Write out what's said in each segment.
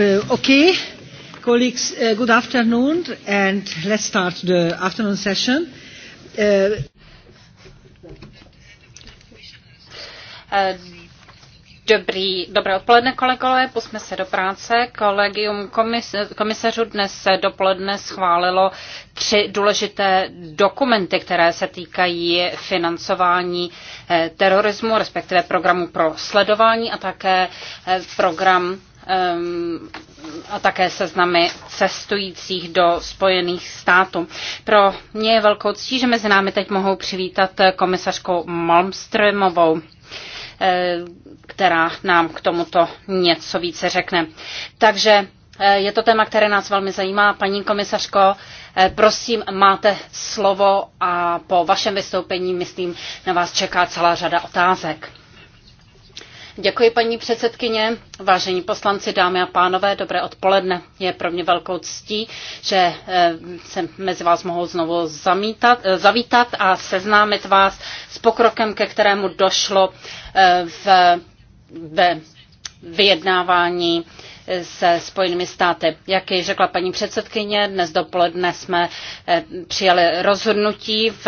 Uh, okay, colleagues, uh, good afternoon, and let's start the afternoon session. Uh... Dobrý, dobré odpoledne, kolegové. Pusme se do práce. Kolegium komis, komisařů dnes se dopoledne schválilo tři důležité dokumenty, které se týkají financování eh, terorismu, respektive programu pro sledování a také eh, program Ehm, a také seznamy cestujících do Spojených států. Pro mě je velkou ctí, že mezi námi teď mohou přivítat komisařku Malmströmovou eh, která nám k tomuto něco více řekne. Takže eh, je to téma, které nás velmi zajímá. Paní komisařko, eh, prosím, máte slovo a po vašem vystoupení, myslím, na vás čeká celá řada otázek. Děkuji, paní předsedkyně. Vážení poslanci, dámy a pánové, dobré odpoledne. Je pro mě velkou ctí, že eh, se mezi vás mohou znovu zamítat, eh, zavítat a seznámit vás s pokrokem, ke kterému došlo eh, v, ve vyjednávání se Spojenými státy. Jak ji řekla paní předsedkyně, dnes dopoledne jsme přijali rozhodnutí v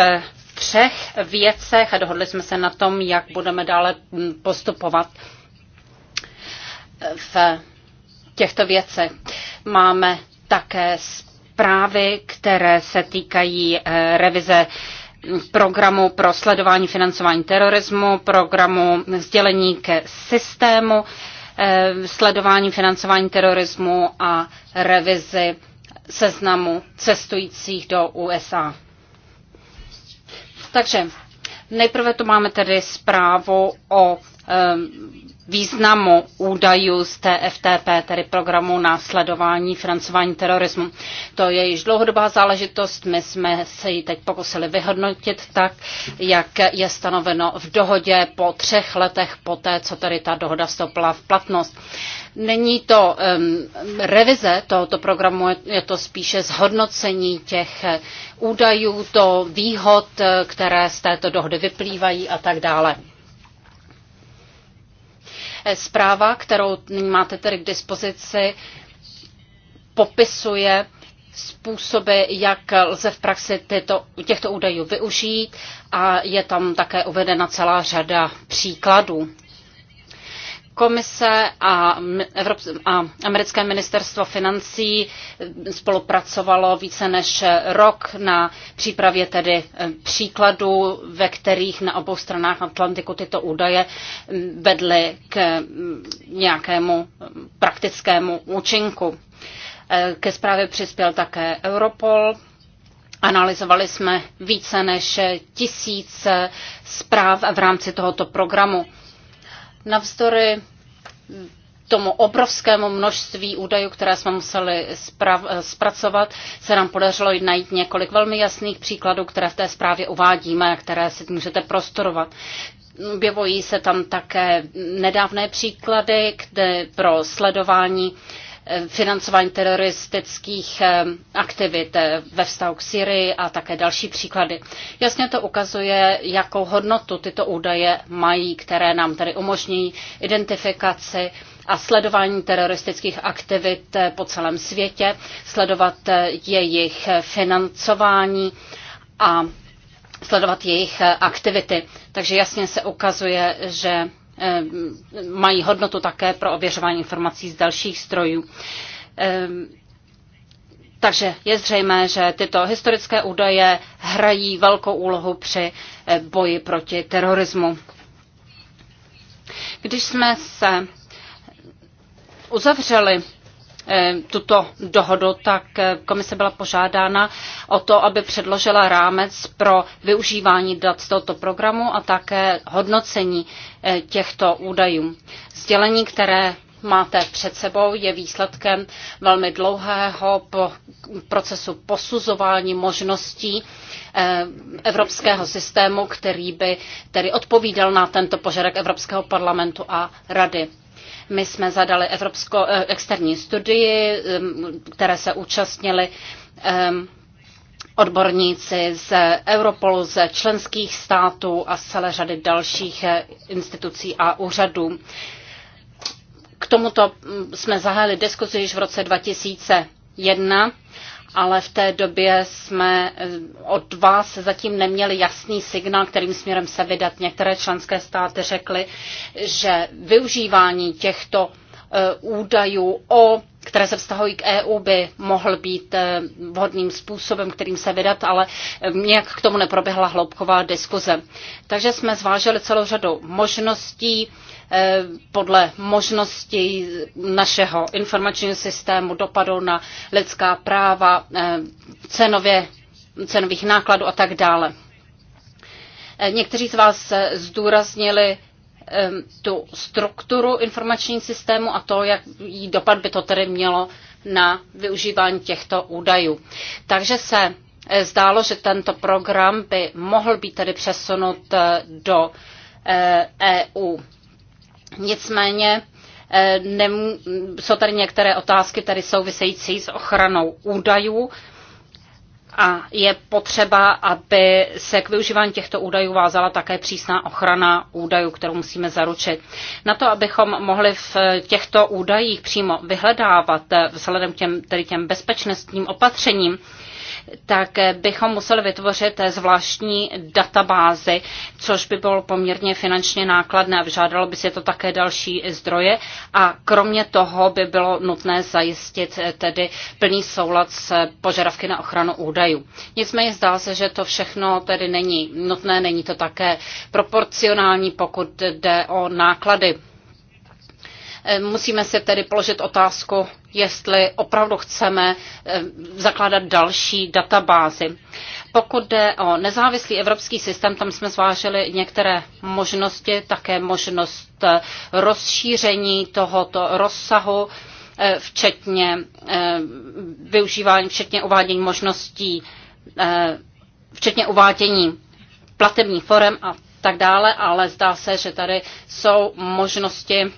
třech věcech a dohodli jsme se na tom, jak budeme dále postupovat v těchto věcech. Máme také zprávy, které se týkají eh, revize programu pro sledování financování terorismu, programu sdělení ke systému eh, sledování financování terorismu a revizi seznamu cestujících do USA. Takže nejprve tu máme tedy zprávu o významu údajů z TFTP, tedy programu následování financování terorismu. To je již dlouhodobá záležitost, my jsme se ji teď pokusili vyhodnotit tak, jak je stanoveno v dohodě po třech letech poté, co tady ta dohoda vstoupila v platnost. Není to um, revize tohoto programu, je to spíše zhodnocení těch eh, údajů, to výhod, eh, které z této dohody vyplývají a tak dále. Eh, zpráva, kterou máte tedy k dispozici, popisuje způsoby, jak lze v praxi tyto, těchto údajů využít a je tam také uvedena celá řada příkladů. Komise a, Evrop- a americké ministerstvo financí spolupracovalo více než rok na přípravě tedy eh, příkladů, ve kterých na obou stranách Atlantiku tyto údaje mm, vedly k mm, nějakému mm, praktickému účinku. Eh, ke zprávě přispěl také Europol, Analyzovali jsme více než tisíc zpráv v rámci tohoto programu. Navzdory tomu obrovskému množství údajů, které jsme museli zpracovat, se nám podařilo najít několik velmi jasných příkladů, které v té zprávě uvádíme a které si můžete prostorovat. Objevují se tam také nedávné příklady kde pro sledování Eh, financování teroristických eh, aktivit eh, ve vztahu k Syrii a také další příklady. Jasně to ukazuje, jakou hodnotu tyto údaje mají, které nám tedy umožní identifikaci a sledování teroristických aktivit po celém světě, sledovat jejich financování a sledovat jejich aktivity. Takže jasně se ukazuje, že Eh, mají hodnotu také pro ověřování informací z dalších strojů. Eh, takže je zřejmé, že tyto historické údaje hrají velkou úlohu při eh, boji proti terorismu. Když jsme se uzavřeli Eh, tuto dohodu, tak eh, komise byla požádána o to, aby předložila rámec pro využívání dat z tohoto programu a také hodnocení eh, těchto údajů. Sdělení, které máte před sebou, je výsledkem velmi dlouhého procesu posuzování možností evropského systému, který by tedy odpovídal na tento požadavek Evropského parlamentu a rady. My jsme zadali evropskou eh, externí studii, které se účastnili odborníci z Europolu, ze členských států a z celé řady dalších eh, institucí a úřadů. K tomuto mm, jsme zahájili diskuzi již v roce 2001 ale v té době jsme eh, od vás zatím neměli jasný signál, kterým směrem se vydat. Některé členské státy řekly, že využívání těchto eh, údajů, o, které se vztahují k EU, by mohl být eh, vhodným způsobem, kterým se vydat, ale nějak k tomu neproběhla hloubková diskuze. Takže jsme zvážili celou řadu možností, Eh, podle možností našeho informačního systému, dopadu na lidská práva, eh, cenově, cenových nákladů a tak dále. Eh, někteří z vás zdůraznili tu strukturu informačního systému a to, jak jí dopad by to tedy mělo na využívání těchto údajů. Takže se zdálo, že tento program by mohl být tedy přesunut do EU. E Nicméně eh, nem, jsou tady některé otázky tady související s ochranou údajů a je potřeba, aby se k využívání těchto údajů vázala také přísná ochrana údajů, kterou musíme zaručit. Na to, abychom mohli v eh, těchto údajích přímo vyhledávat eh, vzhledem k těm, tedy těm bezpečnostním opatřením, tak bychom museli vytvořit zvláštní databázy, což by bylo poměrně finančně nákladné a vyžádalo by si to také další zdroje. A kromě toho by bylo nutné zajistit tedy plný soulad s požadavky na ochranu údajů. Nicméně zdá se, že to všechno tedy není nutné, není to také proporcionální, pokud jde o náklady Eh, musíme si tedy položit otázku, jestli opravdu chceme eh, zakládat další databázy. Pokud jde o nezávislý evropský systém, tam jsme zvážili některé možnosti, také možnost eh, rozšíření tohoto rozsahu včetně využívání, včetně uvádění možností, včetně uvádění platební forem a tak dále, ale zdá se, že tady jsou možnosti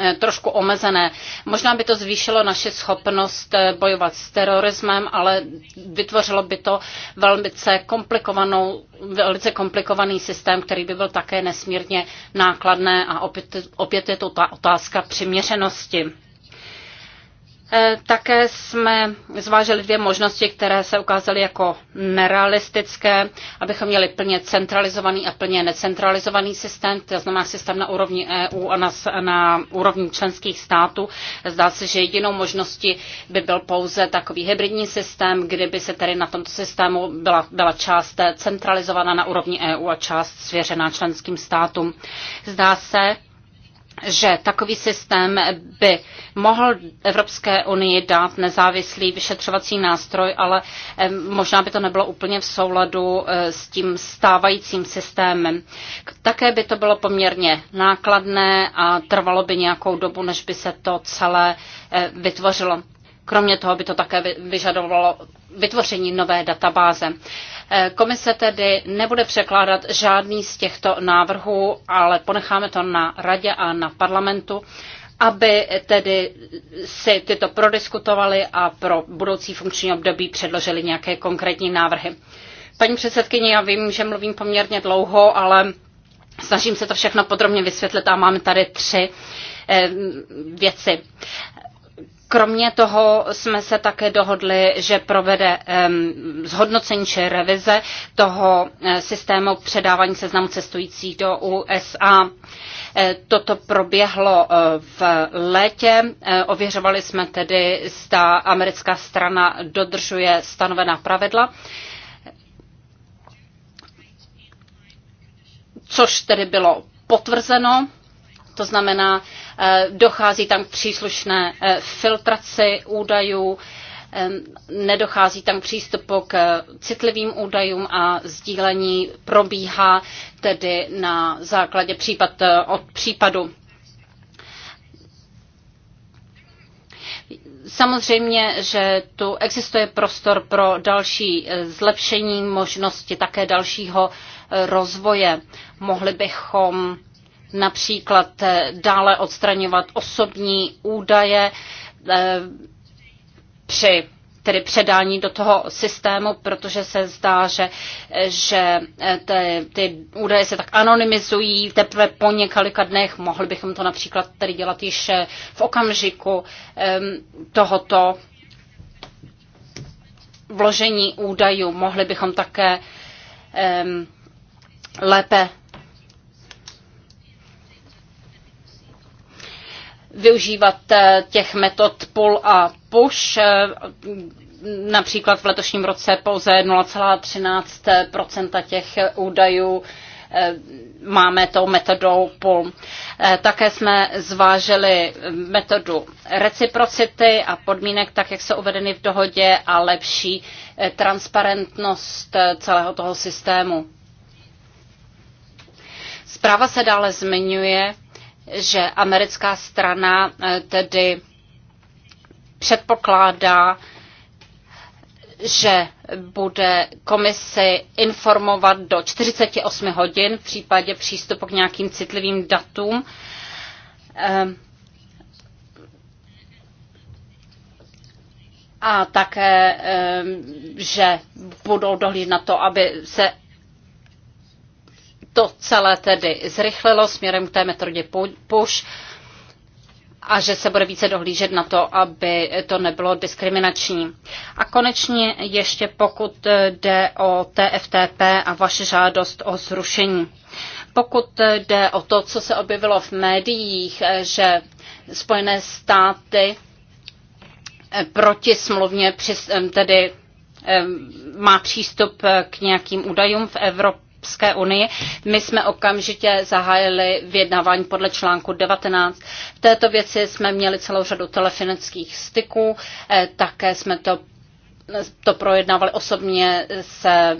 Eh, trošku omezené. Možná by to zvýšilo naši schopnost eh, bojovat s terorismem, ale vytvořilo by to velice, komplikovanou, velice komplikovaný systém, který by byl také nesmírně nákladné a opět, opět je to ta otázka přiměřenosti. Eh, také jsme zvážili dvě možnosti, které se ukázaly jako nerealistické, abychom měli plně centralizovaný a plně necentralizovaný systém, to znamená systém na úrovni EU a na, na úrovni členských států. Zdá se, že jedinou možností by byl pouze takový hybridní systém, kdyby se tedy na tomto systému byla, byla část centralizovaná na úrovni EU a část svěřená členským státům. Zdá se, že takový systém by mohl Evropské unii dát nezávislý vyšetřovací nástroj, ale možná by to nebylo úplně v souladu e, s tím stávajícím systémem. Také by to bylo poměrně nákladné a trvalo by nějakou dobu, než by se to celé e, vytvořilo. Kromě toho by to také vyžadovalo vytvoření nové databáze. Eh, komise tedy nebude překládat žádný z těchto návrhů, ale ponecháme to na radě a na parlamentu, aby tedy si tyto prodiskutovali a pro budoucí funkční období předložili nějaké konkrétní návrhy. Paní předsedkyně, já vím, že mluvím poměrně dlouho, ale snažím se to všechno podrobně vysvětlit a máme tady tři eh, věci. Kromě toho jsme se také dohodli, že provede zhodnocení či revize toho eh, systému předávání seznamu cestujících do USA. Eh, toto proběhlo eh, v létě. Ověřovali jsme tedy, zda americká strana dodržuje stanovená pravidla. Což tedy bylo potvrzeno to znamená, eh, dochází tam k příslušné eh, filtraci údajů, eh, nedochází tam k přístupu k citlivým údajům a sdílení probíhá tedy na základě případ od případu. Samozřejmě, že tu existuje prostor pro další zlepšení možnosti také dalšího rozvoje. Mohli bychom například eh, dále odstraňovat osobní údaje eh, při tedy předání do toho systému, protože se zdá, že, že eh, ty, ty údaje se tak anonymizují teprve po několika dnech. Mohli bychom to například tedy dělat již v okamžiku ehm, tohoto vložení údajů. Mohli bychom také ehm, lépe využívat eh, těch metod pull a push. Eh, například v letošním roce pouze 0,13 těch eh, údajů máme tou metodou PUL. Také jsme zvážili metodu reciprocity a podmínek, tak jak jsou uvedeny v dohodě, a lepší transparentnost celého toho systému. Zpráva se dále zmiňuje že americká strana eh, tedy předpokládá, že bude komisi informovat do 48 hodin v případě přístupu k nějakým citlivým datům. Eh, a také, eh, že budou dohlížet na to, aby se to celé tedy zrychlilo směrem k té metodě PUSH a že se bude více dohlížet na to, aby to nebylo diskriminační. A konečně ještě pokud jde o TFTP a vaše žádost o zrušení. Pokud jde o to, co se objevilo v médiích, že Spojené státy eh, proti smluvně eh, tedy eh, má přístup k nějakým údajům v Evropě, Evropské unii. My jsme okamžitě zahájili vyjednávání podle článku 19. V této věci jsme měli celou řadu telefonických styků, eh, také jsme to, to projednávali osobně se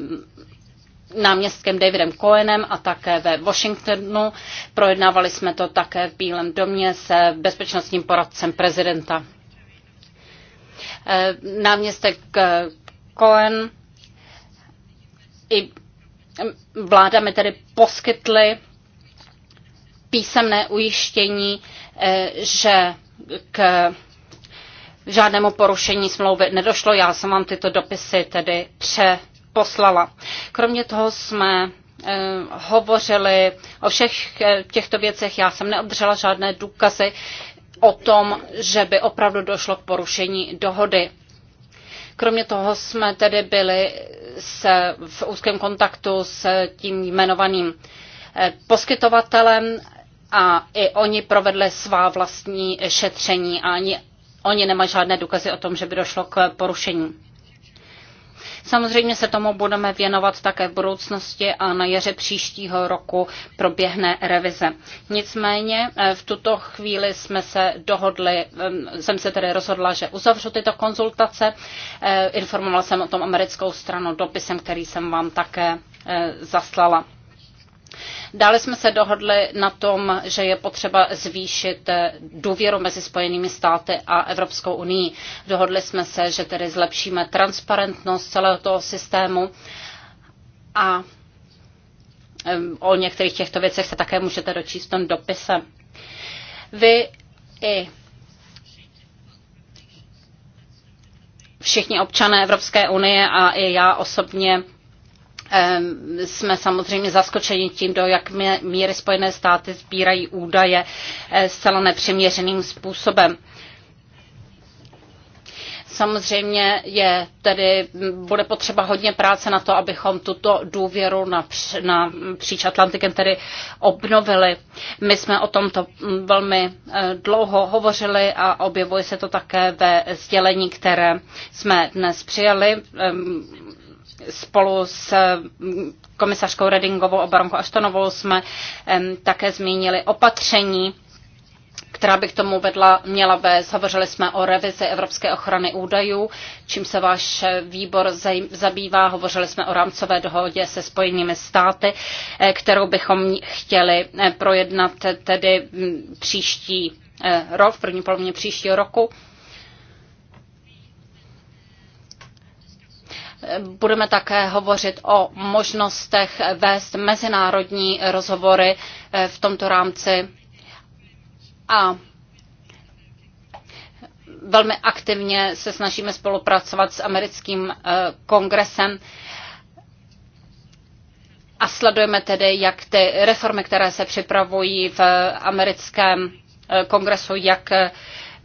náměstkem Davidem Cohenem a také ve Washingtonu. Projednávali jsme to také v Bílém domě se bezpečnostním poradcem prezidenta. Eh, náměstek eh, Cohen i Vláda mi tedy poskytly písemné ujištění, eh, že k žádnému porušení smlouvy nedošlo. Já jsem vám tyto dopisy tedy přeposlala. Kromě toho jsme eh, hovořili o všech eh, těchto věcech. Já jsem neobdržela žádné důkazy o tom, že by opravdu došlo k porušení dohody. Kromě toho jsme tedy byli se, v úzkém kontaktu s tím jmenovaným eh, poskytovatelem a i oni provedli svá vlastní šetření a ani oni nemají žádné důkazy o tom, že by došlo k porušení. Samozřejmě se tomu budeme věnovat také v budoucnosti a na jaře příštího roku proběhne revize. Nicméně eh, v tuto chvíli jsme se dohodli, jsem se tedy rozhodla, že uzavřu tyto konzultace. Eh, informovala jsem o tom americkou stranu dopisem, který jsem vám také eh, zaslala. Dále jsme se dohodli na tom, že je potřeba zvýšit eh, důvěru mezi Spojenými státy a Evropskou unii. Dohodli jsme se, že tedy zlepšíme transparentnost celého toho systému a eh, o některých těchto věcech se také můžete dočíst v tom dopise. Vy i všichni občané Evropské unie a i já osobně jsme samozřejmě zaskočeni tím, do jak míry Spojené státy sbírají údaje eh, zcela nepřiměřeným způsobem. Samozřejmě je tedy, bude potřeba hodně práce na to, abychom tuto důvěru např, na příč Atlantikem tedy obnovili. My jsme o tomto velmi eh, dlouho hovořili a objevuje se to také ve sdělení, které jsme dnes přijali spolu s mm, komisařkou Redingovou a baronkou Aštonovou jsme také zmínili opatření, která by k tomu vedla, měla vést. Hovořili jsme o revizi Evropské ochrany údajů, čím se váš výbor zabývá. Hovořili jsme o rámcové dohodě se spojenými státy, eh, kterou bychom chtěli eh, projednat tedy mm, příští eh, rok, v první polovině příštího roku. Budeme také hovořit o možnostech vést mezinárodní rozhovory eh, v tomto rámci a velmi aktivně se snažíme spolupracovat s americkým eh, kongresem a sledujeme tedy, jak ty reformy, které se připravují v americkém eh, kongresu, jak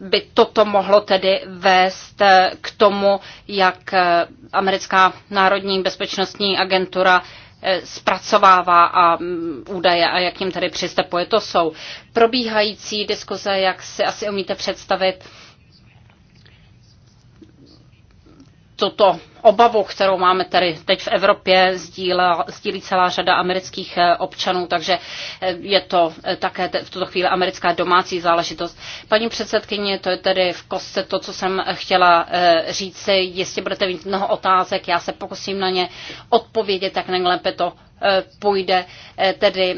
by toto mohlo tedy vést k tomu, jak eh, americká národní bezpečnostní agentura eh, zpracovává a mm, údaje a jak jim tedy přistupuje. To jsou probíhající diskuze, jak si asi umíte představit, tuto obavu, kterou máme tady teď v Evropě, sdíla, sdílí celá řada amerických eh, občanů, takže eh, je to eh, také v tuto chvíli americká domácí záležitost. Paní předsedkyně, to je tedy v kostce to, co jsem chtěla říci. Jestli budete mít mnoho otázek, já se pokusím na ně odpovědět, tak nejlépe to půjde tedy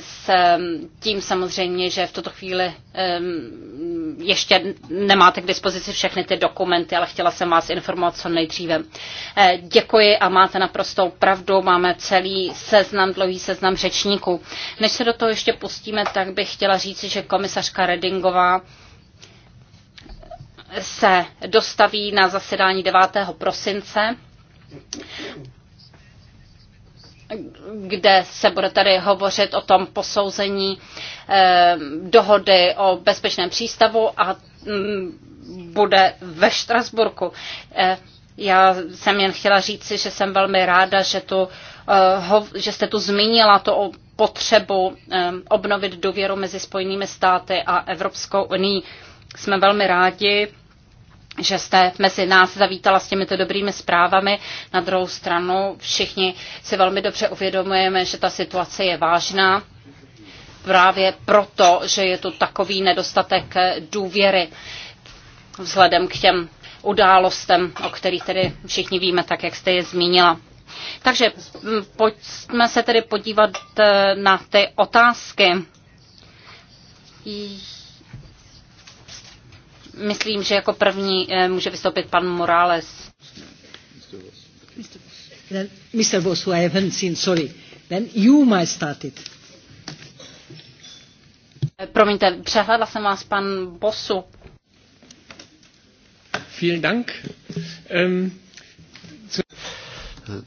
s mm, tím samozřejmě, že v tuto chvíli ještě nemáte k dispozici všechny ty dokumenty, ale chtěla jsem vás informovat co nejdříve. Eh, děkuji a máte naprostou pravdu, máme celý seznam, dlouhý seznam řečníků. Než se do toho ještě pustíme, tak bych chtěla říci, že komisařka Redingová se dostaví na zasedání 9. prosince kde se bude tady hovořit o tom posouzení eh, dohody o bezpečném přístavu a mm, bude ve Štrasburku. Eh, já jsem jen chtěla říci, že jsem velmi ráda, že, tu, eh, ho, že jste tu zmínila to o potřebu eh, obnovit důvěru mezi Spojenými státy a Evropskou unii. Jsme velmi rádi, že jste mezi nás zavítala s těmito dobrými zprávami. Na druhou stranu všichni si velmi dobře uvědomujeme, že ta situace je vážná právě proto, že je tu takový nedostatek důvěry vzhledem k těm událostem, o kterých tedy všichni víme, tak jak jste je zmínila. Takže mm, pojďme se tedy podívat eh, na ty otázky. Myslím, že jako první eh, může vystoupit pan Morales. Mr. Bosu, who I haven't seen, sorry. Then you might start it. Eh, promiňte, přehledla jsem vás, pan Bosu. Vielen Dank. Um,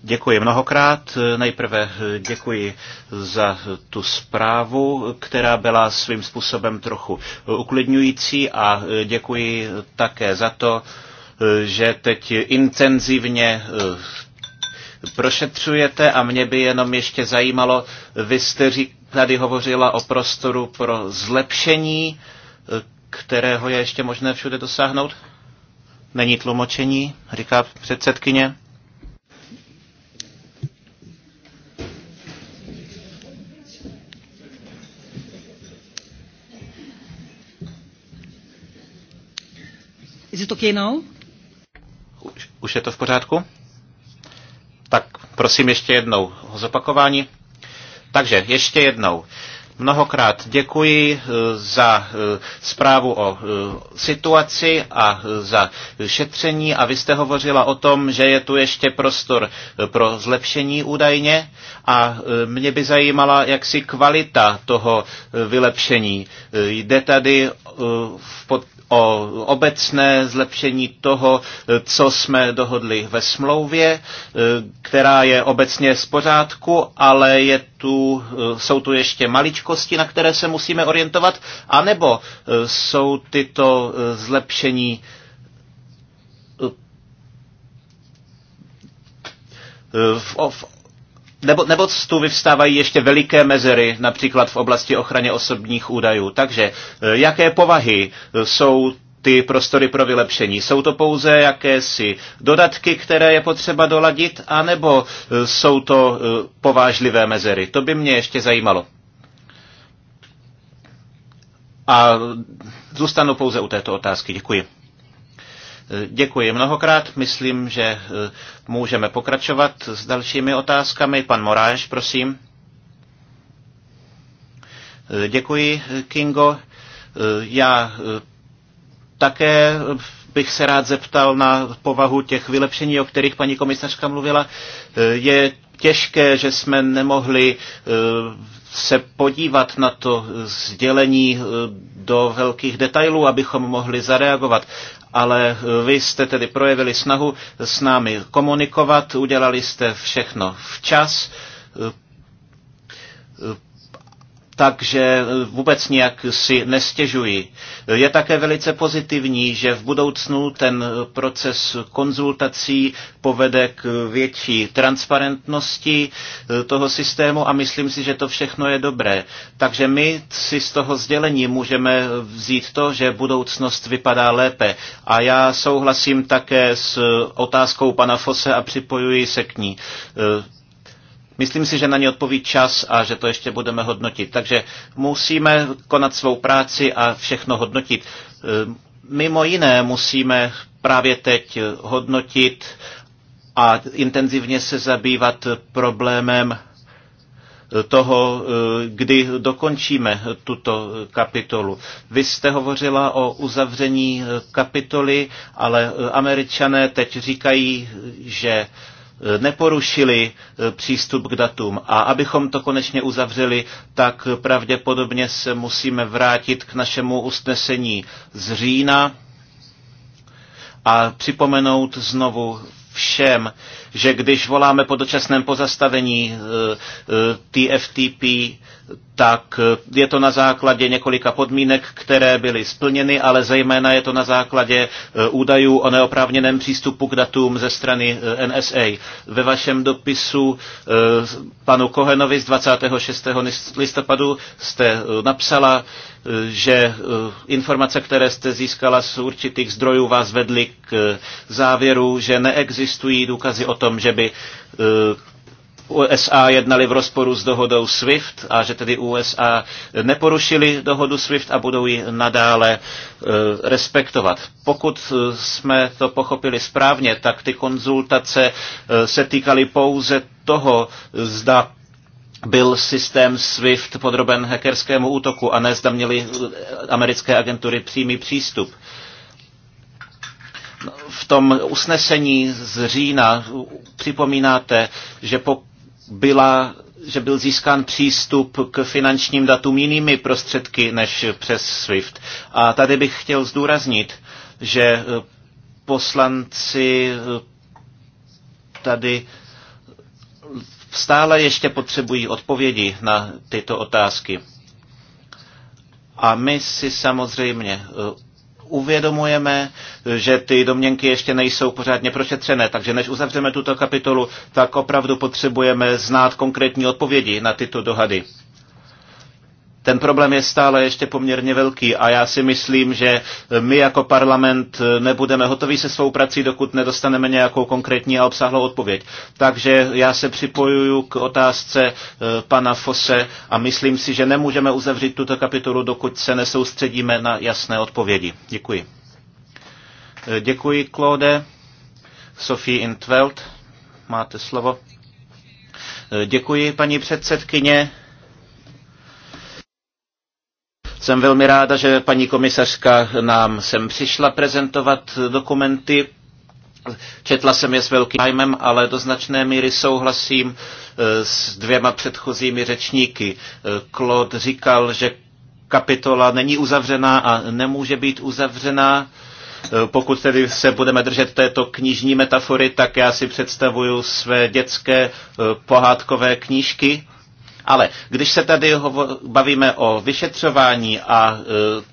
Děkuji mnohokrát. Nejprve děkuji za tu zprávu, která byla svým způsobem trochu uklidňující a děkuji také za to, že teď intenzivně eh, prošetřujete a mě by jenom ještě zajímalo, vy jste tady hovořila o prostoru pro zlepšení, eh, kterého je ještě možné všude dosáhnout? Není tlumočení, říká předsedkyně. Is it okay now? Už, už je to v pořádku? Tak prosím ještě jednou o zopakování. Takže ještě jednou. Mnohokrát děkuji eh, za eh, zprávu o eh, situaci a za šetření a vy jste hovořila o tom, že je tu ještě prostor pro zlepšení údajně a mě by zajímala jaksi kvalita toho vylepšení. Jde tady v pod o obecné zlepšení toho, co jsme dohodli ve smlouvě, e, která je obecně z pořádku, ale je tu, e, jsou tu ještě maličkosti, na které se musíme orientovat, anebo e, jsou tyto zlepšení v, v nebo, nebo tu vyvstávají ještě veliké mezery, například v oblasti ochraně osobních údajů. Takže e, jaké povahy e, jsou ty prostory pro vylepšení? Jsou to pouze jakési dodatky, které je potřeba doladit, anebo e, jsou to povážlivé mezery? To by mě ještě zajímalo. A zůstanu pouze u této otázky. Děkuji. Děkuji mnohokrát. Myslím, že e, můžeme pokračovat s dalšími otázkami. Pan Moráš, prosím. E, děkuji, Kingo. E, já také bych se rád zeptal na povahu těch vylepšení, o kterých paní komisařka mluvila. Je těžké, že jsme nemohli se podívat na to sdělení eh, do velkých detailů, abychom mohli zareagovat. Ale eh, vy jste tedy projevili snahu s námi komunikovat, udělali jste všechno včas, eh, takže eh, vůbec nějak si nestěžuji. Je také velice pozitivní, že v budoucnu ten eh, proces konzultací povede k eh, větší transparentnosti toho systému a myslím si, že to všechno je dobré. Takže my si z toho sdělení můžeme vzít to, že budoucnost vypadá lépe. A já souhlasím také s otázkou pana Fose a připojuji se k ní. Myslím si, že na ně odpoví čas a že to ještě budeme hodnotit. Takže musíme konat svou práci a všechno hodnotit. E, mimo jiné musíme právě teď hodnotit a intenzivně se zabývat problémem toho, e, kdy dokončíme tuto kapitolu. Vy jste hovořila o uzavření kapitoly, ale američané teď říkají, že neporušili eh, přístup k datům. A abychom to konečně uzavřeli, tak pravděpodobně se musíme vrátit k našemu usnesení z října a připomenout znovu všem, že když voláme po dočasném pozastavení eh, eh, TFTP, tak eh, je to na základě několika podmínek, které byly splněny, ale zejména je to na základě eh, údajů o neoprávněném přístupu k datům ze strany eh, NSA. Ve vašem dopisu panu Kohenovi z 26. listopadu jste napsala, že informace, které jste získala z určitých zdrojů, vás vedly k závěru, že neexistují důkazy o tom, že by USA jednali v rozporu s dohodou SWIFT a že tedy USA neporušili dohodu SWIFT a budou ji nadále e, respektovat. Pokud e, jsme to pochopili správně, tak ty konzultace e, se týkaly pouze toho, zda byl systém SWIFT podroben hackerskému útoku a ne zda měly americké agentury přímý přístup. No, v tom usnesení z října připomínáte, že pokud byla, že byl získán přístup k finančním datům jinými prostředky než přes SWIFT. A tady bych chtěl zdůraznit, že eh, poslanci eh, tady eh, stále ještě potřebují odpovědi na tyto otázky. A my si samozřejmě uvědomujeme, že ty domněnky ještě nejsou pořádně prošetřené. Takže než uzavřeme tuto kapitolu, tak opravdu potřebujeme znát konkrétní odpovědi na tyto dohady. Ten problém je stále ještě poměrně velký a já si myslím, že my jako parlament nebudeme hotoví se svou prací, dokud nedostaneme nějakou konkrétní a obsáhlou odpověď. Takže já se připojuju k otázce eh, pana Fose a myslím si, že nemůžeme uzavřít tuto kapitolu, dokud se nesoustředíme na jasné odpovědi. Děkuji. Eh, děkuji, Claude. Sophie Intveld, máte slovo. Eh, děkuji, paní předsedkyně. Jsem velmi ráda, že paní komisařka nám sem přišla prezentovat dokumenty. Četla jsem je s velkým zájmem, ale do značné míry souhlasím eh, s dvěma předchozími řečníky. Eh, Claude říkal, že kapitola není uzavřená a nemůže být uzavřená. Eh, Pokud tedy se budeme držet této knižní metafory, tak já si představuju své dětské pohádkové knížky ale když se tady bavíme o vyšetřování a e,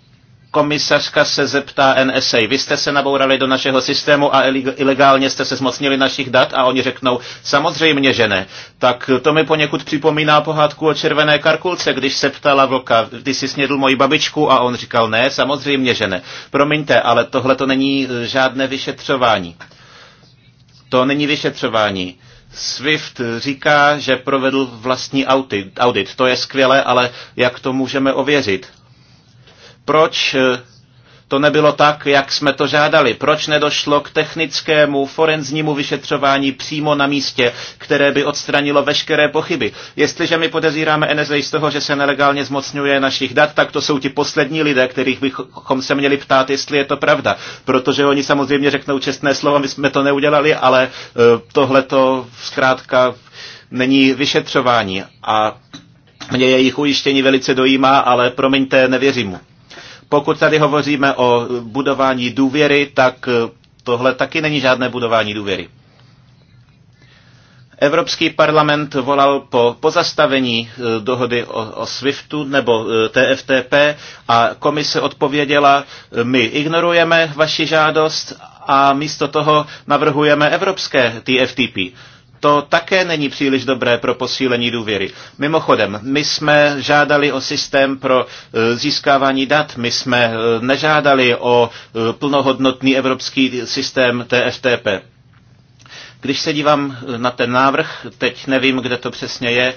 komisařka se zeptá NSA, vy jste se nabourali do našeho systému a ilegálně jste se zmocnili našich dat a oni řeknou, samozřejmě, že ne. Tak to mi poněkud připomíná pohádku o červené karkulce, když se ptala vlka, ty jsi snědl moji babičku a on říkal, ne, samozřejmě, že ne. Promiňte, ale tohle to není e, žádné vyšetřování. To není vyšetřování. SWIFT říká, že provedl vlastní audit. audit. To je skvělé, ale jak to můžeme ověřit? Proč eh, to nebylo tak, jak jsme to žádali. Proč nedošlo k technickému forenznímu vyšetřování přímo na místě, které by odstranilo veškeré pochyby? Jestliže my podezíráme NSA z toho, že se nelegálně zmocňuje našich dat, tak to jsou ti poslední lidé, kterých bychom se měli ptát, jestli je to pravda. Protože oni samozřejmě řeknou čestné slovo, my jsme to neudělali, ale e, tohle to zkrátka není vyšetřování. A mě jejich ujištění velice dojímá, ale promiňte, nevěřím mu. Pokud tady hovoříme o budování důvěry, tak eh, tohle taky není žádné budování důvěry. Evropský parlament volal po pozastavení eh, dohody o, o SWIFTu nebo eh, TFTP a komise odpověděla, my ignorujeme vaši žádost a místo toho navrhujeme evropské TFTP to také není příliš dobré pro posílení důvěry. Mimochodem, my jsme žádali o systém pro eh, získávání dat, my jsme eh, nežádali o eh, plnohodnotný evropský systém TFTP. Když se dívám na ten návrh, teď nevím, kde to přesně je,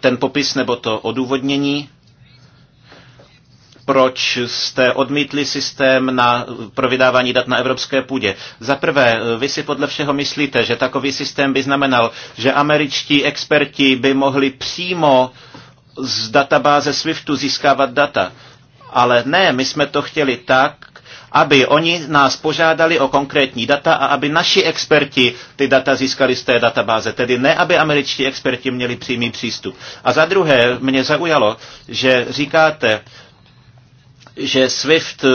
ten popis nebo to odůvodnění, proč jste odmítli systém na, pro vydávání dat na evropské půdě. Za prvé, vy si podle všeho myslíte, že takový systém by znamenal, že američtí experti by mohli přímo z databáze SWIFTu získávat data. Ale ne, my jsme to chtěli tak, aby oni nás požádali o konkrétní data a aby naši experti ty data získali z té databáze. Tedy ne, aby američtí experti měli přímý přístup. A za druhé, mě zaujalo, že říkáte, že SWIFT eh,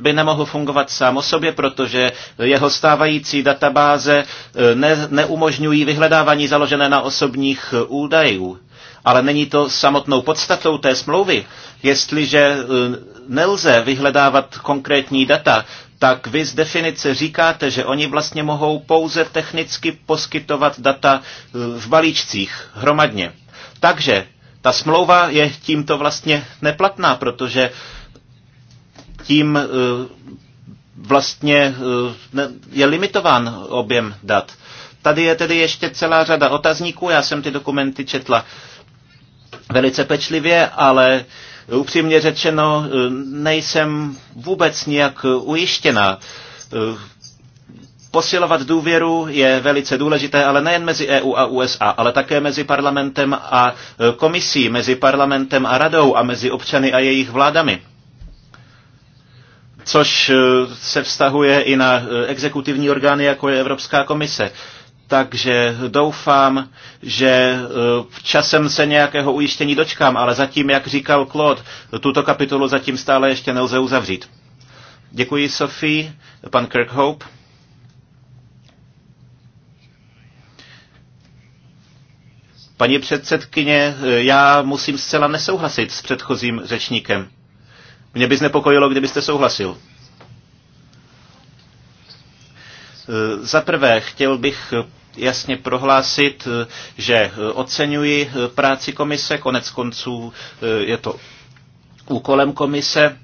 by nemohl fungovat sám o sobě, protože jeho stávající databáze eh, ne, neumožňují vyhledávání založené na osobních eh, údajů. Ale není to samotnou podstatou té smlouvy. Jestliže nelze vyhledávat konkrétní data, tak vy z definice říkáte, že oni vlastně mohou pouze technicky poskytovat data v balíčcích hromadně. Takže ta smlouva je tímto vlastně neplatná, protože tím eh, vlastně eh, je limitován objem dat. Tady je tedy ještě celá řada otazníků, já jsem ty dokumenty četla velice pečlivě, ale upřímně řečeno eh, nejsem vůbec nijak ujištěná. Posilovat důvěru je velice důležité, ale nejen mezi EU a USA, ale také mezi parlamentem a komisí, mezi parlamentem a radou a mezi občany a jejich vládami což eh, se vztahuje i na eh, exekutivní orgány, jako je Evropská komise. Takže doufám, že eh, časem se nějakého ujištění dočkám, ale zatím, jak říkal Claude, tuto kapitolu zatím stále ještě nelze uzavřít. Děkuji, Sophie. Pan Kirkhope. Paní předsedkyně, já musím zcela nesouhlasit s předchozím řečníkem. Mě by znepokojilo, kdybyste souhlasil. Eh, za prvé, chtěl bych eh, jasně prohlásit, eh, že oceňuji práci komise, konec konců je to úkolem komise,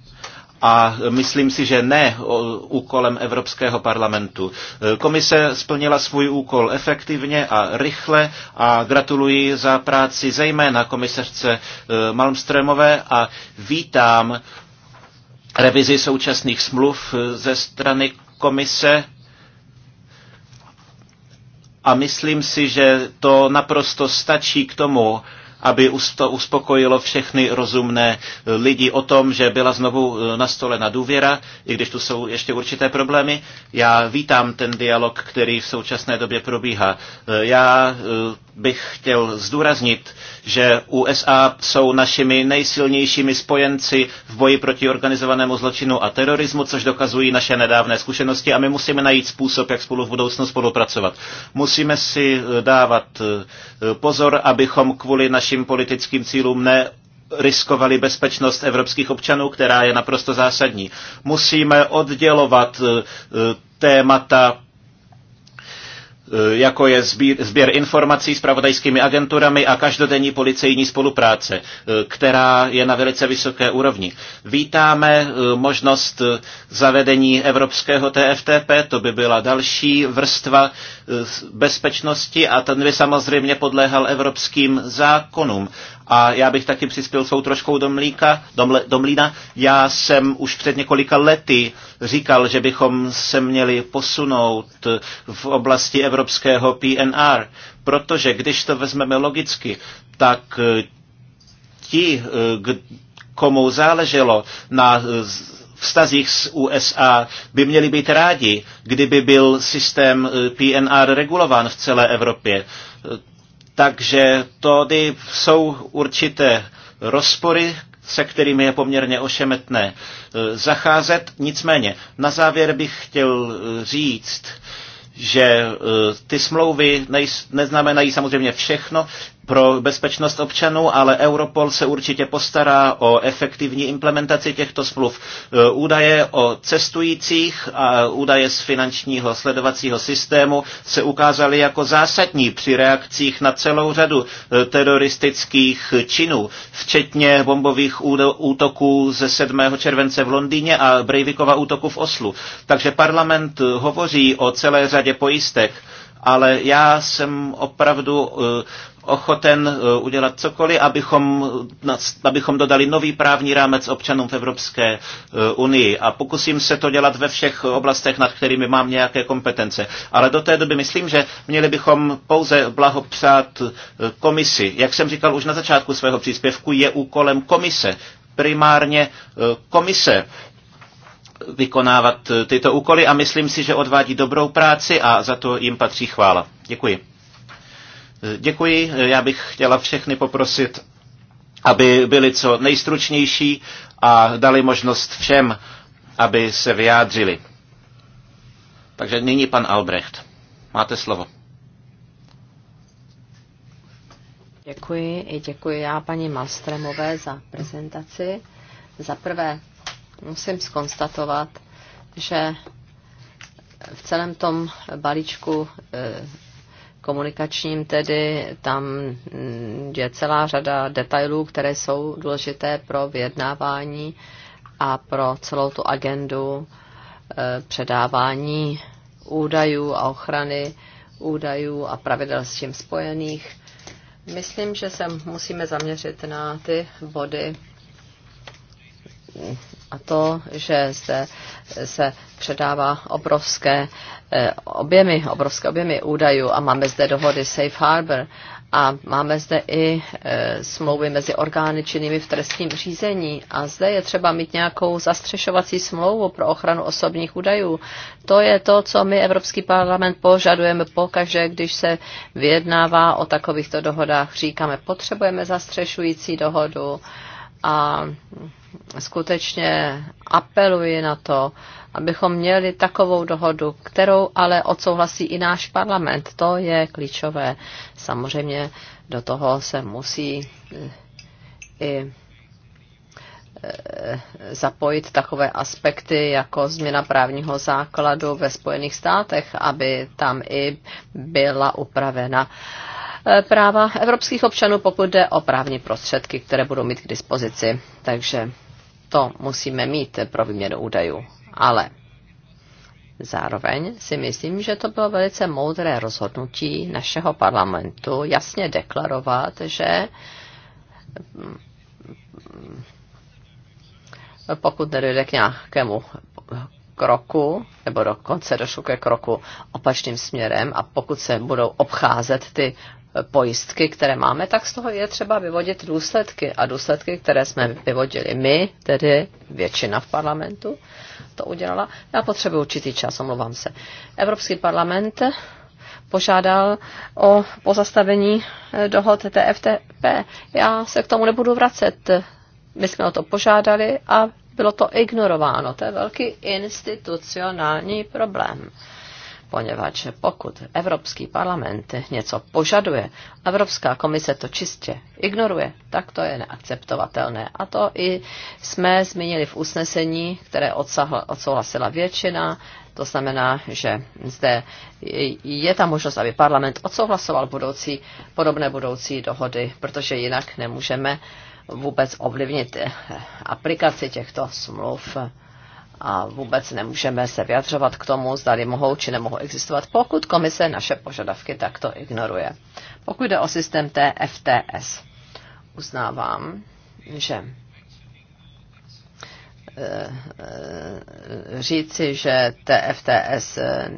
a myslím si, že ne úkolem Evropského parlamentu. Komise splnila svůj úkol efektivně a rychle a gratuluji za práci zejména komisařce Malmströmové a vítám revizi současných smluv eh, ze strany komise a myslím si, že to naprosto stačí k tomu, aby to uspokojilo všechny rozumné eh, lidi o tom, že byla znovu eh, nastolena důvěra, i když tu jsou ještě určité problémy. Já vítám ten dialog, který v současné době probíhá. Já bych chtěl zdůraznit, že USA jsou našimi nejsilnějšími spojenci v boji proti organizovanému zločinu a terorismu, což dokazují naše nedávné zkušenosti a my musíme najít způsob, jak spolu v budoucnu spolupracovat. Musíme si eh, dávat eh, pozor, abychom kvůli našim politickým cílům ne riskovali bezpečnost evropských občanů, která je naprosto zásadní. Musíme oddělovat eh, témata Eh, jako je sběr informací s pravodajskými agenturami a každodenní policejní spolupráce, eh, která je na velice vysoké úrovni. Vítáme eh, možnost zavedení evropského TFTP, to by byla další vrstva bezpečnosti a ten by samozřejmě podléhal evropským zákonům. A já bych taky přispěl svou troškou do, mlíka, do, mle, do mlína. Já jsem už před několika lety říkal, že bychom se měli posunout v oblasti evropského PNR, protože když to vezmeme logicky, tak eh, ti, eh, komu záleželo na eh, vztazích s USA by měli být rádi, kdyby byl systém PNR regulován v celé Evropě. Takže tady jsou určité rozpory, se kterými je poměrně ošemetné e, zacházet. Nicméně, na závěr bych chtěl e, říct, že e, ty smlouvy neznamenají samozřejmě všechno pro bezpečnost občanů, ale Europol se určitě postará o efektivní implementaci těchto smluv. E, údaje o cestujících a údaje z finančního sledovacího systému se ukázaly jako zásadní při reakcích na celou řadu e, teroristických činů, včetně bombových útoků ze 7. července v Londýně a Breivikova útoku v Oslu. Takže parlament hovoří o celé řadě pojistek, ale já jsem opravdu e, ochoten eh, udělat cokoliv, abychom, abychom dodali nový právní rámec občanům v Evropské eh, unii. A pokusím se to dělat ve všech oblastech, nad kterými mám nějaké kompetence. Ale do té doby myslím, že měli bychom pouze blahopřát eh, komisi. Jak jsem říkal už na začátku svého příspěvku, je úkolem komise primárně komise vykonávat tyto úkoly a myslím si, že odvádí dobrou práci a za to jim patří chvála. Děkuji. Děkuji. Já bych chtěla všechny poprosit, aby byli co nejstručnější a dali možnost všem, aby se vyjádřili. Takže nyní pan Albrecht. Máte slovo. Děkuji i děkuji já paní Malstremové za prezentaci. Za prvé musím skonstatovat, že v celém tom balíčku eh, komunikačním tedy, tam mm, je celá řada detailů, které jsou důležité pro vyjednávání a pro celou tu agendu eh, předávání údajů a ochrany údajů a pravidel s tím spojených. Myslím, že se musíme zaměřit na ty body, a to, že zde se předává obrovské eh, objemy, obrovské objemy údajů a máme zde dohody Safe Harbor a máme zde i eh, smlouvy mezi orgány činnými v trestním řízení a zde je třeba mít nějakou zastřešovací smlouvu pro ochranu osobních údajů. To je to, co my Evropský parlament požadujeme pokaže, když se vyjednává o takovýchto dohodách. Říkáme, potřebujeme zastřešující dohodu a skutečně apeluji na to, abychom měli takovou dohodu, kterou ale odsouhlasí i náš parlament. To je klíčové. Samozřejmě do toho se musí eh, i eh, zapojit takové aspekty jako změna právního základu ve Spojených státech, aby tam i byla upravena eh, práva evropských občanů, pokud jde o právní prostředky, které budou mít k dispozici. Takže to musíme mít pro výměnu údajů. Ale zároveň si myslím, že to bylo velice moudré rozhodnutí našeho parlamentu jasně deklarovat, že mm, pokud nedojde k nějakému kroku, nebo dokonce došlo ke kroku opačným směrem a pokud se budou obcházet ty pojistky, které máme, tak z toho je třeba vyvodit důsledky. A důsledky, které jsme vyvodili my, tedy většina v parlamentu, to udělala. Já potřebuji určitý čas, omlouvám se. Evropský parlament požádal o pozastavení eh, dohod TFTP. Já se k tomu nebudu vracet. My jsme o to požádali a bylo to ignorováno. To je velký institucionální problém poněvadž pokud Evropský parlament něco požaduje, Evropská komise to čistě ignoruje, tak to je neakceptovatelné. A to i jsme zmínili v usnesení, které odsouhlasila většina, to znamená, že zde je ta možnost, aby parlament odsouhlasoval budoucí, podobné budoucí dohody, protože jinak nemůžeme vůbec ovlivnit aplikaci těchto smluv a vůbec nemůžeme se vyjadřovat k tomu, zdali mohou či nemohou existovat, pokud komise naše požadavky takto ignoruje. Pokud jde o systém TFTS, uznávám, že eh, eh, říci, že TFTS eh,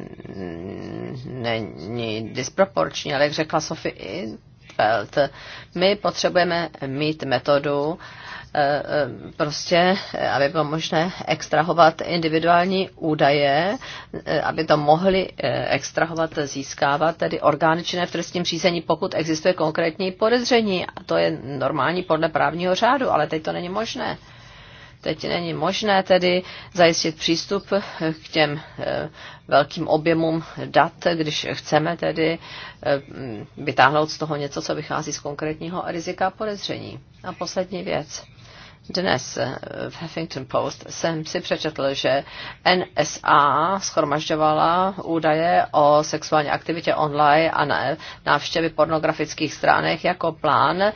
není disproporční, ale jak řekla Sophie Infeld, my potřebujeme mít metodu, Eh, eh, prostě, eh, aby bylo možné extrahovat individuální údaje, aby to mohli extrahovat, získávat tedy orgány činné v trestním řízení, pokud existuje konkrétní podezření. A to je normální podle právního řádu, ale teď to není možné. Teď není možné tedy zajistit přístup k těm velkým objemům dat, když chceme tedy vytáhnout z toho něco, co vychází z konkrétního rizika podezření. A poslední věc. Dnes eh, v Huffington Post jsem si přečetl, že NSA schromažďovala údaje o sexuální aktivitě online a na návštěvy pornografických stránek jako plán eh,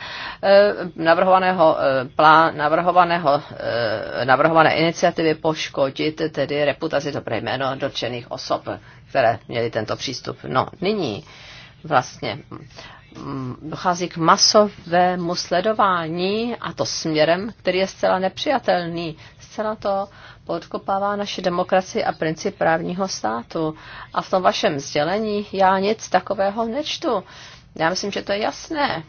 navrhovaného, eh, plán, navrhovaného, navrhované iniciativy poškodit tedy reputaci dobré jméno dotčených osob, které měly tento přístup. No, nyní vlastně Mm, dochází k masovému sledování a to směrem, který je zcela nepřijatelný. Zcela to podkopává naši demokracii a princip právního státu. A v tom vašem sdělení já nic takového nečtu. Já myslím, že to je jasné.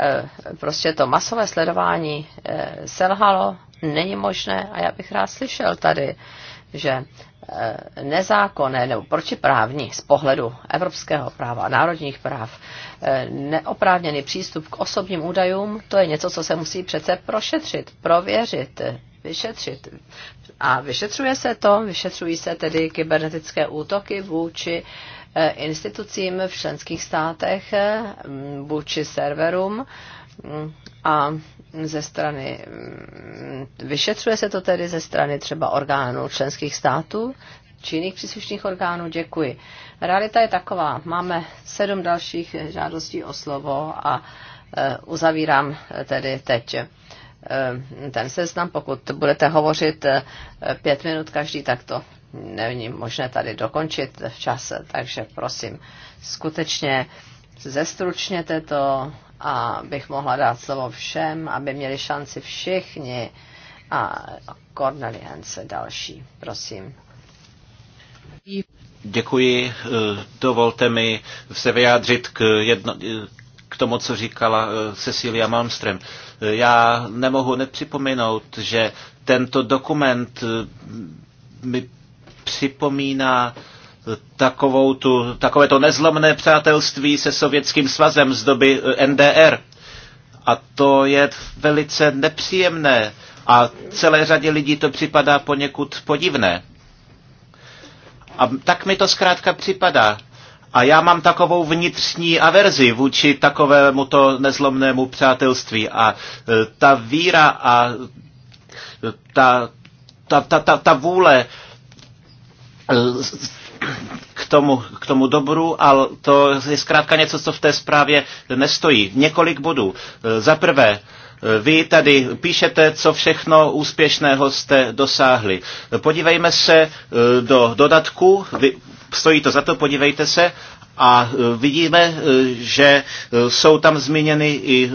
E, prostě to masové sledování e, selhalo, není možné a já bych rád slyšel tady, že Eh, nezákonné, nebo protiprávní z pohledu evropského práva a národních práv, eh, neoprávněný přístup k osobním údajům, to je něco, co se musí přece prošetřit, prověřit, vyšetřit. A vyšetřuje se to, vyšetřují se tedy kybernetické útoky vůči eh, institucím v členských státech, vůči serverům, hm, a ze strany, mm, vyšetřuje se to tedy ze strany třeba orgánů členských států či jiných příslušných orgánů. Děkuji. Realita je taková. Máme sedm dalších žádostí o slovo a e, uzavírám e, tedy teď e, ten seznam. Pokud budete hovořit pět minut každý, tak to není možné tady dokončit v čase. Takže prosím, skutečně zestručněte to a bych mohla dát slovo všem, aby měli šanci všichni. A Cornelience další, prosím. Děkuji. Dovolte mi se vyjádřit k, jedno, k tomu, co říkala eh, Cecilia Malmström. Já nemohu nepřipomenout, že tento dokument eh, mi připomíná uh, takovou tu, takové to nezlomné přátelství se Sovětským svazem z doby NDR. A to je velice nepříjemné a celé řadě lidí to připadá poněkud podivné. A tak mi to zkrátka připadá. A já mám takovou vnitřní averzi vůči takovému to nezlomnému přátelství. A ta víra a ta, ta, ta, ta, ta vůle k tomu, k tomu dobru, ale to je zkrátka něco, co v té zprávě nestojí. Několik bodů. Za prvé, vy tady píšete, co všechno úspěšného jste dosáhli. Podívejme se eh, do dodatku, stojí to za to, podívejte se, a eh, vidíme, eh, že jsou tam zmíněny i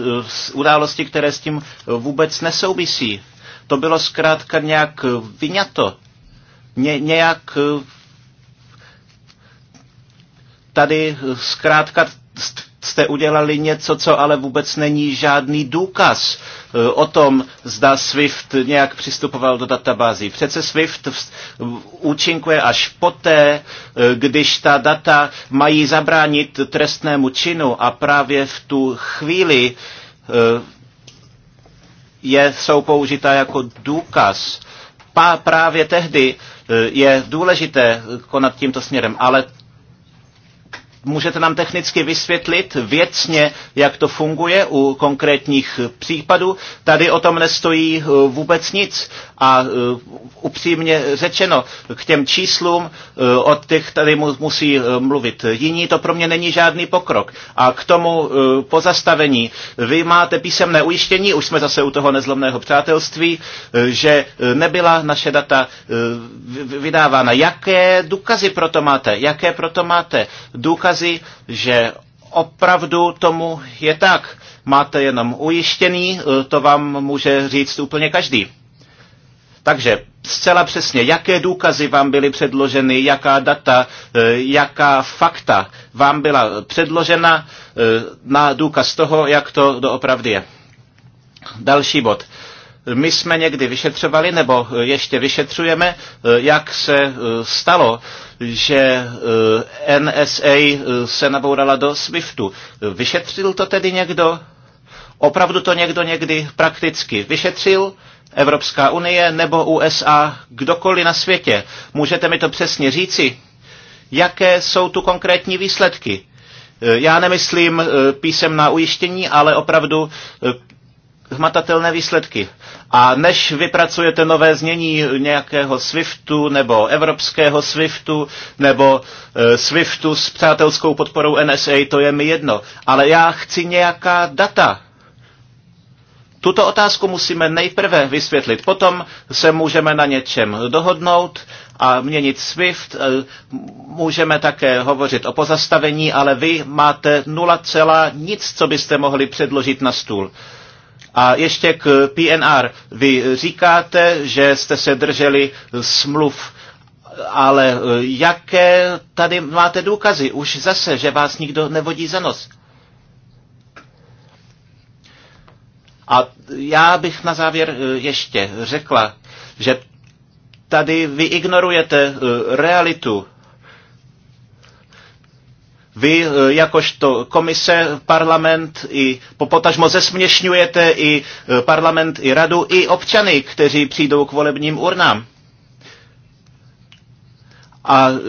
události, které s tím vůbec nesouvisí. To bylo zkrátka nějak vyňato, ně, nějak tady eh, zkrátka jste udělali něco, co ale vůbec není žádný důkaz eh, o tom, zda SWIFT nějak přistupoval do databází. Přece SWIFT účinkuje až poté, eh, když ta data mají zabránit trestnému činu a právě v tu chvíli je, jsou použitá jako důkaz. Pa, právě tehdy je důležité konat tímto směrem, ale můžete nám technicky vysvětlit věcně, jak to funguje u konkrétních případů. Tady o tom nestojí eh, vůbec nic. A eh, upřímně řečeno, k těm číslům, eh, od těch tady musí mluvit jiní, to pro mě není žádný pokrok. A k tomu pozastavení, vy máte písemné ujištění, už jsme zase u toho nezlomného přátelství, že nebyla naše data vydávána. Jaké důkazy proto máte? Jaké proto máte důkazy? důkazy, že opravdu tomu je tak. Máte jenom ujištěný, e, to vám může říct úplně každý. Takže zcela přesně, jaké důkazy vám byly předloženy, jaká data, e, jaká fakta vám byla předložena e, na důkaz toho, jak to doopravdy je. Další bod. My jsme někdy vyšetřovali, nebo eh, ještě vyšetřujeme, eh, jak se eh, stalo, že NSA se nabourala do SWIFTu. Vyšetřil to tedy někdo? Opravdu to někdo někdy prakticky vyšetřil? Evropská unie nebo USA, kdokoliv na světě. Můžete mi to přesně říci? Jaké jsou tu konkrétní výsledky? Já nemyslím písemná ujištění, ale opravdu hmatatelné výsledky. A než vypracujete nové znění nějakého SWIFTu nebo evropského SWIFTu nebo e, SWIFTu s přátelskou podporou NSA, to je mi jedno. Ale já chci nějaká data. Tuto otázku musíme nejprve vysvětlit, potom se můžeme na něčem dohodnout a měnit SWIFT. Eh, můžeme také hovořit o pozastavení, ale vy máte 0, nic, co byste mohli předložit na stůl. A ještě k PNR. Vy říkáte, že jste se drželi smluv ale eh, jaké tady máte důkazy? Už zase, že vás nikdo nevodí za nos. A já bych na závěr eh, ještě řekla, že tady vy ignorujete eh, realitu vy, eh, jakožto komise, parlament i popotažmo zesměšňujete i eh, parlament, i radu, i občany, kteří přijdou k volebním urnám. A eh,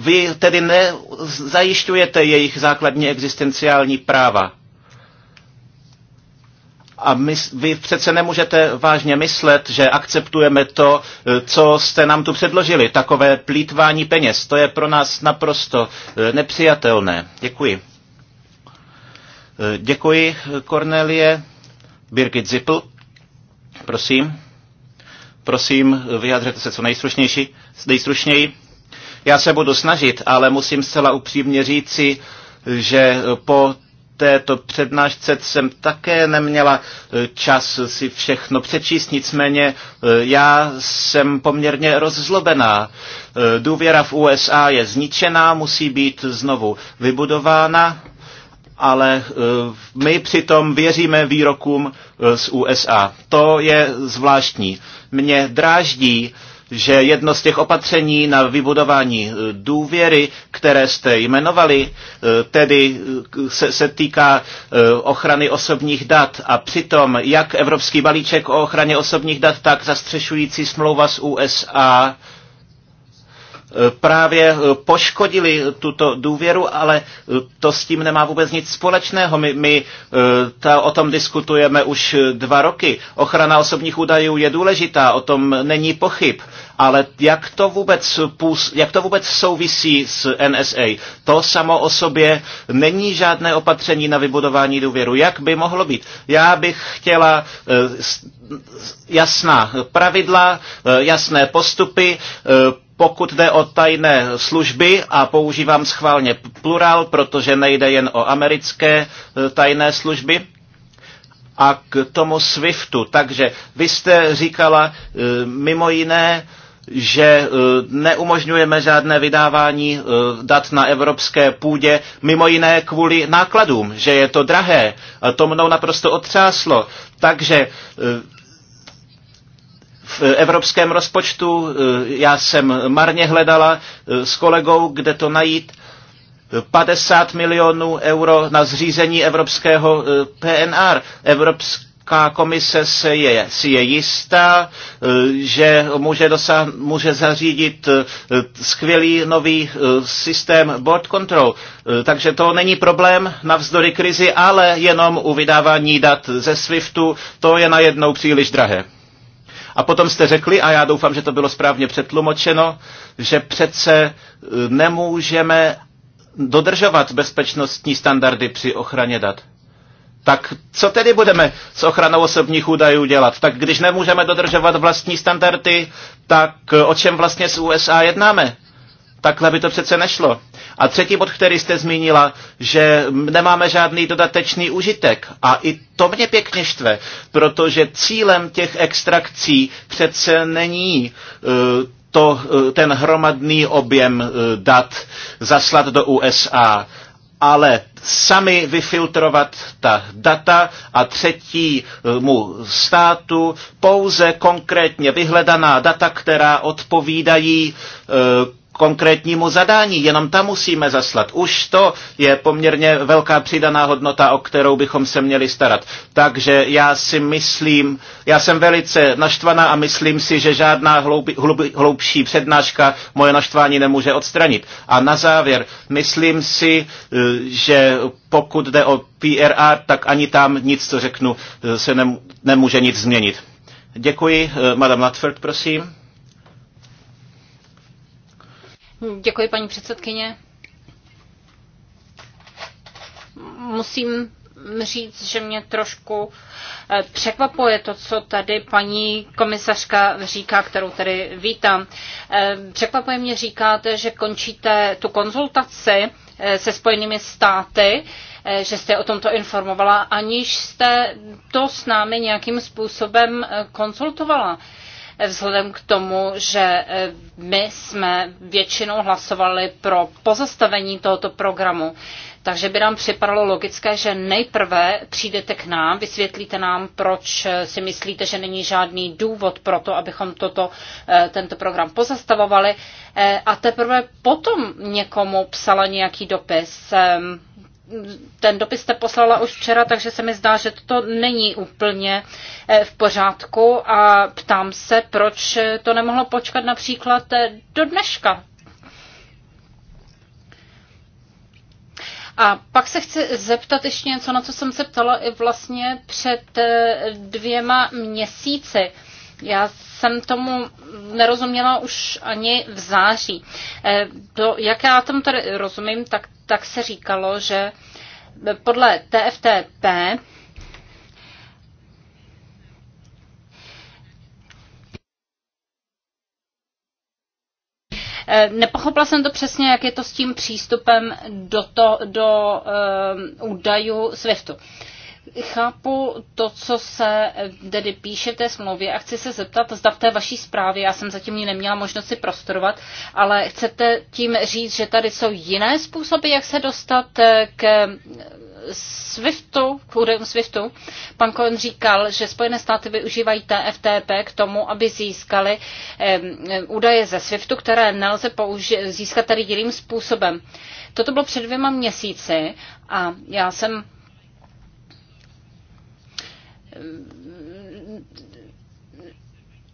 vy tedy nezajišťujete jejich základní existenciální práva. A my, vy přece nemůžete vážně myslet, že akceptujeme to, eh, co jste nám tu předložili, takové plítvání peněz. To je pro nás naprosto eh, nepřijatelné. Děkuji. Eh, děkuji, Cornelie. Birgit Zippel, prosím. Prosím, vyjádřete se co nejstručnější, nejstručněji. Já se budu snažit, ale musím zcela upřímně říci, že po této přednášce jsem také neměla e, čas si všechno přečíst, nicméně e, já jsem poměrně rozzlobená. E, důvěra v USA je zničená, musí být znovu vybudována, ale my přitom věříme výrokům z USA. To je zvláštní. Mě dráždí, že jedno z těch opatření na vybudování eh, důvěry, které jste jmenovali, eh, tedy eh, se, se týká ochrany osobních dat a přitom jak Evropský balíček o ochraně osobních dat, tak zastřešující smlouva s USA právě eh, poškodili eh, tuto důvěru, ale eh, to s tím nemá vůbec nic společného. My, my ta, o tom diskutujeme už dva roky. Ochrana osobních údajů je důležitá, o tom není pochyb. Ale jak to vůbec, jak to vůbec souvisí s NSA? To samo o sobě není žádné opatření na vybudování důvěru. Jak by mohlo být? Já bych chtěla jasná pravidla, jasné postupy, pokud jde o tajné služby, a používám schválně plural, protože nejde jen o americké e, tajné služby, a k tomu SWIFTu. Takže vy jste říkala e, mimo jiné, že e, neumožňujeme žádné vydávání dat na evropské půdě, mimo jiné kvůli nákladům, že je to drahé. A to mnou naprosto otřáslo. Takže v eh, evropském rozpočtu. Eh, já jsem marně hledala eh, s kolegou, kde to najít. 50 milionů euro na zřízení evropského PNR. Evropská komise se je, si je jistá, že může, dosah, může zařídit skvělý nový systém board control. Takže to není problém navzdory krizi, ale jenom u vydávání dat ze SWIFTu to je najednou příliš drahé. A potom jste řekli, a já doufám, že to bylo správně přetlumočeno, že přece e, nemůžeme dodržovat bezpečnostní standardy při ochraně dat. Tak co tedy budeme s ochranou osobních údajů dělat? Tak když nemůžeme dodržovat vlastní standardy, tak e, o čem vlastně s USA jednáme? Takhle by to přece nešlo. A třetí bod, který jste zmínila, že nemáme žádný dodatečný užitek. A i to mě pěkně štve, protože cílem těch extrakcí přece není e, to, e, ten hromadný objem e, dat zaslat do USA, ale sami vyfiltrovat ta data a třetímu státu pouze konkrétně vyhledaná data, která odpovídají konkrétnímu zadání, jenom tam musíme zaslat. Už to je poměrně velká přidaná hodnota, o kterou bychom se měli starat. Takže já si myslím, já jsem velice naštvaná a myslím si, že žádná hloubi, hloubi, hloubší přednáška moje naštvání nemůže odstranit. A na závěr, myslím si, eh, že pokud jde o PRR, tak ani tam nic, co řeknu, eh, se nemůže nic změnit. Děkuji. Eh, Madame Latford, prosím. Děkuji, paní předsedkyně. Musím říct, že mě trošku eh, překvapuje to, co tady paní komisařka říká, kterou tady vítám. Eh, překvapuje mě říkáte, že končíte tu konzultaci eh, se Spojenými státy, že jste o tomto informovala, aniž jste to s námi nějakým způsobem konzultovala vzhledem k tomu, že eh, my jsme většinou hlasovali pro pozastavení tohoto programu. Takže by nám připadalo logické, že nejprve přijdete k nám, vysvětlíte nám, proč eh, si myslíte, že není žádný důvod pro to, abychom toto, eh, tento program pozastavovali a teprve potom někomu psala nějaký dopis. Ehm, ten dopis jste poslala už včera, takže se mi zdá, že to není úplně eh, v pořádku a ptám se, proč to nemohlo počkat například eh, do dneška. A pak se chci zeptat ještě něco, na co jsem se ptala i vlastně před eh, dvěma měsíci. Já jsem tomu nerozuměla už ani v září. Do, eh, jak já tomu tady rozumím, tak, tak se říkalo, že podle TFTP eh, Nepochopila jsem to přesně, jak je to s tím přístupem do, to, do um, údajů SWIFTu chápu to, co se tedy píše v té smlouvě a chci se zeptat, zda v té vaší zprávě, já jsem zatím ji neměla možnost si prostorovat, ale chcete tím říct, že tady jsou jiné způsoby, jak se dostat eh, k eh, SWIFTu, k údajům SWIFTu. Pan Cohen říkal, že Spojené státy využívají TFTP k tomu, aby získali eh, údaje ze SWIFTu, které nelze použi- získat tady jiným způsobem. Toto bylo před dvěma měsíci a já jsem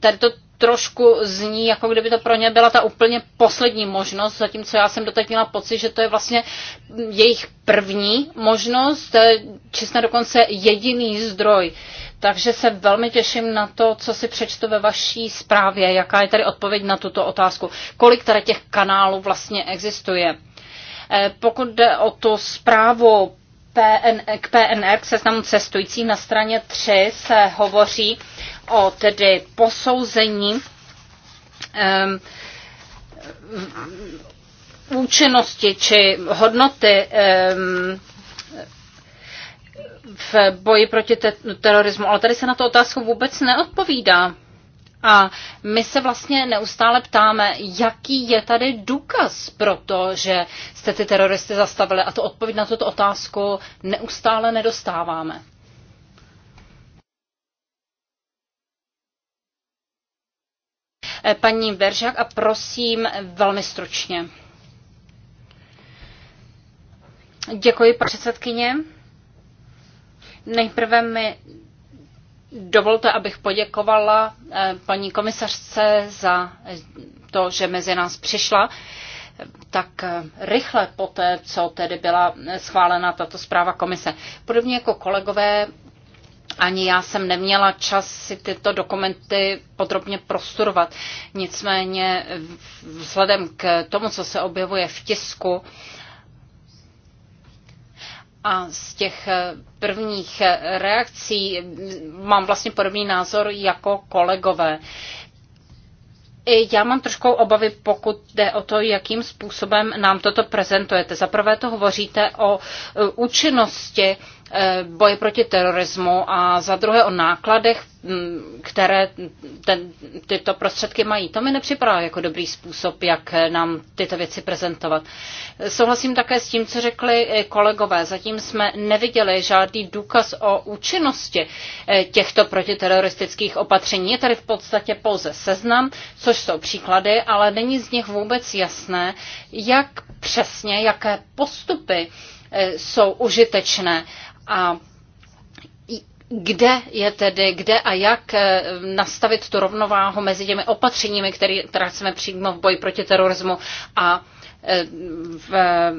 tady to trošku zní, jako kdyby to pro ně byla ta úplně poslední možnost, zatímco já jsem doteď měla pocit, že to je vlastně jejich první možnost, eh, či dokonce jediný zdroj. Takže se velmi těším na to, co si přečtu ve vaší zprávě, jaká je tady odpověď na tuto otázku. Kolik tady těch kanálů vlastně existuje? Eh, pokud jde o tu zprávu PN, k PNR, k seznamu cestujících na straně 3 se hovoří o tedy posouzení um, účinnosti či hodnoty um, v boji proti te- terorismu. Ale tady se na to otázku vůbec neodpovídá. A my se vlastně neustále ptáme, jaký je tady důkaz pro to, že jste ty teroristy zastavili. A to odpověď na tuto otázku neustále nedostáváme. E, paní Beržák a prosím velmi stručně. Děkuji, předsedkyně. Nejprve mi Dovolte, abych poděkovala eh, paní komisařce za to, že mezi nás přišla tak eh, rychle po té, co tedy byla schválena tato zpráva komise. Podobně jako kolegové, ani já jsem neměla čas si tyto dokumenty podrobně prostudovat. Nicméně vzhledem k tomu, co se objevuje v tisku, a z těch eh, prvních eh, reakcí mm, mám vlastně podobný názor jako kolegové. Já mám trošku obavy, pokud jde o to, jakým způsobem nám toto prezentujete. Zaprvé to hovoříte o eh, účinnosti Eh, boje proti terorismu a za druhé o nákladech, mm, které ten, tyto prostředky mají. To mi nepřipadá jako dobrý způsob, jak nám tyto věci prezentovat. Souhlasím také s tím, co řekli eh, kolegové. Zatím jsme neviděli žádný důkaz o účinnosti eh, těchto protiteroristických opatření. Je tady v podstatě pouze seznam, což jsou příklady, ale není z nich vůbec jasné, jak přesně, jaké postupy jsou užitečné a kde je tedy, kde a jak eh, nastavit tu rovnováhu mezi těmi opatřeními, které, která chceme přijmout v boji proti terorismu a eh, v, eh,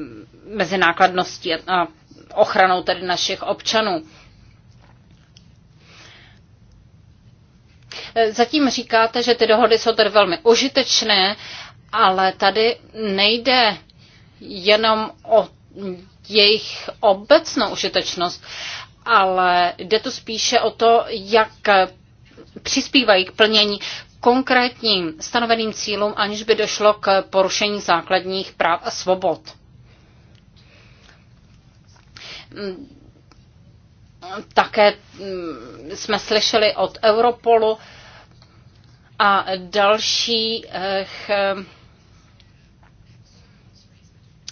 mezi nákladností a ochranou tedy našich občanů. Zatím říkáte, že ty dohody jsou tedy velmi užitečné, ale tady nejde jenom o jejich obecnou užitečnost, ale jde to spíše o to, jak přispívají k plnění konkrétním stanoveným cílům, aniž by došlo k porušení základních práv a svobod. Také mm, jsme slyšeli od Europolu a dalších eh,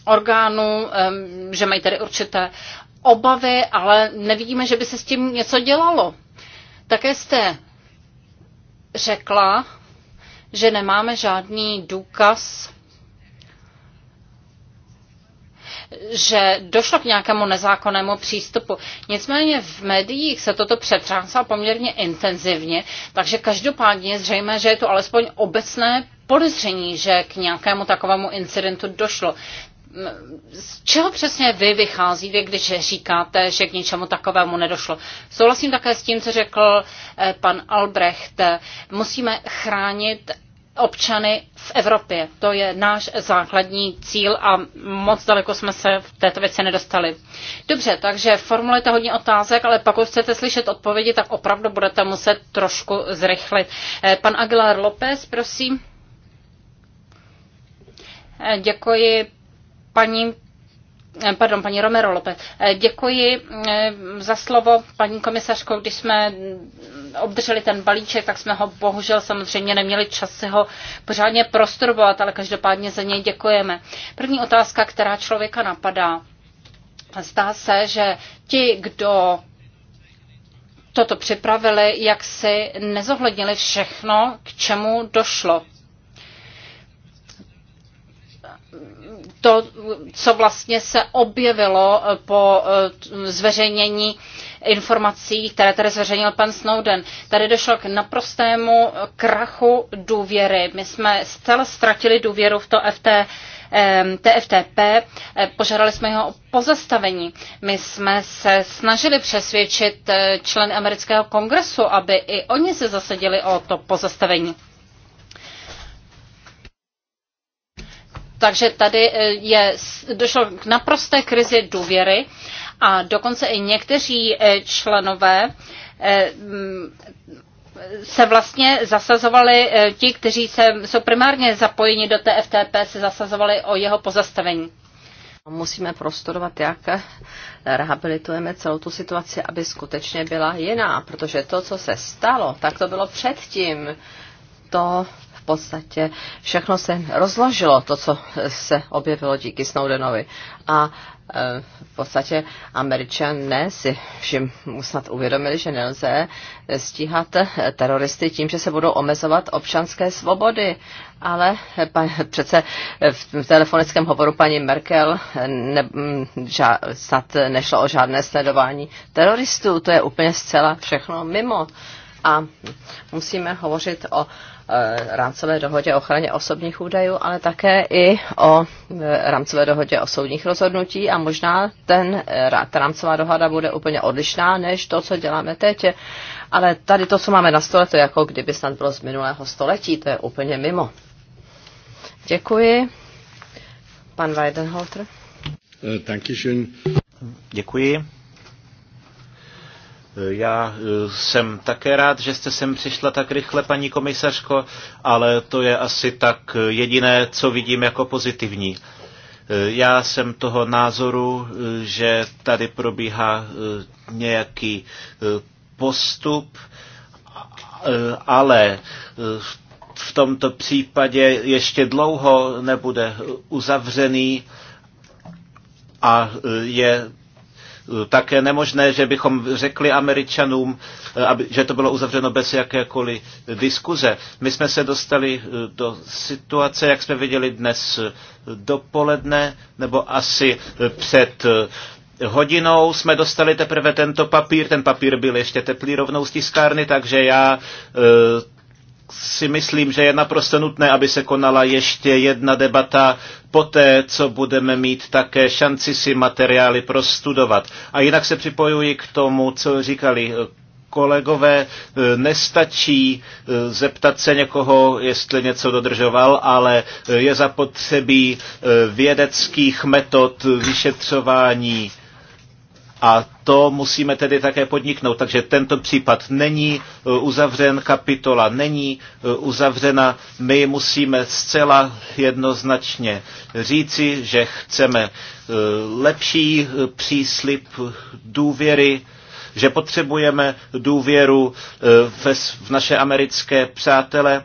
orgánů, že mají tedy určité obavy, ale nevidíme, že by se s tím něco dělalo. Také jste řekla, že nemáme žádný důkaz, že došlo k nějakému nezákonnému přístupu. Nicméně v médiích se toto přetřásá poměrně intenzivně, takže každopádně je zřejmé, že je to alespoň obecné podezření, že k nějakému takovému incidentu došlo z čeho přesně vy vycházíte, když říkáte, že k něčemu takovému nedošlo? Souhlasím také s tím, co řekl eh, pan Albrecht. Musíme chránit občany v Evropě. To je náš základní cíl a moc daleko jsme se v této věci nedostali. Dobře, takže formulujete hodně otázek, ale pokud chcete slyšet odpovědi, tak opravdu budete muset trošku zrychlit. Eh, pan Aguilar López, prosím. Eh, děkuji, Paní eh, Pardon, paní Romero Lopez. Eh, děkuji eh, za slovo, paní komisařko. Když jsme obdrželi ten balíček, tak jsme ho bohužel samozřejmě neměli čas si ho pořádně prostorovat, ale každopádně za něj děkujeme. První otázka, která člověka napadá. Zdá se, že ti, kdo toto připravili, jak si nezohlednili všechno, k čemu došlo to, co vlastně se objevilo eh, po eh, zveřejnění informací, které tady zveřejnil pan Snowden. Tady došlo k naprostému krachu důvěry. My jsme zcela ztratili důvěru v to FT, TFTP, eh, požádali jsme jeho pozastavení. My jsme se snažili přesvědčit členy amerického kongresu, aby i oni se zasadili o to pozastavení. Takže tady eh, je, došlo k naprosté krizi důvěry a dokonce i někteří eh, členové eh, mm, se vlastně zasazovali, ti, kteří se, jsou primárně zapojeni do té FTP, se zasazovali o jeho pozastavení. Musíme prostudovat, jak rehabilitujeme celou tu situaci, aby skutečně byla jiná, protože to, co se stalo, tak to bylo předtím. To podstatě všechno se rozložilo, to, co se objevilo díky Snowdenovi. A e, v podstatě Američané si všim snad uvědomili, že nelze stíhat teroristy tím, že se budou omezovat občanské svobody. Ale pa, přece v telefonickém hovoru paní Merkel ne, ža, snad nešlo o žádné sledování teroristů. To je úplně zcela všechno mimo. A musíme hovořit o Eh, rámcové dohodě o ochraně osobních údajů, ale také i o eh, rámcové dohodě o soudních rozhodnutí a možná ten, eh, ta rámcová dohoda bude úplně odlišná než to, co děláme teď. Ale tady to, co máme na stole, to je jako kdyby snad bylo z minulého století, to je úplně mimo. Děkuji. Pan Weidenholter. Děkuji. Já eh, jsem také rád, že jste sem přišla tak rychle, paní komisařko, ale to je asi tak eh, jediné, co vidím jako pozitivní. Eh, já jsem toho názoru, že tady probíhá nějaký postup, ale v tomto případě ještě dlouho nebude uzavřený a je tak je nemožné, že bychom řekli Američanům, eh, aby, že to bylo uzavřeno bez jakékoliv diskuze. My jsme se dostali eh, do situace, jak jsme viděli dnes eh, dopoledne, nebo asi před hodinou jsme dostali teprve tento papír. Ten papír byl ještě teplý rovnou z tiskárny, takže já si myslím, že je naprosto nutné, aby se konala ještě jedna debata poté, co budeme mít také šanci si materiály prostudovat. A jinak se připojuji k tomu, co říkali eh, kolegové, eh, nestačí eh, zeptat se někoho, jestli něco dodržoval, ale je zapotřebí vědeckých metod vyšetřování a to musíme tedy také podniknout. Takže tento případ není eh, uzavřen, kapitola není eh, uzavřena. My musíme zcela jednoznačně říci, že chceme eh, lepší příslip důvěry, že potřebujeme důvěru v naše americké přátele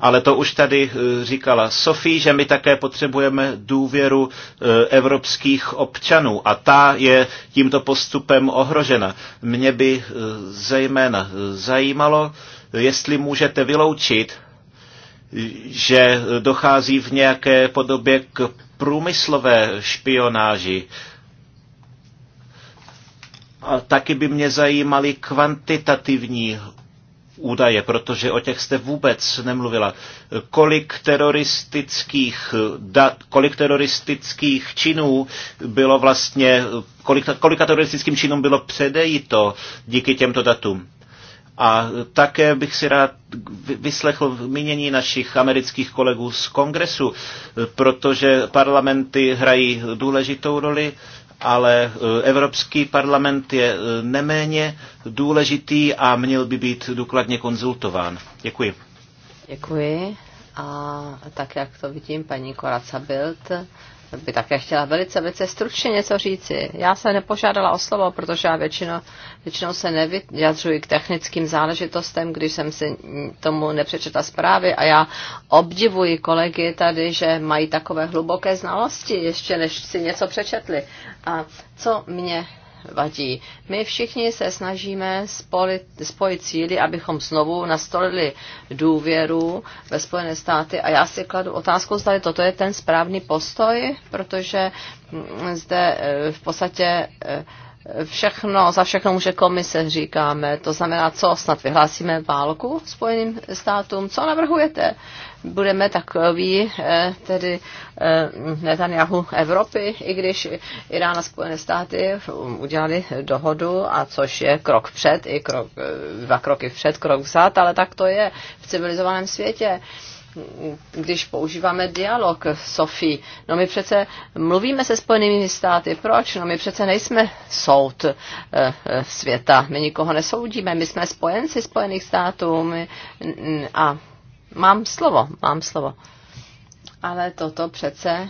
ale to už tady eh, říkala Sofie, že my také potřebujeme důvěru eh, evropských občanů a ta je tímto postupem ohrožena. Mě by eh, zejména zajímalo, jestli můžete vyloučit, že dochází v nějaké podobě k průmyslové špionáži. A taky by mě zajímaly kvantitativní údaje, protože o těch jste vůbec nemluvila. Kolik teroristických, dat, kolik teroristických činů bylo vlastně, kolik, kolika teroristickým činům bylo předejito díky těmto datům? A také bych si rád vyslechl mínění našich amerických kolegů z kongresu, protože parlamenty hrají důležitou roli ale eh, Evropský parlament je eh, neméně důležitý a měl by být důkladně konzultován. Děkuji. Děkuji. A tak, jak to vidím, paní Koraca Bild by také chtěla velice, velice stručně něco říci. Já se nepožádala o slovo, protože já většinou, většinou se nevyjadřuji k technickým záležitostem, když jsem si tomu nepřečetla zprávy a já obdivuji kolegy tady, že mají takové hluboké znalosti, ještě než si něco přečetli. A co mě vadí. My všichni se snažíme spolit, spojit cíly, abychom znovu nastolili důvěru ve Spojené státy a já si kladu otázku, zda toto je ten správný postoj, protože mm, zde eh, v podstatě eh, všechno, za všechno může komise, říkáme. To znamená, co snad vyhlásíme válku Spojeným státům? Co navrhujete? budeme takový eh, tedy eh, Netanyahu Evropy, i když Irán a Spojené státy udělali dohodu, a což je krok před, i krok, eh, dva kroky před, krok vzad, ale tak to je v civilizovaném světě když používáme dialog, Sofie, no my přece mluvíme se Spojenými státy, proč? No my přece nejsme soud světa, my nikoho nesoudíme, my jsme spojenci Spojených států my, a Mám slovo, mám slovo. Ale toto přece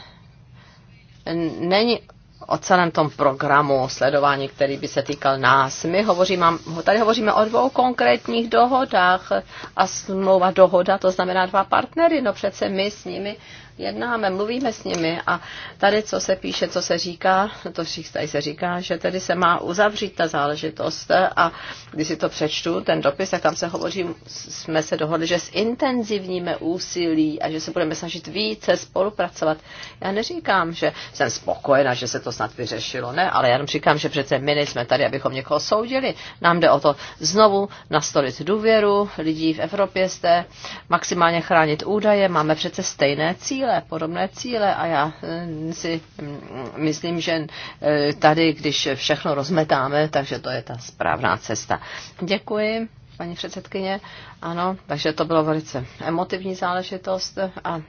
není o celém tom programu sledování, který by se týkal nás. My hovoříme, tady hovoříme o dvou konkrétních dohodách a smlouva dohoda, to znamená dva partnery, no přece my s nimi jednáme, mluvíme s nimi a tady, co se píše, co se říká, to tady se říká, že tady se má uzavřít ta záležitost a když si to přečtu, ten dopis, tak tam se hovoří, jsme se dohodli, že zintenzivníme úsilí a že se budeme snažit více spolupracovat. Já neříkám, že jsem spokojena, že se to snad vyřešilo, ne? Ale já jenom říkám, že přece my nejsme tady, abychom někoho soudili. Nám jde o to znovu nastolit důvěru lidí v Evropě, jste maximálně chránit údaje, máme přece stejné cíle, podobné cíle a já eh, si mm, myslím, že eh, tady, když všechno rozmetáme, takže to je ta správná cesta. Děkuji paní předsedkyně. Ano, takže to bylo velice emotivní záležitost a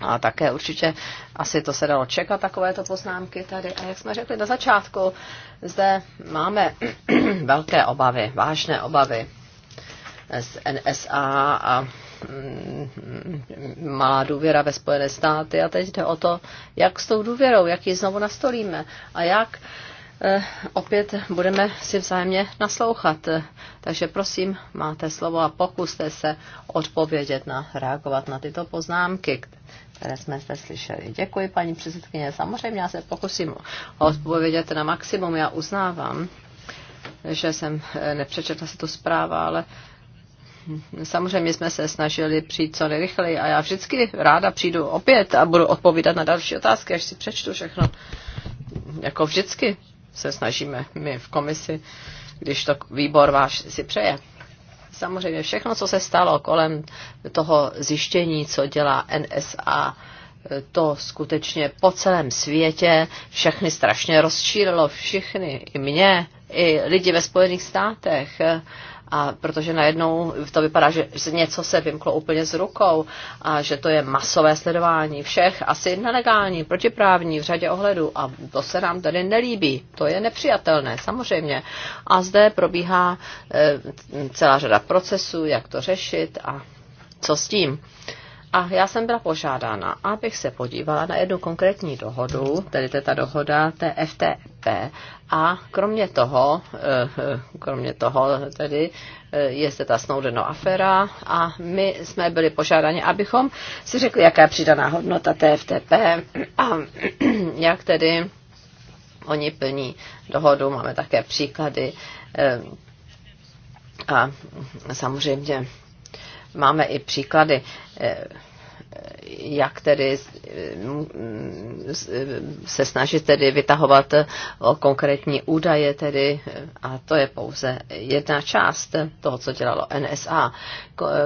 a také určitě asi to se dalo čekat, takovéto poznámky tady. A jak jsme řekli na začátku, zde máme velké obavy, vážné obavy z NSA a mm, malá důvěra ve Spojené státy. A teď jde o to, jak s tou důvěrou, jak ji znovu nastolíme a jak eh, opět budeme si vzájemně naslouchat. Takže prosím, máte slovo a pokuste se odpovědět na, reagovat na tyto poznámky, které jsme zde slyšeli. Děkuji, paní předsedkyně. Samozřejmě já se pokusím odpovědět na maximum. Já uznávám, že jsem eh, nepřečetla si tu zprávu, ale samozřejmě jsme se snažili přijít co nejrychleji a já vždycky ráda přijdu opět a budu odpovídat na další otázky, až si přečtu všechno. Jako vždycky se snažíme my v komisi, když to výbor váš si přeje samozřejmě všechno, co se stalo kolem toho zjištění, co dělá NSA, to skutečně po celém světě všechny strašně rozčílilo, všechny, i mě, i lidi ve Spojených státech a protože najednou to vypadá, že něco se vymklo úplně z rukou a že to je masové sledování všech, asi nelegální, protiprávní v řadě ohledů. A to se nám tady nelíbí. To je nepřijatelné, samozřejmě. A zde probíhá eh, celá řada procesů, jak to řešit a co s tím. A já jsem byla požádána, abych se podívala na jednu konkrétní dohodu, tedy to je ta dohoda TFTP. A kromě toho, eh, eh, kromě toho tedy eh, je zde ta Snowdenova afera a my jsme byli požádáni, abychom si řekli, jaká je přidaná hodnota TFTP a jak tedy oni plní dohodu. Máme také příklady a samozřejmě máme i příklady, eh, jak tedy eh, eh, se snažit tedy vytahovat o konkrétní údaje tedy, a to je pouze jedna část toho, co dělalo NSA.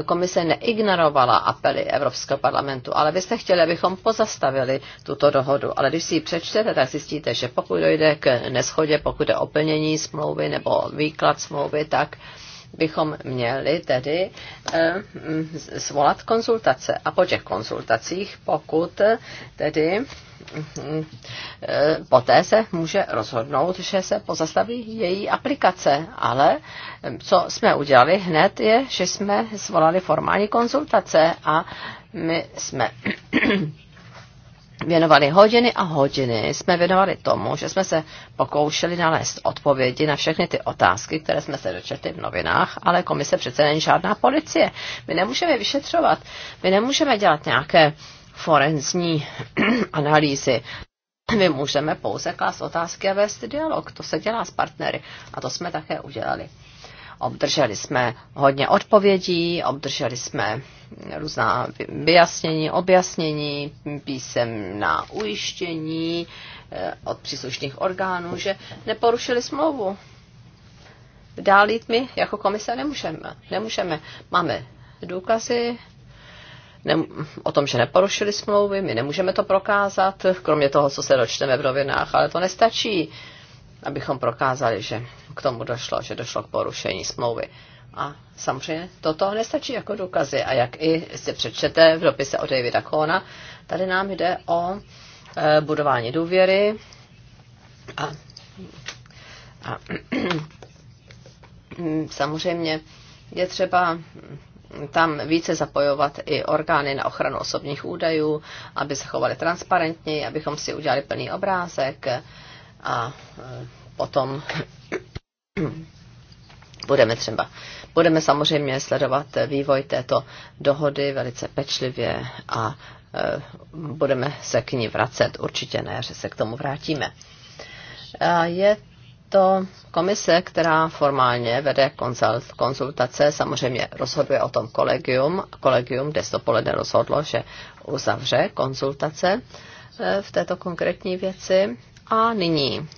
Komise neignorovala apely Evropského parlamentu, ale vy jste chtěli, abychom pozastavili tuto dohodu. Ale když si ji přečtete, tak zjistíte, že pokud dojde k neschodě, pokud je o plnění smlouvy nebo výklad smlouvy, tak bychom měli tedy zvolat eh, konzultace. A po těch konzultacích, pokud tedy eh, poté se může rozhodnout, že se pozastaví její aplikace. Ale co jsme udělali hned je, že jsme zvolali formální konzultace a my jsme věnovali hodiny a hodiny, jsme věnovali tomu, že jsme se pokoušeli nalézt odpovědi na všechny ty otázky, které jsme se dočetli v novinách, ale komise přece není žádná policie. My nemůžeme vyšetřovat, my nemůžeme dělat nějaké forenzní analýzy. My můžeme pouze klást otázky a vést dialog. To se dělá s partnery a to jsme také udělali. Obdrželi jsme hodně odpovědí, obdrželi jsme různá vyjasnění, objasnění, písemná ujištění eh, od příslušných orgánů, že neporušili smlouvu. Dál jít my jako komise nemůžeme. nemůžeme. Máme důkazy, ne, o tom, že neporušili smlouvy, my nemůžeme to prokázat, kromě toho, co se dočteme v novinách, ale to nestačí abychom prokázali, že k tomu došlo, že došlo k porušení smlouvy. A samozřejmě toto nestačí jako důkazy. A jak i si přečtete v dopise od Davida Kona, tady nám jde o e, budování důvěry a, a samozřejmě je třeba tam více zapojovat i orgány na ochranu osobních údajů, aby se chovali transparentněji, abychom si udělali plný obrázek. E, a e, potom budeme třeba. Budeme samozřejmě sledovat vývoj této dohody velice pečlivě a e, budeme se k ní vracet. Určitě ne, že se k tomu vrátíme. Je to komise, která formálně vede konzultace, samozřejmě rozhoduje o tom kolegium. Kolegium dnes dopoledne rozhodlo, že uzavře konzultace e, v této konkrétní věci a nyní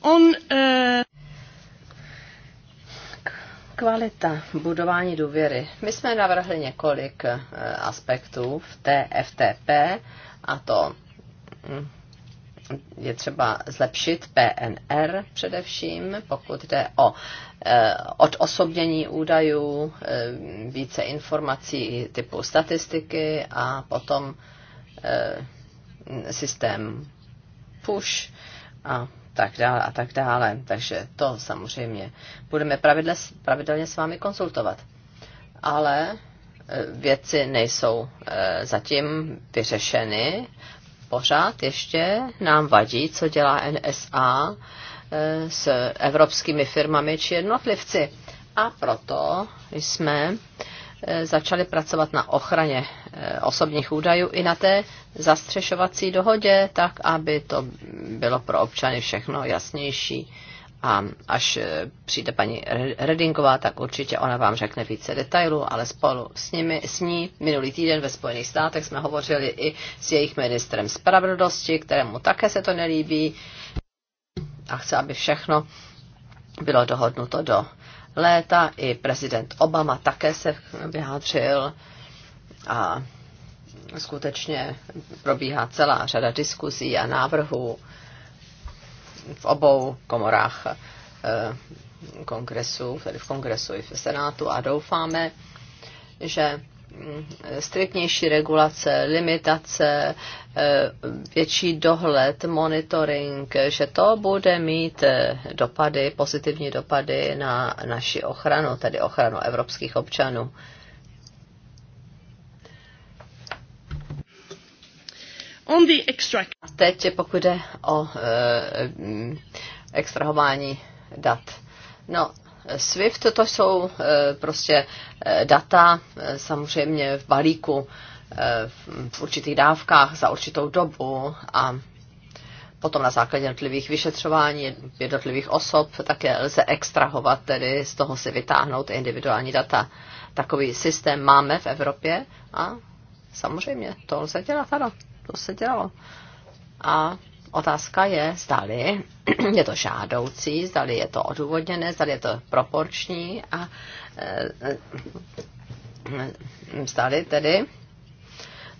On, uh... Kvalita budování důvěry. My jsme navrhli několik eh, aspektů v té FTP, a to hm, je třeba zlepšit PNR především, pokud jde o eh, odosobnění údajů, eh, více informací typu statistiky a potom eh, systém push a tak dále a tak dále. Takže to samozřejmě budeme pravidle, pravidelně s vámi konsultovat. Ale věci nejsou zatím vyřešeny pořád ještě nám vadí, co dělá NSA eh, s evropskými firmami či jednotlivci. A proto jsme eh, začali pracovat na ochraně eh, osobních údajů i na té zastřešovací dohodě, tak aby to bylo pro občany všechno jasnější. A až eh, přijde paní Redinková, tak určitě ona vám řekne více detailů, ale spolu s, nimi, s ní minulý týden ve Spojených státech jsme hovořili i s jejich ministrem spravedlnosti, kterému také se to nelíbí a chce, aby všechno bylo dohodnuto do léta. I prezident Obama také se vyhádřil a skutečně probíhá celá řada diskuzí a návrhů v obou komorách eh, kongresu, tedy v kongresu i v senátu a doufáme, že mm, striktnější regulace, limitace, eh, větší dohled, monitoring, že to bude mít eh, dopady, pozitivní dopady na naši ochranu, tedy ochranu evropských občanů. On the extract. A teď, pokud jde o uh, extrahování dat. No, SWIFT to jsou uh, prostě uh, data uh, samozřejmě v balíku uh, v určitých dávkách za určitou dobu a potom na základě jednotlivých vyšetřování jednotlivých osob také lze extrahovat, tedy z toho si vytáhnout individuální data. Takový systém máme v Evropě a samozřejmě to lze dělat, ano to se dělalo. A otázka je, zdali je to žádoucí, zdali je to odůvodněné, zdali je to proporční a eh, zdali tedy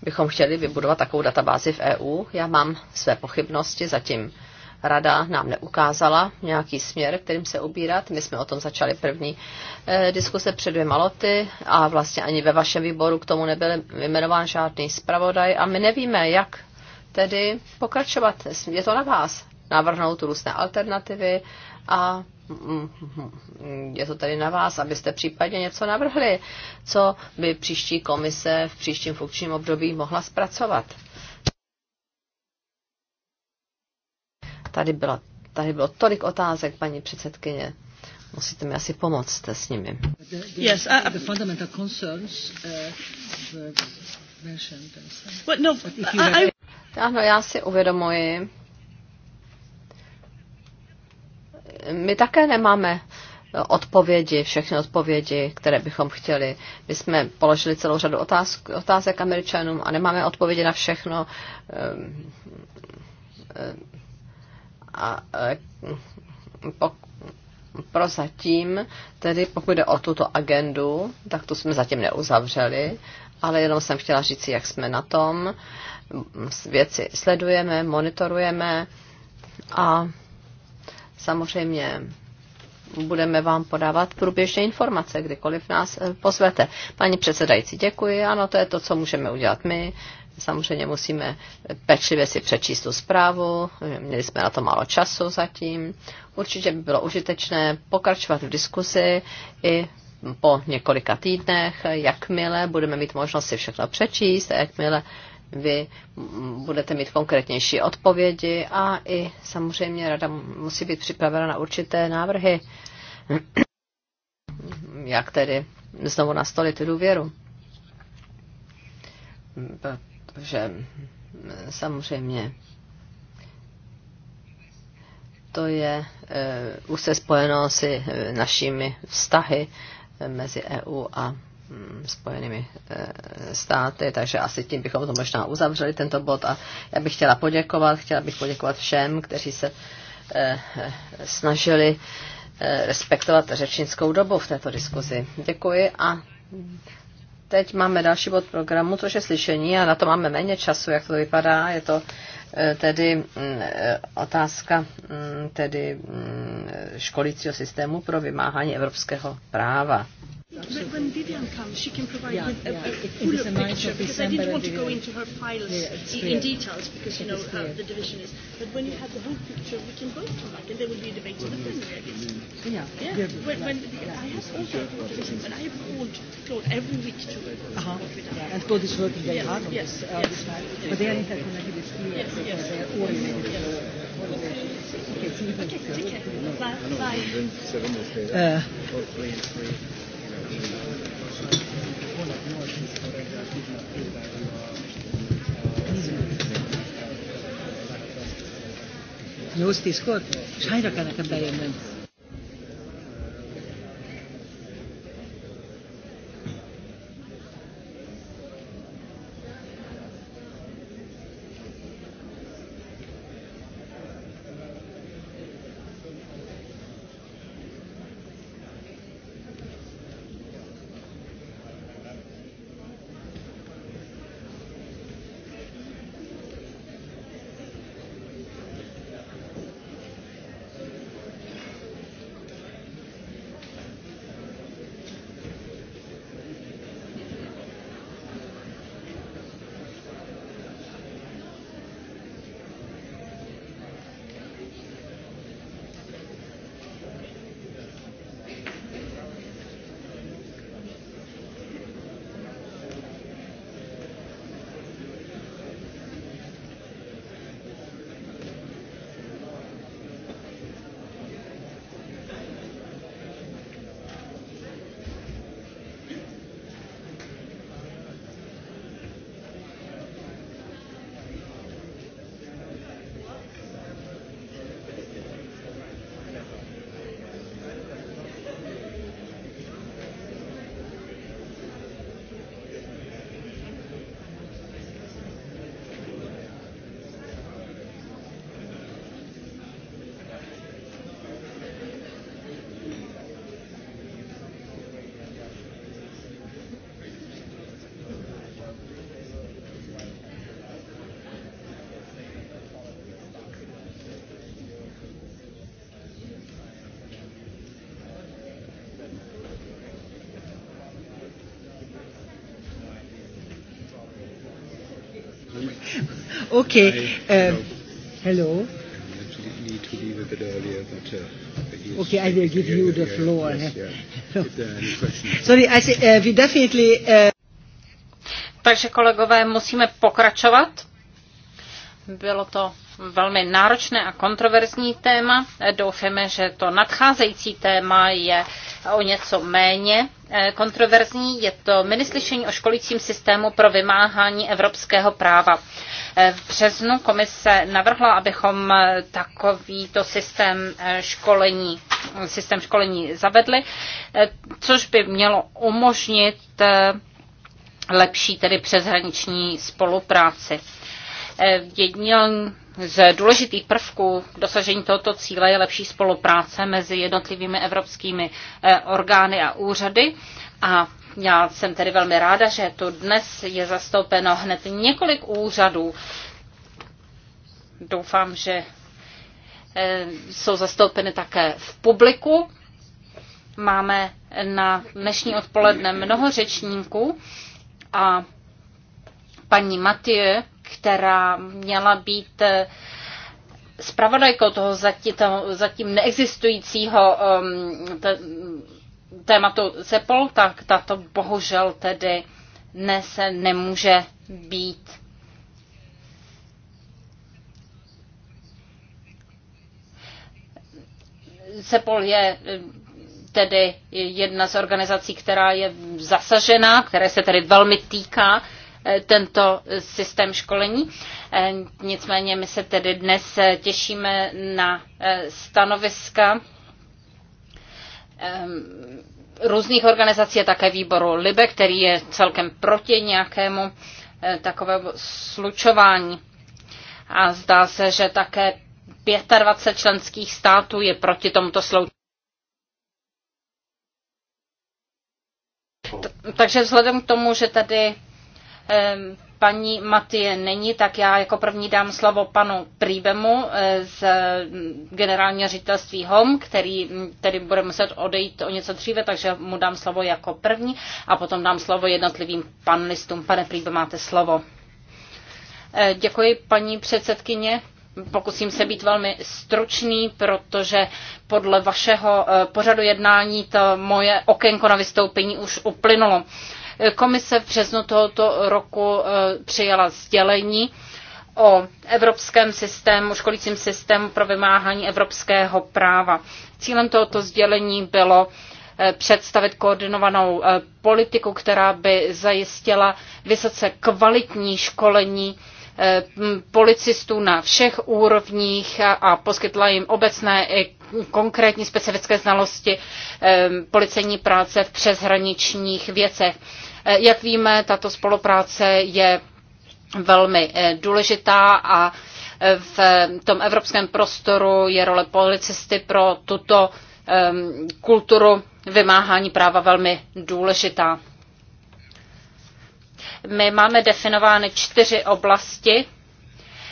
bychom chtěli vybudovat takovou databázi v EU. Já mám své pochybnosti, zatím rada nám neukázala nějaký směr, kterým se ubírat. My jsme o tom začali první eh, diskuse před dvěma lety a vlastně ani ve vašem výboru k tomu nebyl vymenován žádný zpravodaj a my nevíme, jak tedy pokračovat. Je to na vás navrhnout různé alternativy a mm, mm, je to tady na vás, abyste případně něco navrhli, co by příští komise v příštím funkčním období mohla zpracovat. Tady, byla, tady bylo tolik otázek, paní předsedkyně. Musíte mi asi pomoct s nimi. Yes, the fundamental concerns uh, no, I, I... Ano, já si uvědomuji. My také nemáme odpovědi, všechny odpovědi, které bychom chtěli. My jsme položili celou řadu otázk, otázek američanům a nemáme odpovědi na všechno. Um, um, a e, prozatím, tedy pokud jde o tuto agendu, tak tu jsme zatím neuzavřeli, ale jenom jsem chtěla říct, jak jsme na tom. Věci sledujeme, monitorujeme a samozřejmě budeme vám podávat průběžně informace, kdykoliv nás e, pozvete. Paní předsedající, děkuji. Ano, to je to, co můžeme udělat my. Samozřejmě musíme pečlivě si přečíst tu zprávu, měli jsme na to málo času zatím. Určitě by bylo užitečné pokračovat v diskusi i po několika týdnech, jakmile budeme mít možnost si všechno přečíst, jakmile vy budete mít konkrétnější odpovědi a i samozřejmě rada musí být připravena na určité návrhy, jak tedy znovu nastolit důvěru že mm, samozřejmě to je e, už se spojeno s e, našimi vztahy e, mezi EU a mm, Spojenými e, státy, takže asi tím bychom to možná uzavřeli, tento bod. A já bych chtěla poděkovat, chtěla bych poděkovat všem, kteří se snažili respektovat řečnickou dobu v této diskuzi. Děkuji a teď máme další bod programu, což je slyšení a na to máme méně času, jak to vypadá. Je to eh, tedy mm, eh, otázka mm, tedy mm, školicího systému pro vymáhání evropského práva. Absolutely. When Vivian comes, she can provide yeah, with a, yeah. a fuller it, it picture because I didn't want to go into her files yeah, in, in details because you know how the division is. But when you have the whole picture, we can both come back and there will be a debate in the plenary, I guess. Yeah. yeah. yeah. When, when the, yeah. I have also reported and I have called Claude every week to uh-huh. yeah. And Claude is working very yes. hard on yes. this. Uh, yes. this yes. But they are interconnected, with you. Yes. Uh, yes. yes. They are oriented. Yes. Yes. Uh, okay, take care. Bye. Bye. Uh, Jó, tízkor? És hányra kell nekem bejönnöm? Okay. Uh, hello. Need to leave a bit earlier, but. Uh, Okay, I will give you the floor. Yes, yeah. Sorry, I say, uh, we definitely. Uh... Takže kolegové, musíme pokračovat. Bylo to velmi náročné a kontroverzní téma. Doufáme, že to nadcházející téma je o něco méně eh, kontroverzní. Je to minislyšení o školícím systému pro vymáhání evropského práva. Eh, v březnu komise navrhla, abychom eh, takovýto systém eh, školení, systém školení zavedli, což by mělo umožnit lepší tedy přeshraniční spolupráci. Jedním z důležitých prvků dosažení tohoto cíle je lepší spolupráce mezi jednotlivými evropskými eh, orgány a úřady. A já jsem tedy velmi ráda, že tu dnes je zastoupeno hned několik úřadů. Doufám, že eh, jsou zastoupeny také v publiku. Máme na dnešní odpoledne mnoho řečníků a paní Matěje která měla být zpravodajkou eh, toho zatím, toho zatím neexistujícího ehm, tématu Cepol, tak tato bohužel tedy dnes nemůže být. Cepol je eh, tedy jedna z organizací, která je zasažená, které se tedy velmi týká Eh, tento systém školení. Eh, nicméně my se tedy dnes eh, těšíme na stanoviska různých organizací a také výboru LIBE, který je celkem proti nějakému takovému slučování. A zdá se, že také 25 členských států je proti tomuto sloučení. Takže vzhledem k tomu, že tady paní Matie není, tak já jako první dám slovo panu Príbemu eh, z generálního ředitelství HOM, který mm, tedy bude muset odejít o něco dříve, takže mu dám slovo jako první a potom dám slovo jednotlivým panelistům. Pane Príbe, máte slovo. Eh, děkuji, paní předsedkyně. Pokusím se být velmi stručný, protože podle vašeho eh, pořadu jednání to moje okénko na vystoupení už uplynulo. Komise v březnu tohoto roku e, přijala sdělení o evropském systému, školícím systému pro vymáhání evropského práva. Cílem tohoto sdělení bylo e, představit koordinovanou e, politiku, která by zajistila vysoce kvalitní školení policistů na všech úrovních a poskytla jim obecné i konkrétní specifické znalosti policejní práce v přeshraničních věcech. Eh, jak víme, tato spolupráce je velmi eh, důležitá a eh, v tom evropském prostoru je role policisty pro tuto ehm, kulturu vymáhání práva velmi důležitá. My máme definovány čtyři oblasti,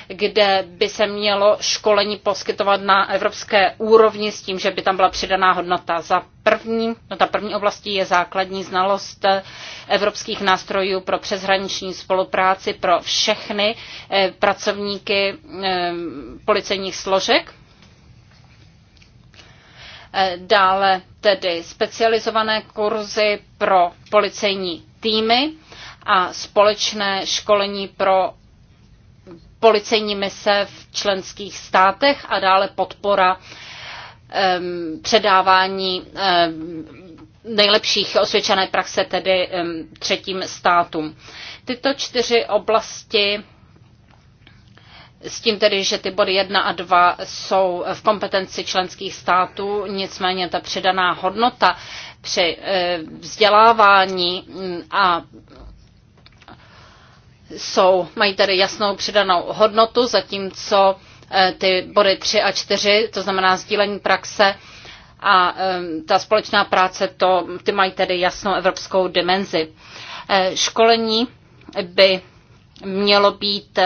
kde by se mělo školení poskytovat na evropské úrovni s tím, že by tam byla přidaná hodnota. Za první, no ta první oblastí je základní znalost evropských nástrojů pro přeshraniční spolupráci pro všechny eh, pracovníky eh, policejních složek, eh, dále tedy specializované kurzy pro policejní týmy a společné školení pro policejní mise v členských státech a dále podpora předávání nejlepších osvědčené praxe tedy třetím státům. Tyto čtyři oblasti s tím tedy, že ty body 1 a 2 jsou v kompetenci členských států, nicméně ta přidaná hodnota při eh, vzdělávání mm, a jsou, mají tady jasnou přidanou hodnotu, zatímco eh, ty body 3 a 4, to znamená sdílení praxe a eh, ta společná práce, to, ty mají tedy jasnou evropskou dimenzi. Eh, školení by mělo být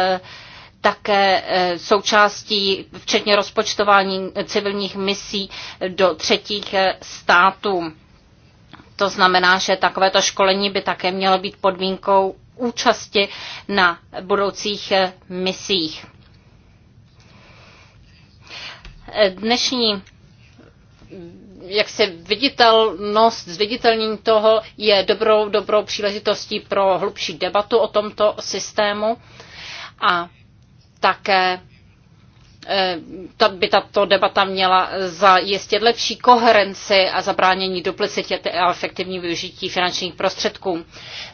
také součástí, včetně rozpočtování civilních misí do třetích států. To znamená, že takovéto školení by také mělo být podmínkou účasti na budoucích eh, misích. Eh, dnešní jak se viditelnost, zviditelnění toho je dobrou, dobrou příležitostí pro hlubší debatu o tomto systému a také Eh, by tato debata měla zajistit lepší koherenci a zabránění duplicitě a efektivní využití finančních prostředků.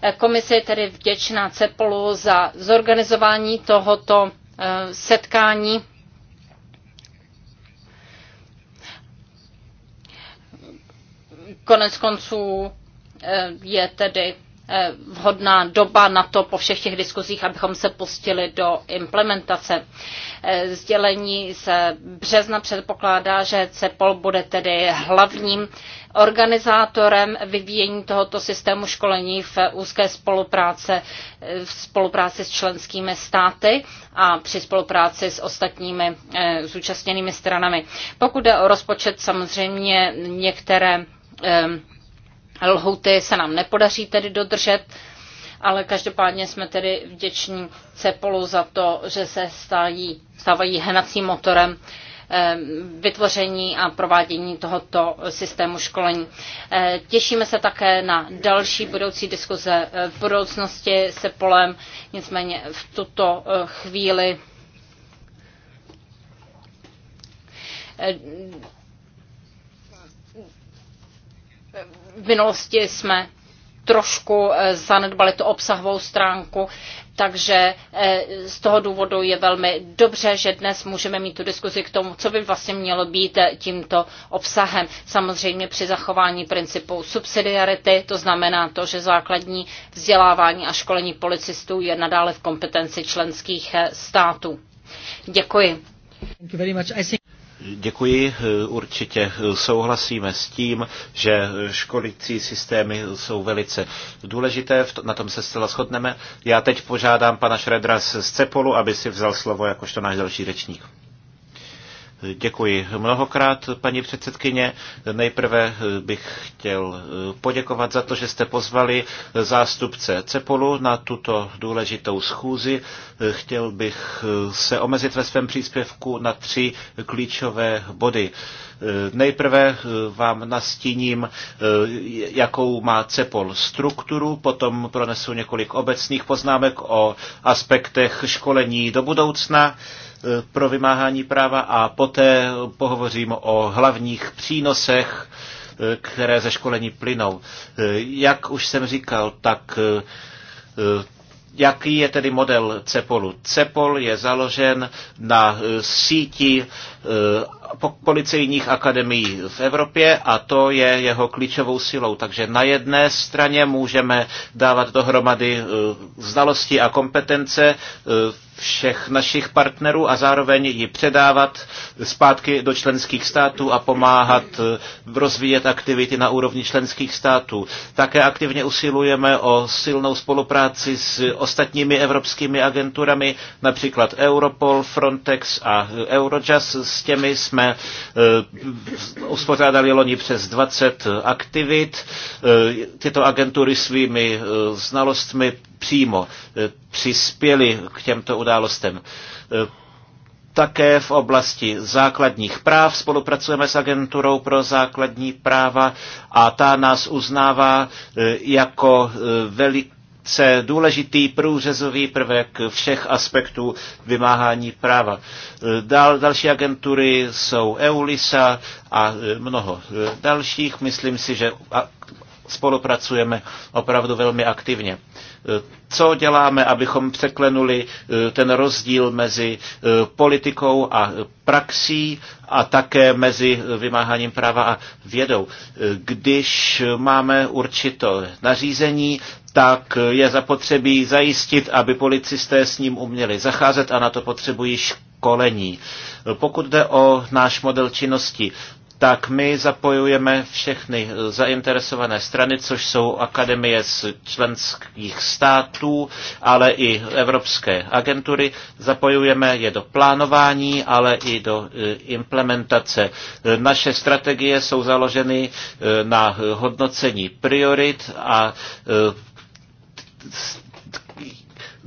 Eh, komise je tedy vděčná CEPOLu za zorganizování tohoto eh, setkání. Konec konců je tedy Eh, vhodná doba na to po všech těch diskuzích, abychom se pustili do implementace. Eh, sdělení z března předpokládá, že CEPOL bude tedy hlavním organizátorem vyvíjení tohoto systému školení v úzké spolupráce, eh, v spolupráci s členskými státy a při spolupráci s ostatními zúčastněnými stranami. Pokud jde o rozpočet, samozřejmě některé Lhuty se nám nepodaří tedy dodržet, ale každopádně jsme tedy vděční Cepolu za to, že se stájí, stávají hnacím motorem eh, vytvoření a provádění tohoto systému školení. Eh, těšíme se také na další budoucí diskuze eh, v budoucnosti se polem, nicméně v tuto chvíli v minulosti jsme trošku eh, zanedbali tu obsahovou stránku, takže eh, z toho důvodu je velmi dobře, že dnes můžeme mít tu diskuzi k tomu, co by vlastně mělo být eh, tímto obsahem. Samozřejmě při zachování principu subsidiarity, to znamená to, že základní vzdělávání a školení policistů je nadále v kompetenci členských států. Děkuji. Děkuji. Určitě souhlasíme s tím, že školicí systémy jsou velice důležité, na tom se zcela shodneme. Já teď požádám pana Šredra z Cepolu, aby si vzal slovo jakožto náš další řečník. Děkuji mnohokrát, paní předsedkyně. Nejprve bych chtěl eh, poděkovat za to, že jste pozvali zástupce Cepolu na tuto důležitou schůzi. Eh, chtěl bych eh, se omezit ve svém příspěvku na tři klíčové body. Nejprve vám nastíním, jakou má CEPOL strukturu, potom pronesu několik obecných poznámek o aspektech školení do budoucna pro vymáhání práva a poté pohovořím o hlavních přínosech, e, které ze školení plynou. E, jak už jsem říkal, tak e, Jaký je tedy model CEPOLu? CEPOL je založen na síti policejních akademií v Evropě a to je jeho klíčovou silou. Takže na jedné straně můžeme dávat dohromady e, znalosti a kompetence e, všech našich partnerů a zároveň ji předávat zpátky do členských států a pomáhat e, rozvíjet aktivity na úrovni členských států. Také aktivně usilujeme o silnou spolupráci s ostatními evropskými agenturami, například Europol, Frontex a Eurojust. S těmi jsme Eh, uspořádali loni přes 20 aktivit. Eh, tyto agentury svými eh, znalostmi přímo přispěly k těmto událostem. Také v oblasti základních práv spolupracujeme s agenturou pro základní práva a ta nás uznává jako velik se důležitý průřezový prvek všech aspektů vymáhání práva. Dal, další agentury jsou EULISA a e, mnoho e, dalších. Myslím si, že spolupracujeme opravdu velmi aktivně. E, co děláme, abychom překlenuli ten rozdíl mezi politikou a praxí a také mezi vymáháním práva a vědou? Když máme určité nařízení, tak je zapotřebí zajistit, aby policisté s ním uměli zacházet a na to potřebují školení. Pokud jde o náš model činnosti, tak my zapojujeme všechny zainteresované strany, což jsou akademie z členských států, ale i evropské agentury. Zapojujeme je do plánování, ale i do eh, implementace. Naše strategie jsou založeny eh, na hodnocení priorit a eh,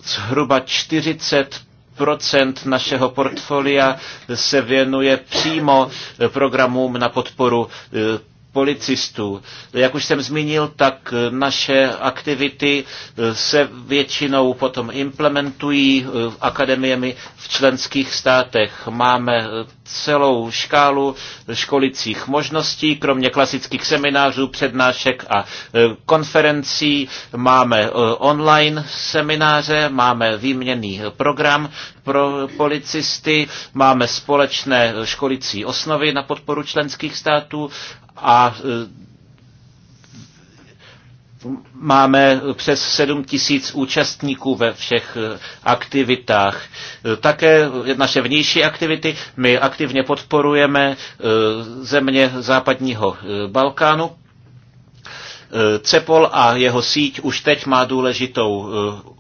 zhruba 40 procent našeho portfolia se věnuje přímo programům na podporu eh, policistů. Jak už jsem zmínil, tak naše aktivity eh, se většinou potom implementují eh, akademiemi v členských státech. Máme eh, celou škálu školicích možností, kromě klasických seminářů, přednášek a konferencí. Máme online semináře, máme výměný program pro policisty, máme společné školicí osnovy na podporu členských států a e, Máme přes 7 tisíc účastníků ve všech e, aktivitách. E, také naše vnější aktivity. My aktivně podporujeme země západního Balkánu. CEPOL a jeho síť už teď má důležitou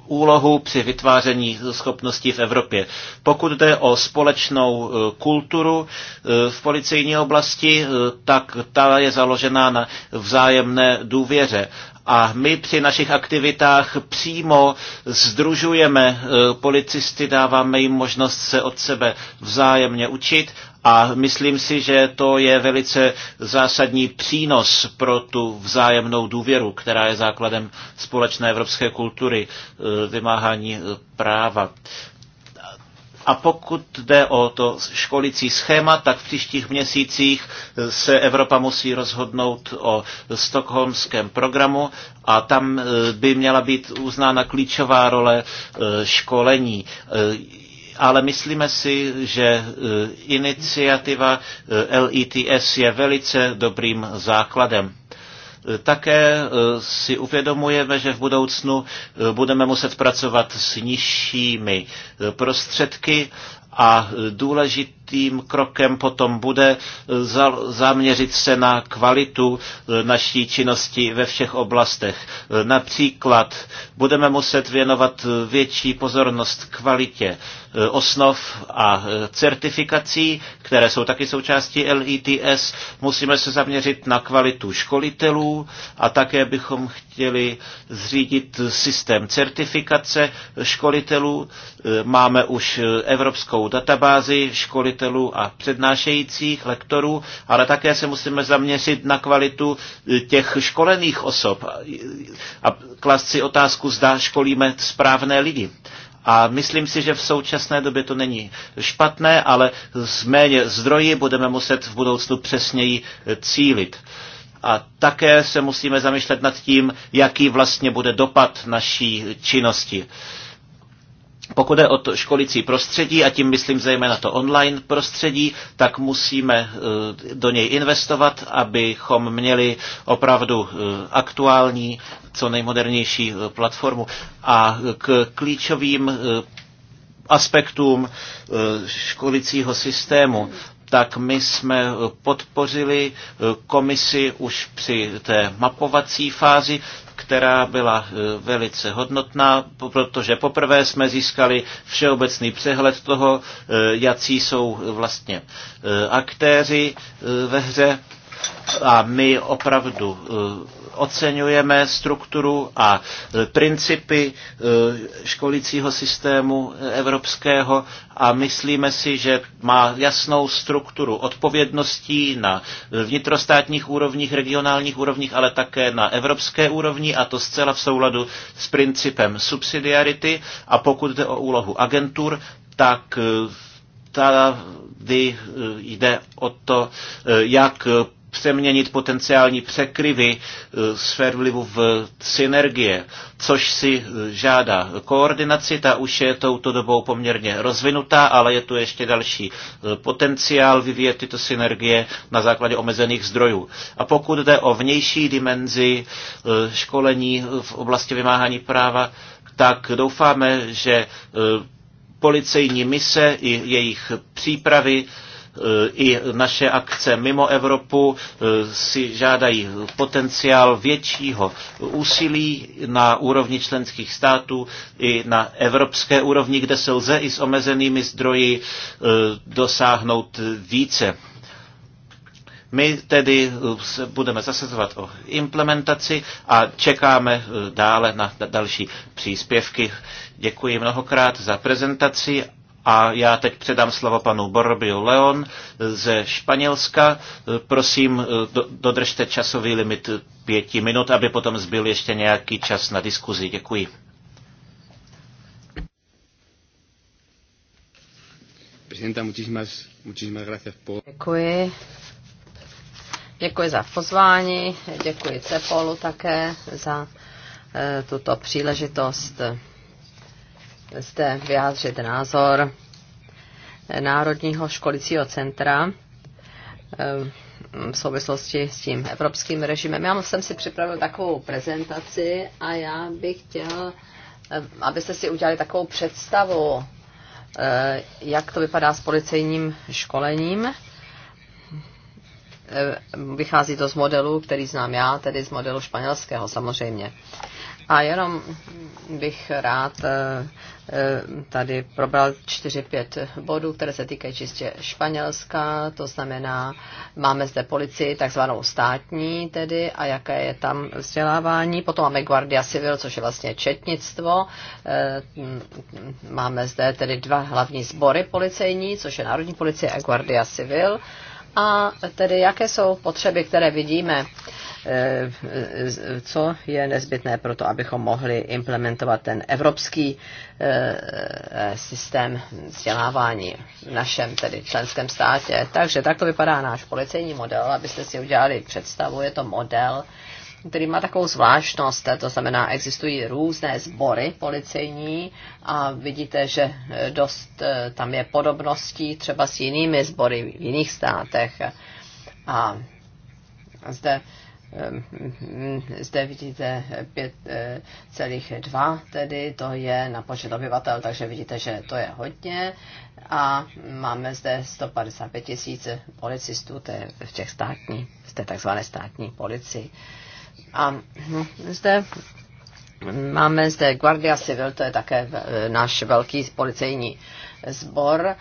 úlohu při vytváření schopností v Evropě. Pokud jde o společnou e, kulturu e, v policejní oblasti, e, tak ta je založená na vzájemné důvěře a my při našich aktivitách přímo združujeme policisty, dáváme jim možnost se od sebe vzájemně učit a myslím si, že to je velice zásadní přínos pro tu vzájemnou důvěru, která je základem společné evropské kultury e, vymáhání e, práva. A pokud jde o to školicí schéma, tak v příštích měsících e, se Evropa musí rozhodnout o stokholmském programu a tam by měla být uznána klíčová role školení ale myslíme si, že e, iniciativa e, LETS je velice dobrým základem e, také si uvědomujeme, že v budoucnu budeme muset pracovat s nižšími prostředky a důležit důležitým krokem potom bude zaměřit se na kvalitu naší činnosti ve všech oblastech. Například budeme muset věnovat větší pozornost kvalitě e, osnov a e, certifikací, které jsou taky součástí LITS. E Musíme se zaměřit na kvalitu školitelů a také bychom chtěli zřídit systém certifikace školitelů. Máme už evropskou databázi školitelů učitelů a přednášejících, lektorů, ale také se musíme zaměřit na kvalitu e, těch školených osob a klást si otázku, zda školíme správné lidi. A myslím si, že v současné době to není špatné, ale z méně zdroji budeme muset v budoucnu přesněji e, cílit. A také se musíme zamýšlet nad tím, jaký vlastně bude dopad naší činnosti. Pokud je o to školicí prostředí, a tím myslím zejména to online prostředí, tak musíme eh, do něj investovat, abychom měli opravdu eh, aktuální, co nejmodernější eh, platformu. A k klíčovým aspektům školicího systému tak my jsme podpořili komisi už při té mapovací fázi, která byla eh, velice hodnotná, protože poprvé jsme získali všeobecný přehled toho, eh, jací jsou vlastně eh, aktéři ve hře a my opravdu eh, oceňujeme strukturu a eh, principy eh, školicího systému evropského a myslíme si, že má jasnou strukturu odpovědností na vnitrostátních úrovních, regionálních úrovních, ale také na evropské úrovni a to zcela v souladu s principem subsidiarity a pokud jde o úlohu agentur, tak tady jde o to, jak přeměnit potenciální překryvy eh, sfér vlivu v synergie, což si eh, žádá koordinaci, ta už je touto dobou poměrně rozvinutá, ale je tu ještě další eh, potenciál vyvíjet tyto synergie na základě omezených zdrojů. A pokud jde o vnější dimenzi školení v oblasti vymáhání práva, tak doufáme, že policejní mise i jejich přípravy E, i naše akce mimo Evropu e, si žádají potenciál většího úsilí na úrovni členských států i na evropské úrovni, kde se lze i s omezenými zdroji e, dosáhnout více. My tedy se budeme zasazovat o implementaci a čekáme dále na další příspěvky. Děkuji mnohokrát za prezentaci a já teď předám slovo panu Borbiu Leon ze Španělska. Prosím, eh, do, dodržte časový limit pěti minut, aby potom zbyl ještě nějaký čas na diskuzi. Děkuji. Presidenta, muchísimas, muchísimas gracias por... Děkuji. Děkuji za pozvání, děkuji Cepolu také za e, tuto příležitost zde vyjádřit názor Národního školicího centra eh, v souvislosti s tím evropským režimem. Já jsem si připravil takovou prezentaci a já bych chtěl, eh, abyste si udělali takovou představu, eh, jak to vypadá s policejním školením. Vychází to z modelu, který znám já, tedy z modelu španělského samozřejmě. A jenom bych rád eh, eh, tady probral 4-5 bodů, které se týkají čistě Španělska, to znamená, máme zde policii, takzvanou státní tedy, a jaké je tam vzdělávání. Potom máme Guardia Civil, což je vlastně četnictvo. Eh, máme zde tedy dva hlavní sbory policejní, což je Národní policie a Guardia Civil a tedy jaké jsou potřeby, které vidíme, eh, co je nezbytné pro to, abychom mohli implementovat ten evropský eh, systém vzdělávání v našem tedy členském státě. Takže tak to vypadá náš policejní model, abyste si udělali představu, je to model, který má takovou zvláštnost, to znamená, existují různé sbory policejní a vidíte, že dost eh, tam je podobností třeba s jinými sbory v jiných státech. A zde, eh, zde vidíte 5,2, eh, tedy to je na počet obyvatel, takže vidíte, že to je hodně. A máme zde 155 tisíc policistů, to je v těch státní, v té takzvané státní policii. A hm, zde máme zde Guardia Civil, to je také náš velký policejní sbor.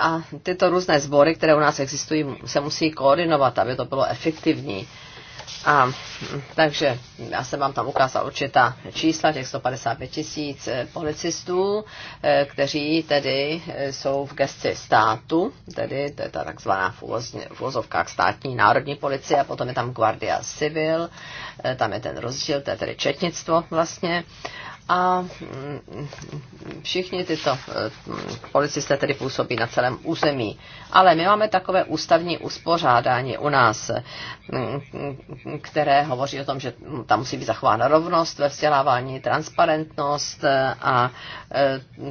A tyto různé sbory, které u nás existují, se musí koordinovat, aby to bylo efektivní. A, hm, takže já jsem vám tam ukázal určitá čísla, těch 155 tisíc eh, policistů, eh, kteří tedy eh, jsou v gesci státu, tedy to je ta takzvaná v uvozovkách státní národní policie, a potom je tam Guardia Civil, tam je ten rozdíl, to je tedy četnictvo vlastně a mm, všichni tyto eh, mm, policisté tedy působí na celém území. Ale my máme takové ústavní uspořádání u nás, eh, mm, které hovoří o tom, že tam musí být zachována rovnost ve vzdělávání, transparentnost eh, a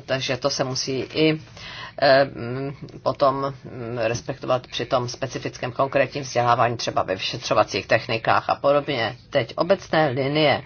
takže to se musí i potom respektovat při tom specifickém konkrétním vzdělávání třeba ve vyšetřovacích technikách a podobně. Teď obecné linie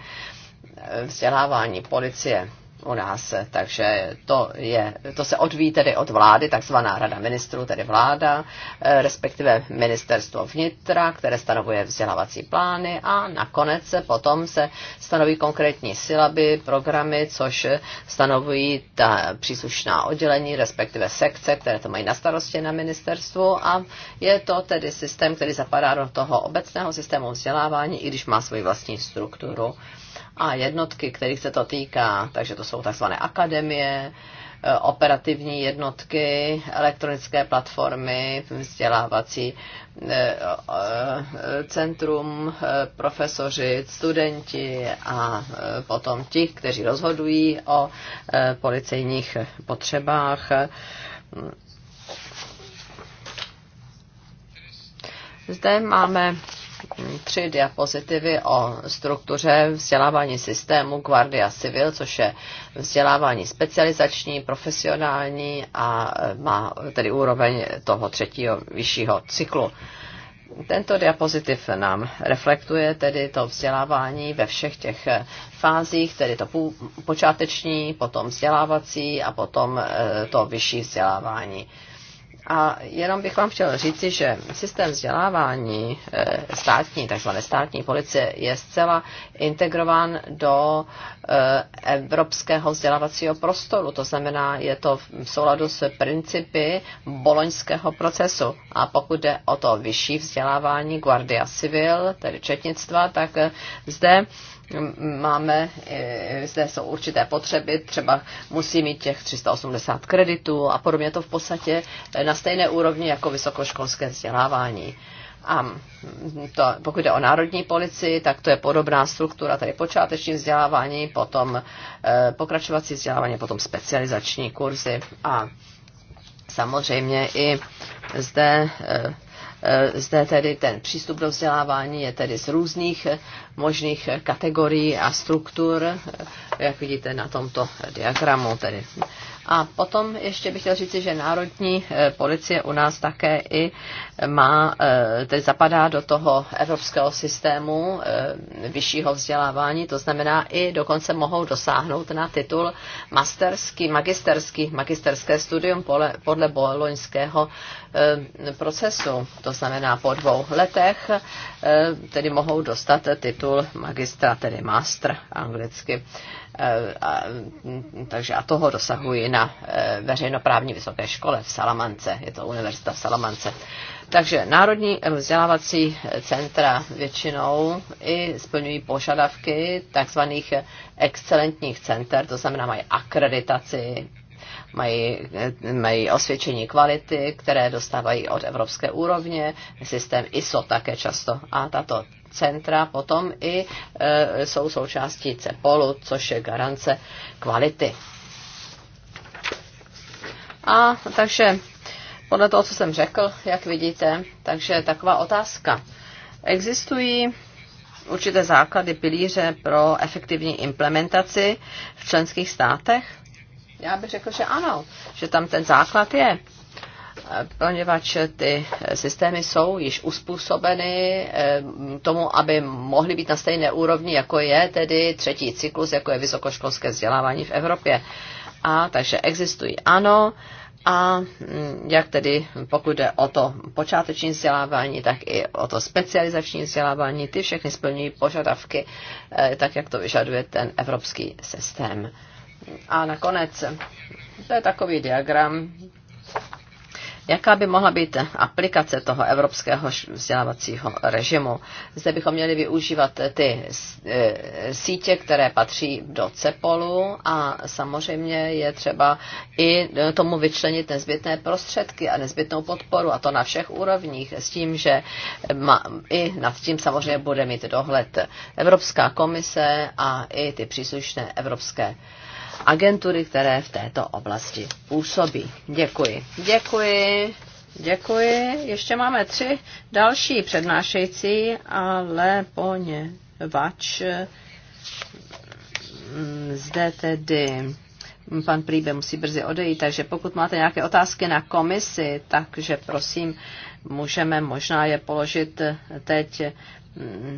vzdělávání policie u nás. Takže to, je, to se odvíjí tedy od vlády, takzvaná rada ministrů, tedy vláda, eh, respektive ministerstvo vnitra, které stanovuje vzdělávací plány a nakonec se potom se stanoví konkrétní silaby, programy, což stanovují ta příslušná oddělení, respektive sekce, které to mají na starosti na ministerstvu a je to tedy systém, který zapadá do toho obecného systému vzdělávání, i když má svoji vlastní strukturu a jednotky, kterých se to týká. Takže to jsou takzvané akademie, eh, operativní jednotky, elektronické platformy, vzdělávací eh, eh, centrum, profesoři, studenti a potom ti, kteří rozhodují o policejních potřebách. Zde máme tři diapozitivy o struktuře vzdělávání systému Guardia Civil, což je vzdělávání specializační, profesionální a má tedy úroveň toho třetího vyššího cyklu. Tento diapozitiv nám reflektuje tedy to vzdělávání ve všech těch fázích, tedy to počáteční, potom vzdělávací a potom eh, to vyšší vzdělávání. A jenom bych vám chtěl říci, že systém vzdělávání eh, státní, takzvané státní policie, je zcela integrován do eh, evropského vzdělávacího prostoru. To znamená, je to v souladu s principy boloňského procesu. A pokud jde o to vyšší vzdělávání Guardia Civil, tedy četnictva, tak eh, zde máme, eh, zde jsou určité potřeby, třeba musí mít těch 380 kreditů a podobně to v podstatě eh, na stejné úrovni jako vysokoškolské vzdělávání. A mm, to, pokud jde o národní policii, tak to je podobná struktura, tady počáteční vzdělávání, potom eh, pokračovací vzdělávání, potom specializační kurzy a samozřejmě i zde Eh, zde tedy ten přístup do vzdělávání je tedy z různých eh, možných kategorií a struktur, eh, jak vidíte na tomto diagramu. Tedy a potom ještě bych chtěl říci, že národní eh, policie u nás také i eh, má, eh, tedy zapadá do toho evropského systému vyššího vzdělávání, to znamená i dokonce mohou dosáhnout na titul masterský, magisterský, magisterské studium podle, podle boloňského procesu. To znamená po dvou letech tedy mohou dostat titul magistra, tedy master anglicky. Eh, a, takže a toho dosahuji na eh, veřejnoprávní vysoké škole v Salamance, je to univerzita v Salamance. Takže národní vzdělávací centra většinou i splňují požadavky takzvaných excelentních center, to znamená mají akreditaci, mají, eh, mají osvědčení kvality, které dostávají od evropské úrovně, systém ISO také často. A tato centra potom i e, jsou součástí CEPOLu, což je garance kvality. A takže podle toho, co jsem řekl, jak vidíte, takže taková otázka. Existují určité základy, pilíře pro efektivní implementaci v členských státech? Já bych řekl, že ano, že tam ten základ je poněvadž ty systémy jsou již uspůsobeny eh, tomu, aby mohly být na stejné úrovni, jako je tedy třetí cyklus, jako je vysokoškolské vzdělávání v Evropě. A takže existují ano, a mm, jak tedy, pokud jde o to počáteční vzdělávání, tak i o to specializační vzdělávání, ty všechny splňují požadavky, eh, tak jak to vyžaduje ten evropský systém. A nakonec, to je takový diagram, Jaká by mohla být aplikace toho evropského vzdělávacího režimu? Zde bychom měli využívat ty e, sítě, které patří do CEPOLu a samozřejmě je třeba i tomu vyčlenit nezbytné prostředky a nezbytnou podporu a to na všech úrovních s tím, že i nad tím samozřejmě bude mít dohled Evropská komise a i ty příslušné evropské agentury, které v této oblasti působí. Děkuji. Děkuji. Děkuji. Ještě máme tři další přednášející, ale poněvadž mm, zde tedy pan Príbe musí brzy odejít, takže pokud máte nějaké otázky na komisi, takže prosím, můžeme možná je položit teď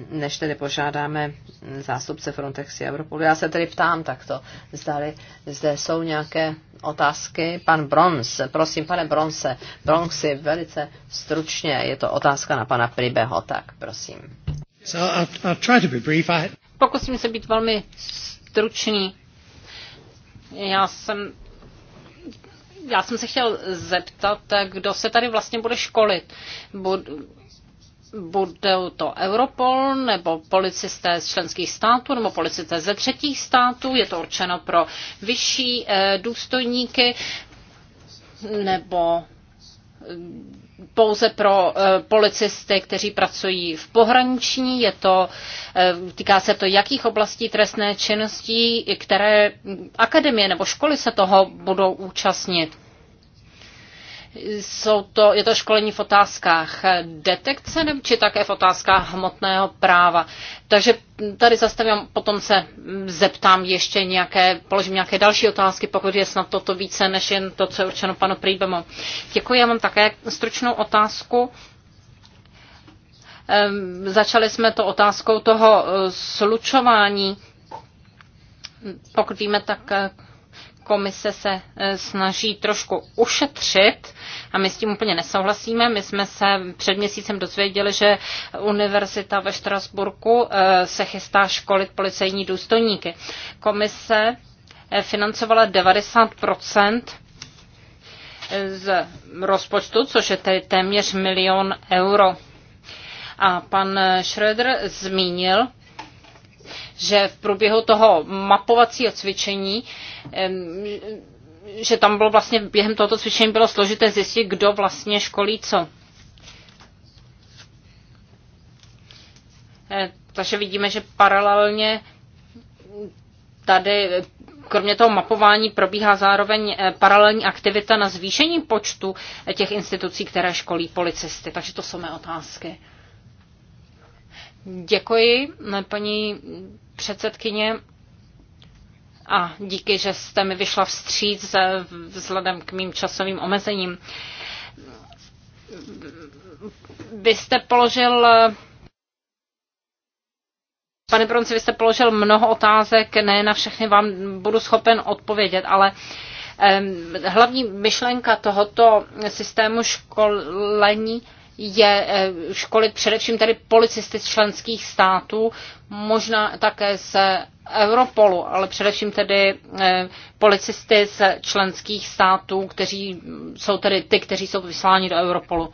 než tedy požádáme zástupce Frontexy Europolu. Já se tedy ptám takto, zdali zde jsou nějaké otázky. Pan Bronz, prosím, pane Bronze, Bronxy, velice stručně, je to otázka na pana Pribeho, tak prosím. So I'll, I'll try to be brief. I... Pokusím se být velmi stručný. Já jsem já jsem se chtěl zeptat, kdo se tady vlastně bude školit. Bude to Europol nebo policisté z členských států nebo policisté ze třetích států, je to určeno pro vyšší eh, důstojníky nebo eh, pouze pro eh, policisty, kteří pracují v pohraniční. Je to, týká se to jakých oblastí trestné činnosti, které hm, akademie nebo školy se toho budou účastnit. Jsou to, je to školení v otázkách detekce či také v otázkách hmotného práva. Takže tady zastavím, potom se zeptám ještě nějaké, položím nějaké další otázky, pokud je snad toto více, než jen to, co je určeno panu Prýbemu. Děkuji, já mám také stručnou otázku. Ehm, začali jsme to otázkou toho eh, slučování. Pokud víme, tak eh, komise se e, snaží trošku ušetřit a my s tím úplně nesouhlasíme. My jsme se před měsícem dozvěděli, že univerzita ve Štrasburku e, se chystá školit policejní důstojníky. Komise e, financovala 90 z rozpočtu, což je tedy téměř milion euro. A pan Schröder zmínil, že v průběhu toho mapovacího cvičení že tam bylo vlastně během tohoto cvičení bylo složité zjistit, kdo vlastně školí co. Eh, takže vidíme, že paralelně tady kromě toho mapování probíhá zároveň eh, paralelní aktivita na zvýšení počtu eh, těch institucí, které školí policisty. Takže to jsou mé otázky. Děkuji, paní předsedkyně. A díky, že jste mi vyšla vstříc vzhledem k mým časovým omezením. Vy jste položil Pane Bronci, vy jste položil mnoho otázek, ne na všechny vám budu schopen odpovědět, ale hlavní myšlenka tohoto systému školení je eh, školit především tedy policisty z členských států, možná také z Europolu, ale především tedy eh, policisty z členských států, kteří jsou tedy ty, kteří jsou vysláni do Europolu.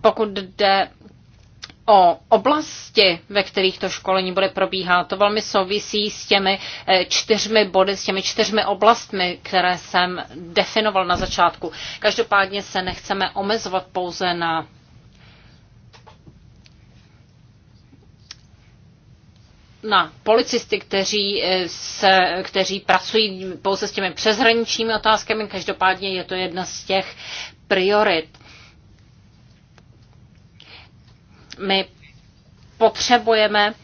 Pokud jde o oblasti, ve kterých to školení bude probíhat. To velmi souvisí s těmi eh, čtyřmi body, s těmi čtyřmi oblastmi, které jsem definoval na začátku. Každopádně se nechceme omezovat pouze na na policisty, kteří, eh, se, kteří pracují pouze s těmi přeshraničními otázkami. Každopádně je to jedna z těch priorit. My potřebujeme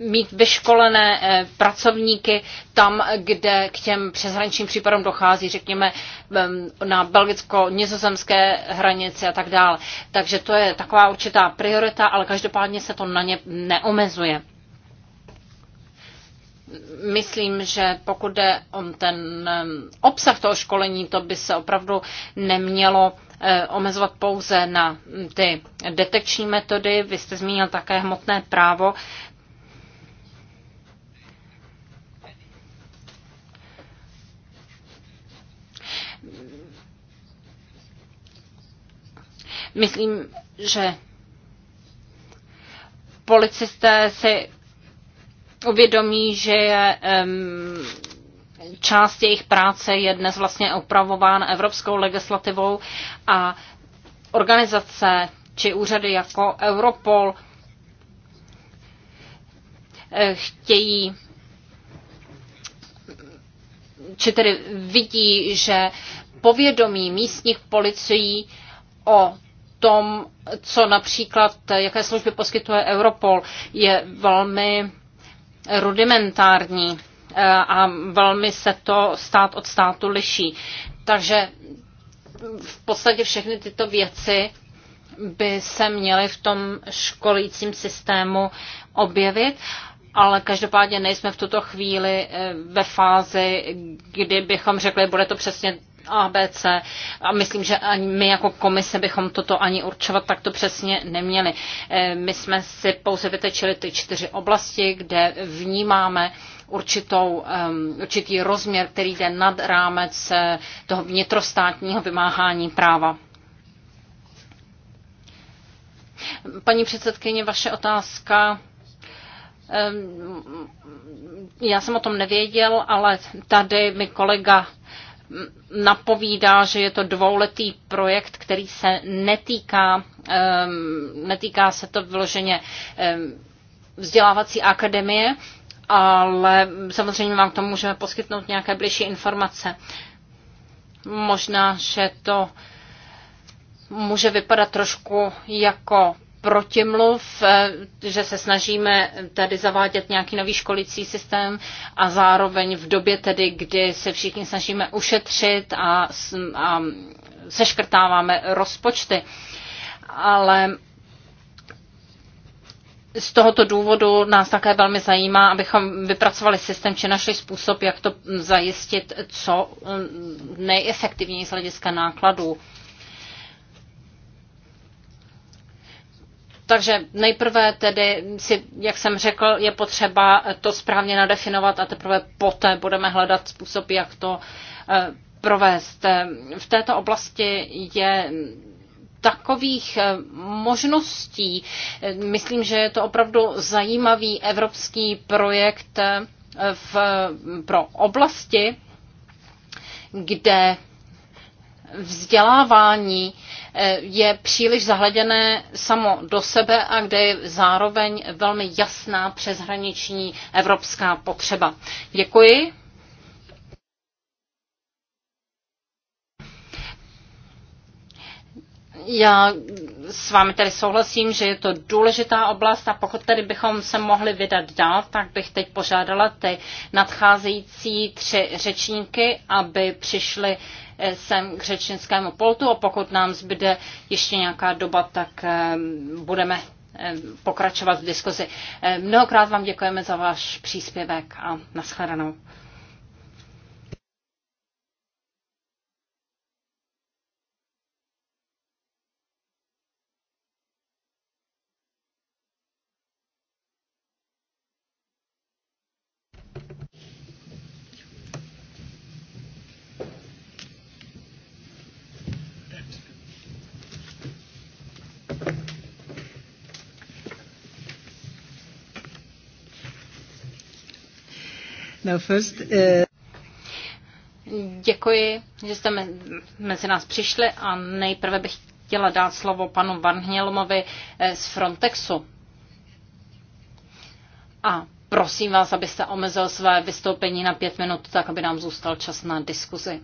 mít vyškolené eh, pracovníky tam, kde k těm přeshraničním případům dochází, řekněme na belgicko-nizozemské hranici a tak dále. Takže to je taková určitá priorita, ale každopádně se to na ně neomezuje. Myslím, že pokud jde o ten obsah toho školení, to by se opravdu nemělo eh, omezovat pouze na hm, ty detekční metody. Vy jste zmínil také hmotné právo. Myslím, že policisté si uvědomí, že je, um, část jejich práce je dnes vlastně upravována evropskou legislativou a organizace či úřady jako Europol eh, chtějí či tedy vidí, že povědomí místních policií o tom, co například, jaké služby poskytuje Europol, je velmi rudimentární eh, a velmi se to stát od státu liší. Takže v podstatě všechny tyto věci by se měly v tom školícím systému objevit, ale každopádně nejsme v tuto chvíli eh, ve fázi, kdy bychom řekli, bude to přesně ABC a myslím, že ani my jako komise bychom toto ani určovat takto přesně neměli. Eh, my jsme si pouze vytečili ty čtyři oblasti, kde vnímáme určitou, ehm, určitý rozměr, který jde nad rámec eh, toho vnitrostátního vymáhání práva. Paní předsedkyně, vaše otázka. Ehm, já jsem o tom nevěděl, ale tady mi kolega napovídá, že je to dvouletý projekt, který se netýká, netýká se to vloženě vzdělávací akademie, ale samozřejmě vám k tomu můžeme poskytnout nějaké blížší informace. Možná, že to může vypadat trošku jako protimluv, eh, že se snažíme tady zavádět nějaký nový školicí systém a zároveň v době tedy, kdy se všichni snažíme ušetřit a, a seškrtáváme rozpočty. Ale z tohoto důvodu nás také velmi zajímá, abychom vypracovali systém či našli způsob, jak to zajistit co mm, nejefektivněji z hlediska nákladů. Takže nejprve tedy, si, jak jsem řekl, je potřeba to správně nadefinovat a teprve poté budeme hledat způsob, jak to eh, provést. V této oblasti je takových eh, možností. Myslím, že je to opravdu zajímavý evropský projekt eh, v, pro oblasti, kde vzdělávání Eh, je příliš zahleděné samo do sebe a kde je zároveň velmi jasná přeshraniční evropská potřeba. Děkuji. Já s vámi tedy souhlasím, že je to důležitá oblast a pokud tedy bychom se mohli vydat dál, tak bych teď požádala ty nadcházející tři řečníky, aby přišli sem k řečnickému poltu a pokud nám zbyde ještě nějaká doba, tak eh, budeme eh, pokračovat v diskuzi. Eh, mnohokrát vám děkujeme za váš příspěvek a nashledanou. first, uh... Děkuji, že jste mezi nás přišli a nejprve bych chtěla dát slovo panu Varnhělmovi eh, z Frontexu. A prosím vás, abyste omezil své vystoupení na pět minut, tak aby nám zůstal čas na diskuzi.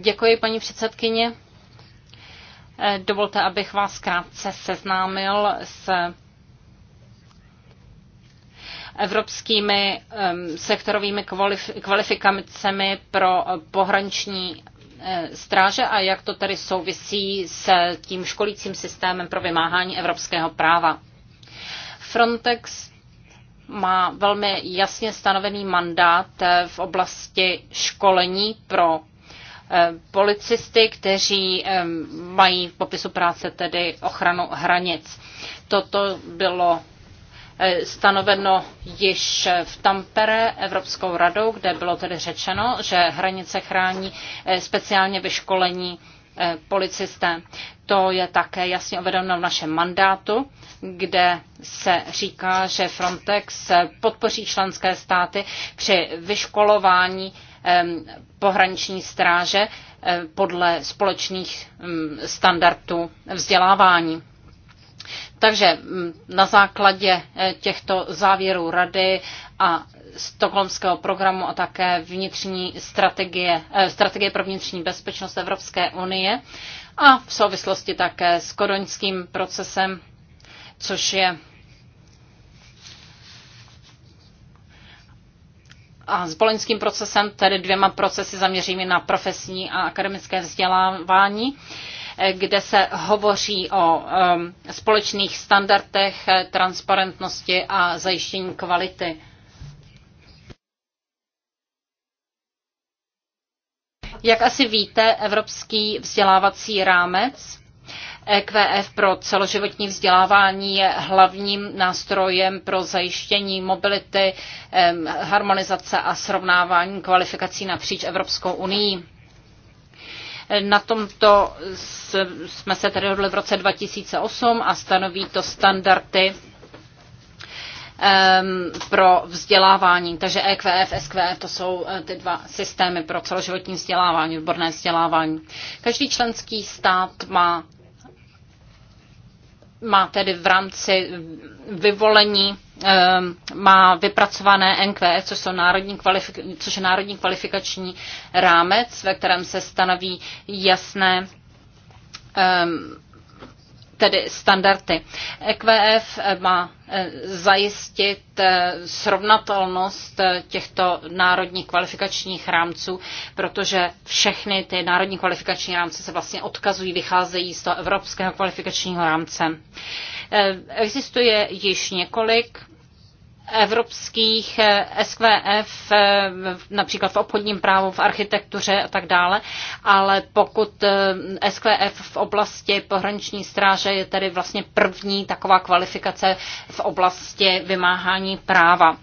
Děkuji, paní předsedkyně. Eh, dovolte, abych vás krátce seznámil s evropskými sektorovými kvalifikacemi pro pohraniční e, stráže a jak to tedy souvisí s tím školícím systémem pro vymáhání evropského práva. Frontex má velmi jasně stanovený mandát e, v oblasti školení pro e, policisty, kteří mají v popisu práce tedy ochranu hranic. Toto bylo E, stanoveno již v Tampere Evropskou radou, kde bylo tedy řečeno, že hranice chrání e, speciálně vyškolení e, policisté. To je také jasně uvedeno v našem mandátu, kde se říká, že Frontex podpoří členské státy při vyškolování pohraniční stráže podle společných standardů vzdělávání. Takže mm, na základě eh, těchto závěrů rady a stokholmského programu a také vnitřní strategie, eh, strategie pro vnitřní bezpečnost Evropské unie a v souvislosti také s kodoňským procesem, což je a s boloňským procesem, tedy dvěma procesy zaměřími na profesní a akademické vzdělávání. Uh, kde se hovoří o společných standardech transparentnosti a zajištění kvality. Jak asi víte, Evropský vzdělávací rámec EQF pro celoživotní vzdělávání je hlavním nástrojem pro zajištění mobility, harmonizace a srovnávání kvalifikací napříč Evropskou unii. Na tomto jsme se tedy hodli v roce 2008 a stanoví to standardy pro vzdělávání. Takže EQF, SQF, to jsou eh, ty dva systémy pro celoživotní vzdělávání, odborné vzdělávání. Každý členský stát má má tedy v rámci vyvolení ehm, má vypracované NQE, což, jsou národní což je národní kvalifikační rámec, ve kterém se stanoví jasné ehm, tedy standardy. EQF e eh, má eh, zajistit eh, srovnatelnost těchto národních kvalifikačních rámců, protože všechny ty národní kvalifikační rámce se vlastně odkazují, vycházejí z toho evropského kvalifikačního rámce. Existuje již několik evropských eh, SQF, eh, například v obchodním právu, v architektuře a tak dále, ale pokud eh, SQF v oblasti pohraniční stráže je tedy vlastně první taková kvalifikace v oblasti vymáhání práva.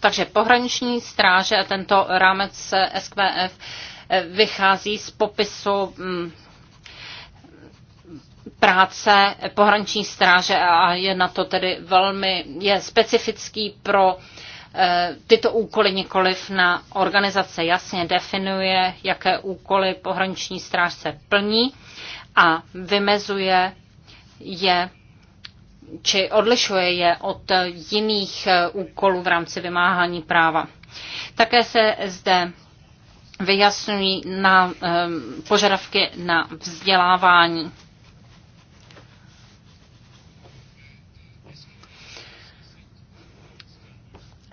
Takže pohraniční stráže a tento rámec SQF vychází z popisu mm, práce pohraniční stráže a je na to tedy velmi, je specifický pro eh, tyto úkoly nikoliv na organizace. Jasně definuje, jaké úkoly pohraniční strážce plní a vymezuje je či odlišuje je od jiných eh, úkolů v rámci vymáhání práva. Také se zde vyjasňují na, eh, požadavky na vzdělávání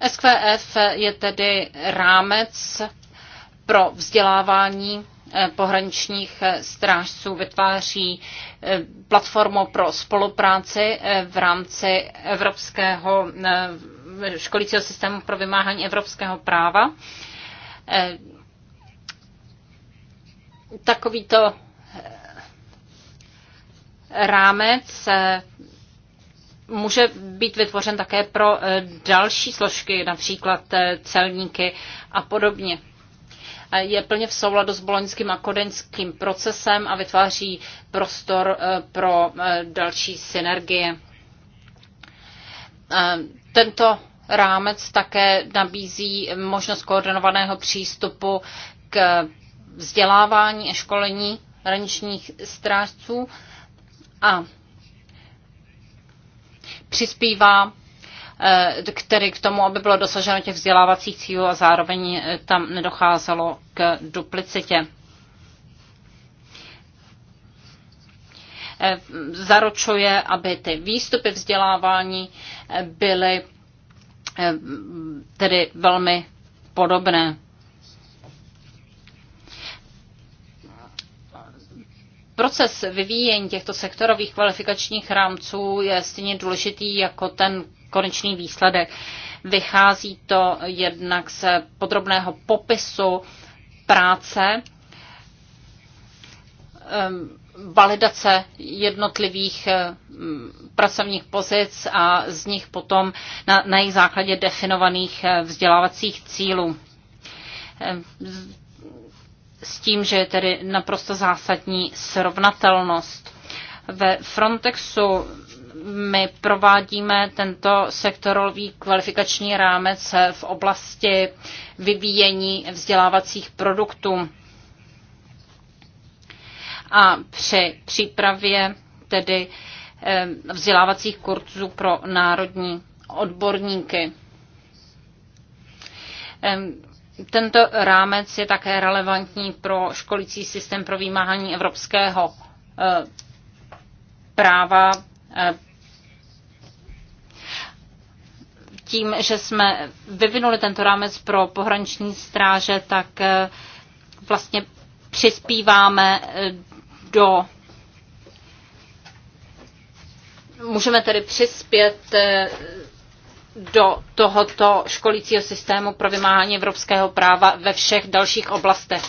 SQF je tedy rámec pro vzdělávání eh, pohraničních eh, strážců, vytváří eh, platformu pro spolupráci v rámci evropského školícího systému pro vymáhání evropského práva. Takovýto rámec může být vytvořen také pro eh, další složky, například eh, celníky a podobně. Je plně v souladu s boloňským a kodeňským procesem a vytváří prostor eh, pro další synergie. Tento rámec také nabízí možnost koordinovaného přístupu k vzdělávání a školení hraničních strážců a přispívá eh, který k tomu, aby bylo dosaženo těch vzdělávacích cílů a zároveň eh, tam nedocházelo k duplicitě. Eh, zaručuje, aby ty výstupy vzdělávání byly tedy velmi podobné. proces vyvíjení těchto sektorových kvalifikačních rámců je stejně důležitý jako ten konečný výsledek. Vychází to jednak z podrobného popisu práce, validace jednotlivých pracovních pozic a z nich potom na, na jejich základě definovaných eh, vzdělávacích cílů s tím, že je tedy naprosto zásadní srovnatelnost. Ve Frontexu my provádíme tento sektorový kvalifikační rámec v oblasti vyvíjení vzdělávacích produktů. A při přípravě tedy eh, vzdělávacích kurzů pro národní odborníky tento rámec je také relevantní pro školící systém pro vymáhání evropského eh, práva eh, tím, že jsme vyvinuli tento rámec pro pohraniční stráže, tak eh, vlastně přispíváme do. Můžeme tedy přispět do tohoto školícího systému pro vymáhání evropského práva ve všech dalších oblastech.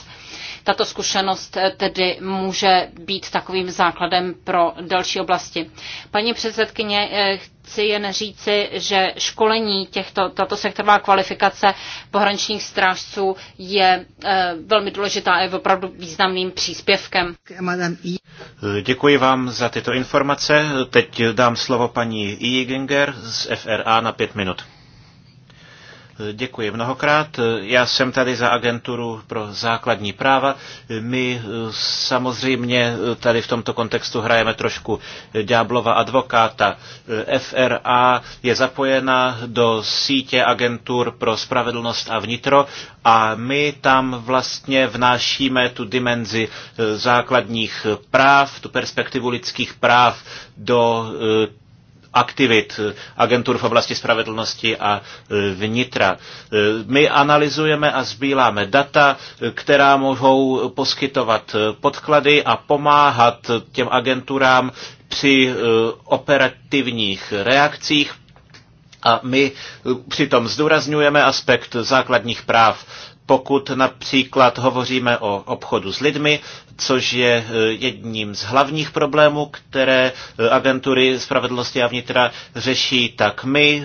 Tato zkušenost eh, tedy může být takovým základem pro další oblasti. Paní předsedkyně, eh, chci jen říci, že školení těchto, tato sektorová kvalifikace pohraničních strážců je eh, velmi důležitá a je opravdu významným příspěvkem. Děkuji vám za tyto informace. Teď dám slovo paní Ijiginger z FRA na pět minut. Děkuji mnohokrát. Já jsem tady za agenturu pro základní práva. My eh, samozřejmě eh, tady v tomto kontextu hrajeme trošku ďáblova eh, advokáta. FRA je zapojena do sítě agentur pro spravedlnost a vnitro a my tam vlastně vnášíme tu dimenzi základních práv, tu perspektivu lidských práv do aktivit agentur v oblasti spravedlnosti a e, vnitra. E, my analyzujeme a sbíláme data, která mohou poskytovat e, podklady a pomáhat těm agenturám při operativních reakcích, a my přitom zdůrazňujeme aspekt základních práv pokud například hovoříme o obchodu s lidmi, což je eh, jedním z hlavních problémů, které eh, agentury spravedlnosti a vnitra řeší, tak my,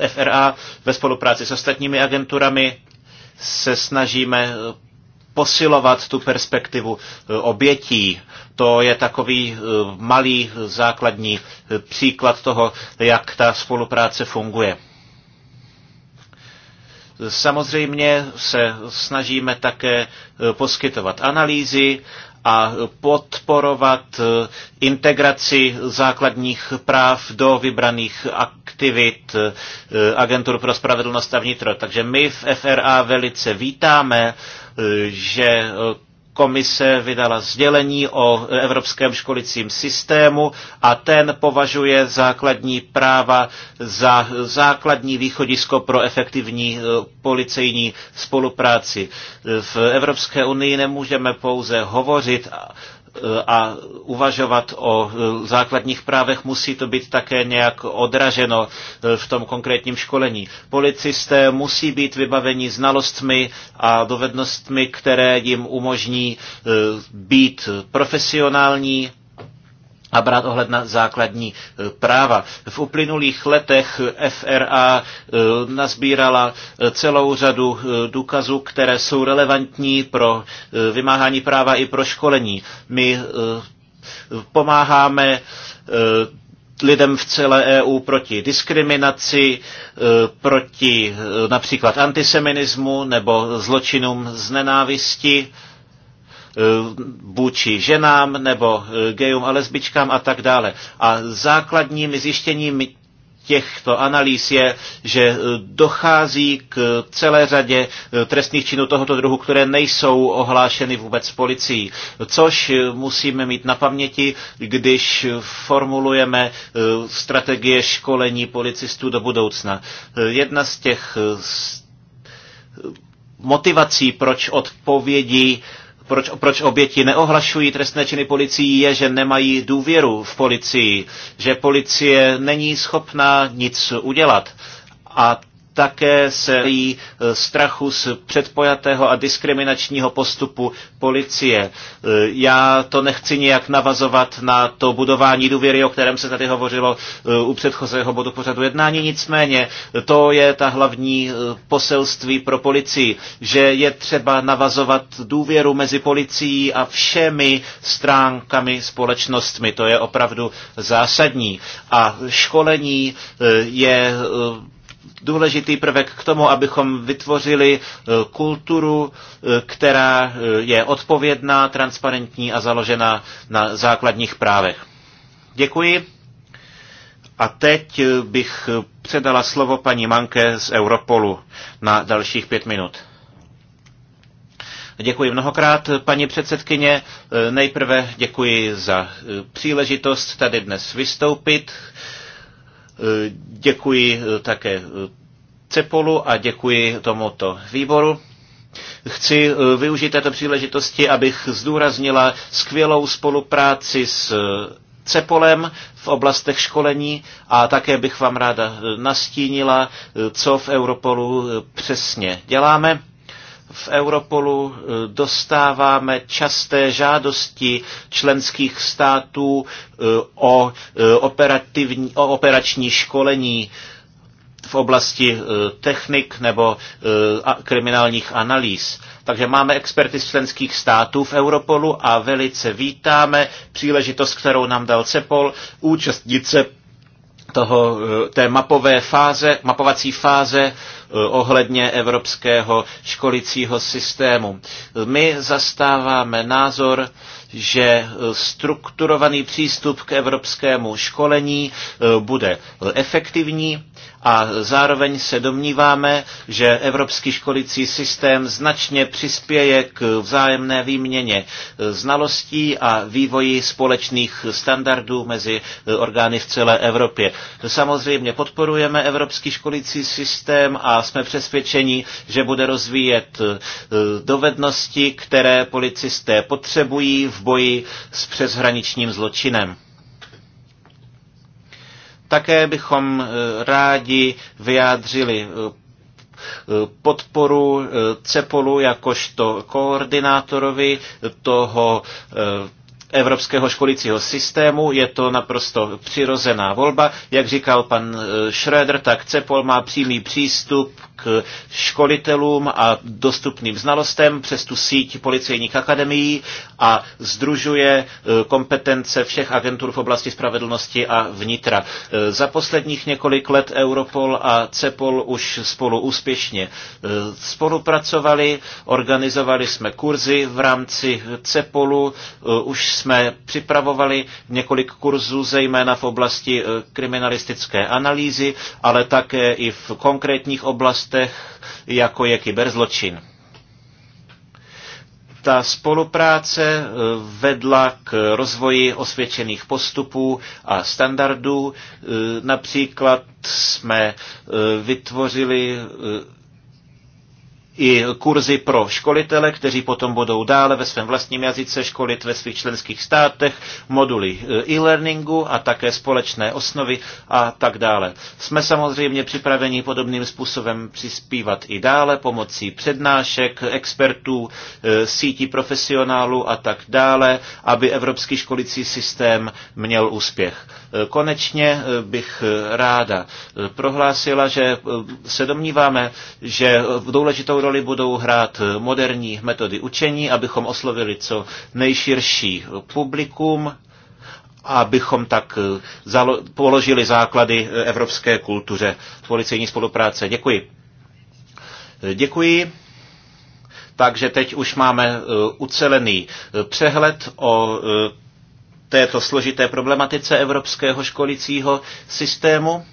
eh, FRA, ve spolupráci s ostatními agenturami se snažíme posilovat tu perspektivu obětí. To je takový malý základní příklad toho, jak ta spolupráce funguje. Samozřejmě se snažíme také eh, poskytovat analýzy a podporovat eh, integraci základních práv do vybraných aktivit eh, Agentur pro spravedlnost a vnitro. Takže my v FRA velice vítáme, že komise vydala sdělení o evropském školicím systému a ten považuje základní práva za základní východisko pro efektivní eh, policejní spolupráci. V Evropské unii nemůžeme pouze hovořit a uvažovat o e, základních právech, musí to být také nějak odraženo e, v tom konkrétním školení. Policisté musí být vybaveni znalostmi a dovednostmi, které jim umožní e, být profesionální, a brát ohled na základní e, práva. V uplynulých letech FRA e, nazbírala e, celou řadu důkazů, které jsou relevantní pro vymáhání práva i pro školení. My pomáháme lidem v celé EU proti diskriminaci, proti například antisemitismu nebo zločinům z nenávisti Eh, vůči ženám nebo eh, gejům a lesbičkám a tak dále. A základním zjištěním těchto analýz je, že eh, dochází k celé řadě trestných činů tohoto druhu, které nejsou ohlášeny vůbec policií. Což musíme mít na paměti, když formulujeme strategie školení policistů do budoucna. Jedna z těch motivací, proč odpovědi proč, proč oběti neohlašují trestné činy policií, je, že nemají důvěru v policii, že policie není schopná nic udělat. A také sérií eh, strachu z předpojatého a diskriminačního postupu policie. Eh, já to nechci nějak navazovat na to budování důvěry, o kterém se tady hovořilo eh, u předchozího bodu pořadu jednání, nicméně to je ta hlavní poselství pro policii, že je třeba navazovat důvěru mezi policií a všemi stránkami společnostmi. To je opravdu zásadní. A školení je důležitý prvek k tomu, abychom vytvořili e, kulturu, e, která e, je odpovědná, transparentní a založena na základních právech. Děkuji. A teď bych předala slovo paní Manke z Europolu na dalších pět minut. Děkuji mnohokrát, paní předsedkyně. Nejprve děkuji za příležitost tady dnes vystoupit. Děkuji také Cepolu a děkuji tomuto výboru. Chci eh, využít této příležitosti, abych zdůraznila skvělou spolupráci s eh, Cepolem v oblastech školení a také bych vám ráda eh, nastínila, co v Europolu přesně děláme v Europolu eh, dostáváme časté žádosti členských států eh, o, eh, operativní, o operační školení v oblasti technik nebo kriminálních analýz. Takže máme experty z členských států v Europolu a velice vítáme příležitost, kterou nám dal CEPOL, účastnit se toho, té mapové fáze, mapovací fáze Eh, ohledně evropského školicího systému. My zastáváme názor, že eh, strukturovaný přístup k evropskému školení eh, bude efektivní a zároveň se domníváme, že evropský školicí systém značně přispěje k vzájemné výměně eh, znalostí a vývoji společných standardů mezi eh, orgány v celé Evropě. Samozřejmě podporujeme evropský školicí systém a jsme přesvědčeni, že bude rozvíjet eh, dovednosti, které policisté potřebují v boji s přeshraničním zločinem. Také bychom eh, rádi vyjádřili eh, podporu eh, CEPOLu jakožto koordinátorovi toho evropského školicího systému. Je to naprosto přirozená volba. Jak říkal pan Schröder, tak CEPOL má přímý přístup k školitelům a dostupným znalostem přes tu síť policejních akademií a združuje e, kompetence všech agentur v oblasti spravedlnosti a vnitra. E, za posledních několik let Europol a CEPOL už spolu úspěšně e, spolupracovali, organizovali jsme kurzy v rámci CEPOLu, už jsme připravovali několik kurzů, zejména v oblasti kriminalistické analýzy, ale také i v konkrétních oblastech oblastech, jako je kyberzločin. Ta spolupráce eh, vedla k rozvoji osvědčených postupů a standardů. Eh, například jsme eh, vytvořili i kurzy pro školitele, kteří potom budou dále ve svém vlastním jazyce školit ve svých členských státech, moduly e, e-learningu a také společné osnovy a tak dále. Jsme samozřejmě připraveni podobným způsobem přispívat i dále pomocí přednášek, expertů, e, sítí profesionálů a tak dále, aby evropský školicí systém měl úspěch. E, konečně bych ráda prohlásila, že se domníváme, že v důležitou roli budou hrát moderní metody učení, abychom oslovili co nejširší publikum, abychom tak eh, zalo- položili základy eh, evropské kultuře policejní spolupráce. Děkuji. Eh, děkuji. Takže teď už máme ucelený přehled o této složité problematice evropského školicího systému.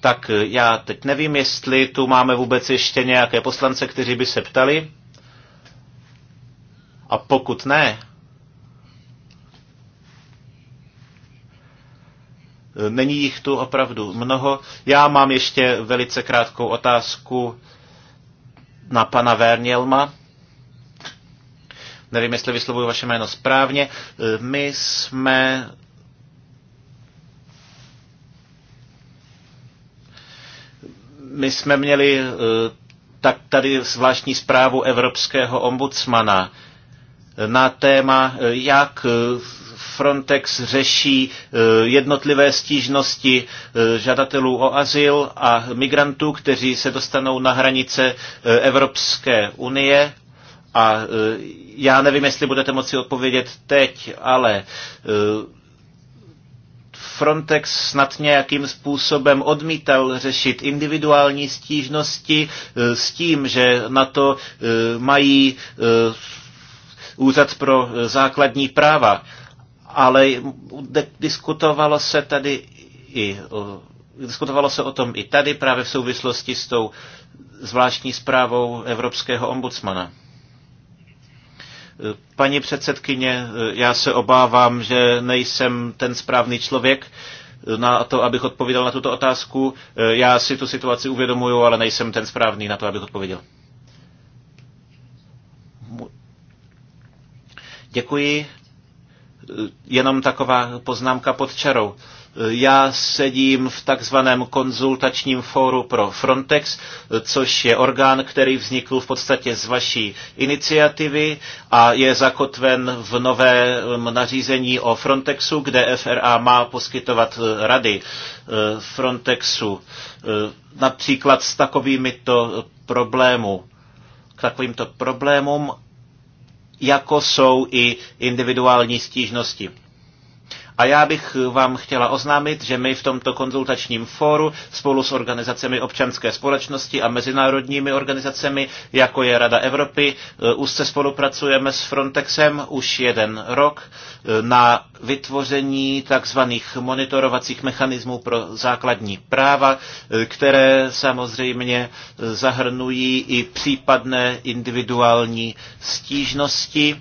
Tak eh, já teď nevím, jestli tu máme vůbec ještě nějaké poslance, kteří by se ptali. A pokud ne, eh, není jich tu opravdu mnoho. Já mám ještě velice krátkou otázku na pana Vernielma. Nevím, jestli vyslovuju vaše jméno správně. Eh, my jsme My jsme měli eh, tak tady zvláštní zprávu evropského ombudsmana eh, na téma, eh, jak Frontex řeší jednotlivé stížnosti žadatelů o azyl a migrantů, kteří se dostanou na hranice Evropské unie. A já nevím, jestli budete moci odpovědět teď, ale Frontex snad nějakým způsobem odmítal řešit individuální stížnosti eh, s tím, že na to eh, mají eh, úřad pro základní práva. Ale diskutovalo se tady i diskutovalo se o tom i tady právě v souvislosti s tou zvláštní zprávou Evropského ombudsmana. Paní předsedkyně, já se obávám, že nejsem ten správný člověk na to, abych odpověděl na tuto otázku. Já si tu situaci uvědomuju, ale nejsem ten správný na to, abych odpověděl. Děkuji. Jenom taková poznámka pod čarou. Já sedím v takzvaném konzultačním fóru pro Frontex, což je orgán, který vznikl v podstatě z vaší iniciativy a je zakotven v novém nařízení o Frontexu, kde FRA má poskytovat eh, rady eh, Frontexu eh, například s takovými to problémy, k takovýmto problémům, jako jsou i individuální stížnosti. A já bych vám chtěla oznámit, že my v tomto konzultačním fóru spolu s organizacemi občanské společnosti a mezinárodními organizacemi, jako je Rada Evropy, úzce eh, spolupracujeme s Frontexem už jeden rok eh, na vytvoření takzvaných monitorovacích mechanismů pro základní práva, eh, které samozřejmě zahrnují i případné individuální stížnosti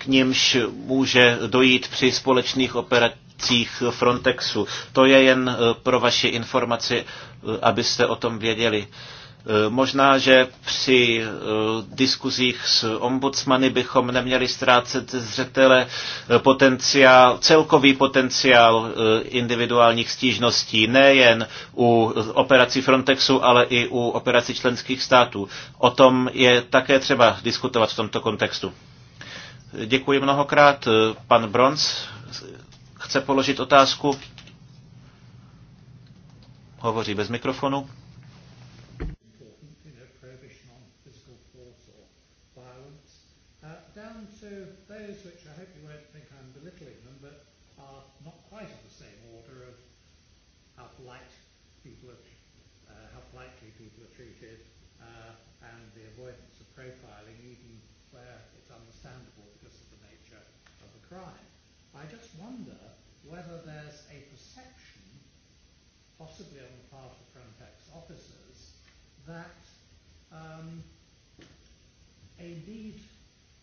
k nímž může dojít při společných operacích Frontexu. To je jen eh, pro vaši informaci, eh, abyste o tom věděli. Eh, možná, že při diskuzích s ombudsmany bychom neměli ztrácet zřetele potenciál, celkový potenciál individuálních stížností, nejen u operací Frontexu, ale i u operací členských států. O tom je také třeba diskutovat v tomto kontextu. Děkuji mnohokrát. Pan Bronz chce položit otázku. Hovoří bez mikrofonu. whether there's a perception, possibly on the part of Frontex officers, that um, a need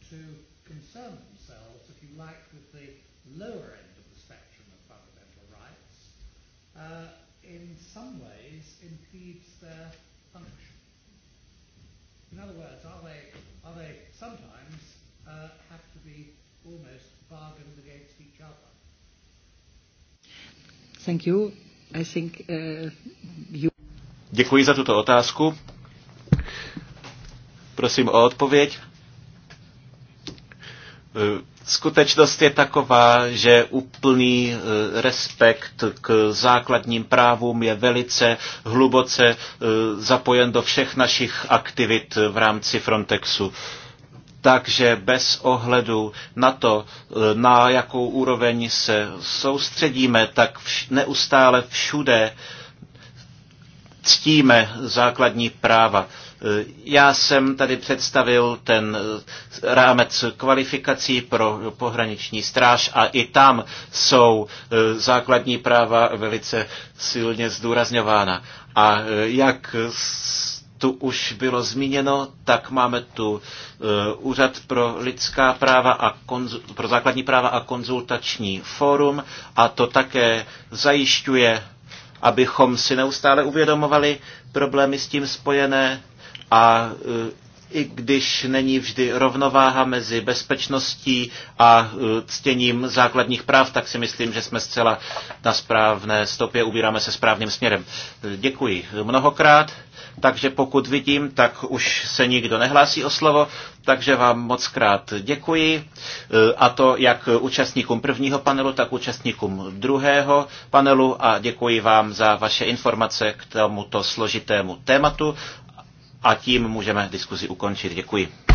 to concern themselves, if you like, with the lower end of the spectrum of fundamental rights, uh, in some ways impedes their function. In other words, are they, are they sometimes uh, have to be almost bargained against each other? Thank you. I think, uh, you... Děkuji za tuto otázku. Prosím o odpověď. Eh, skutečnost je taková, že úplný eh, respekt k základním právům je velice hluboce eh, zapojen do všech našich aktivit v rámci Frontexu takže bez ohledu na to, na jakou úroveň se soustředíme, tak neustále všude ctíme základní práva. Já jsem tady představil ten rámec kvalifikací pro pohraniční stráž a i tam jsou e, základní práva velice silně zdůrazňována. A e, jak tu už bylo zmíněno, tak máme tu e, Úřad pro lidská práva a konzu, pro základní práva a konzultační fórum a to také zajišťuje, abychom si neustále uvědomovali problémy s tím spojené a e, i když není vždy rovnováha mezi bezpečností a e, ctěním základních práv, tak si myslím, že jsme zcela na správné stopě, ubíráme se správným směrem. Děkuji mnohokrát takže pokud vidím, tak už se nikdo nehlásí o slovo, takže vám moc krát děkuji. E, a to jak účastníkům prvního panelu, tak účastníkům druhého panelu a děkuji vám za vaše informace k tomuto složitému tématu a tím můžeme diskuzi ukončit. Děkuji.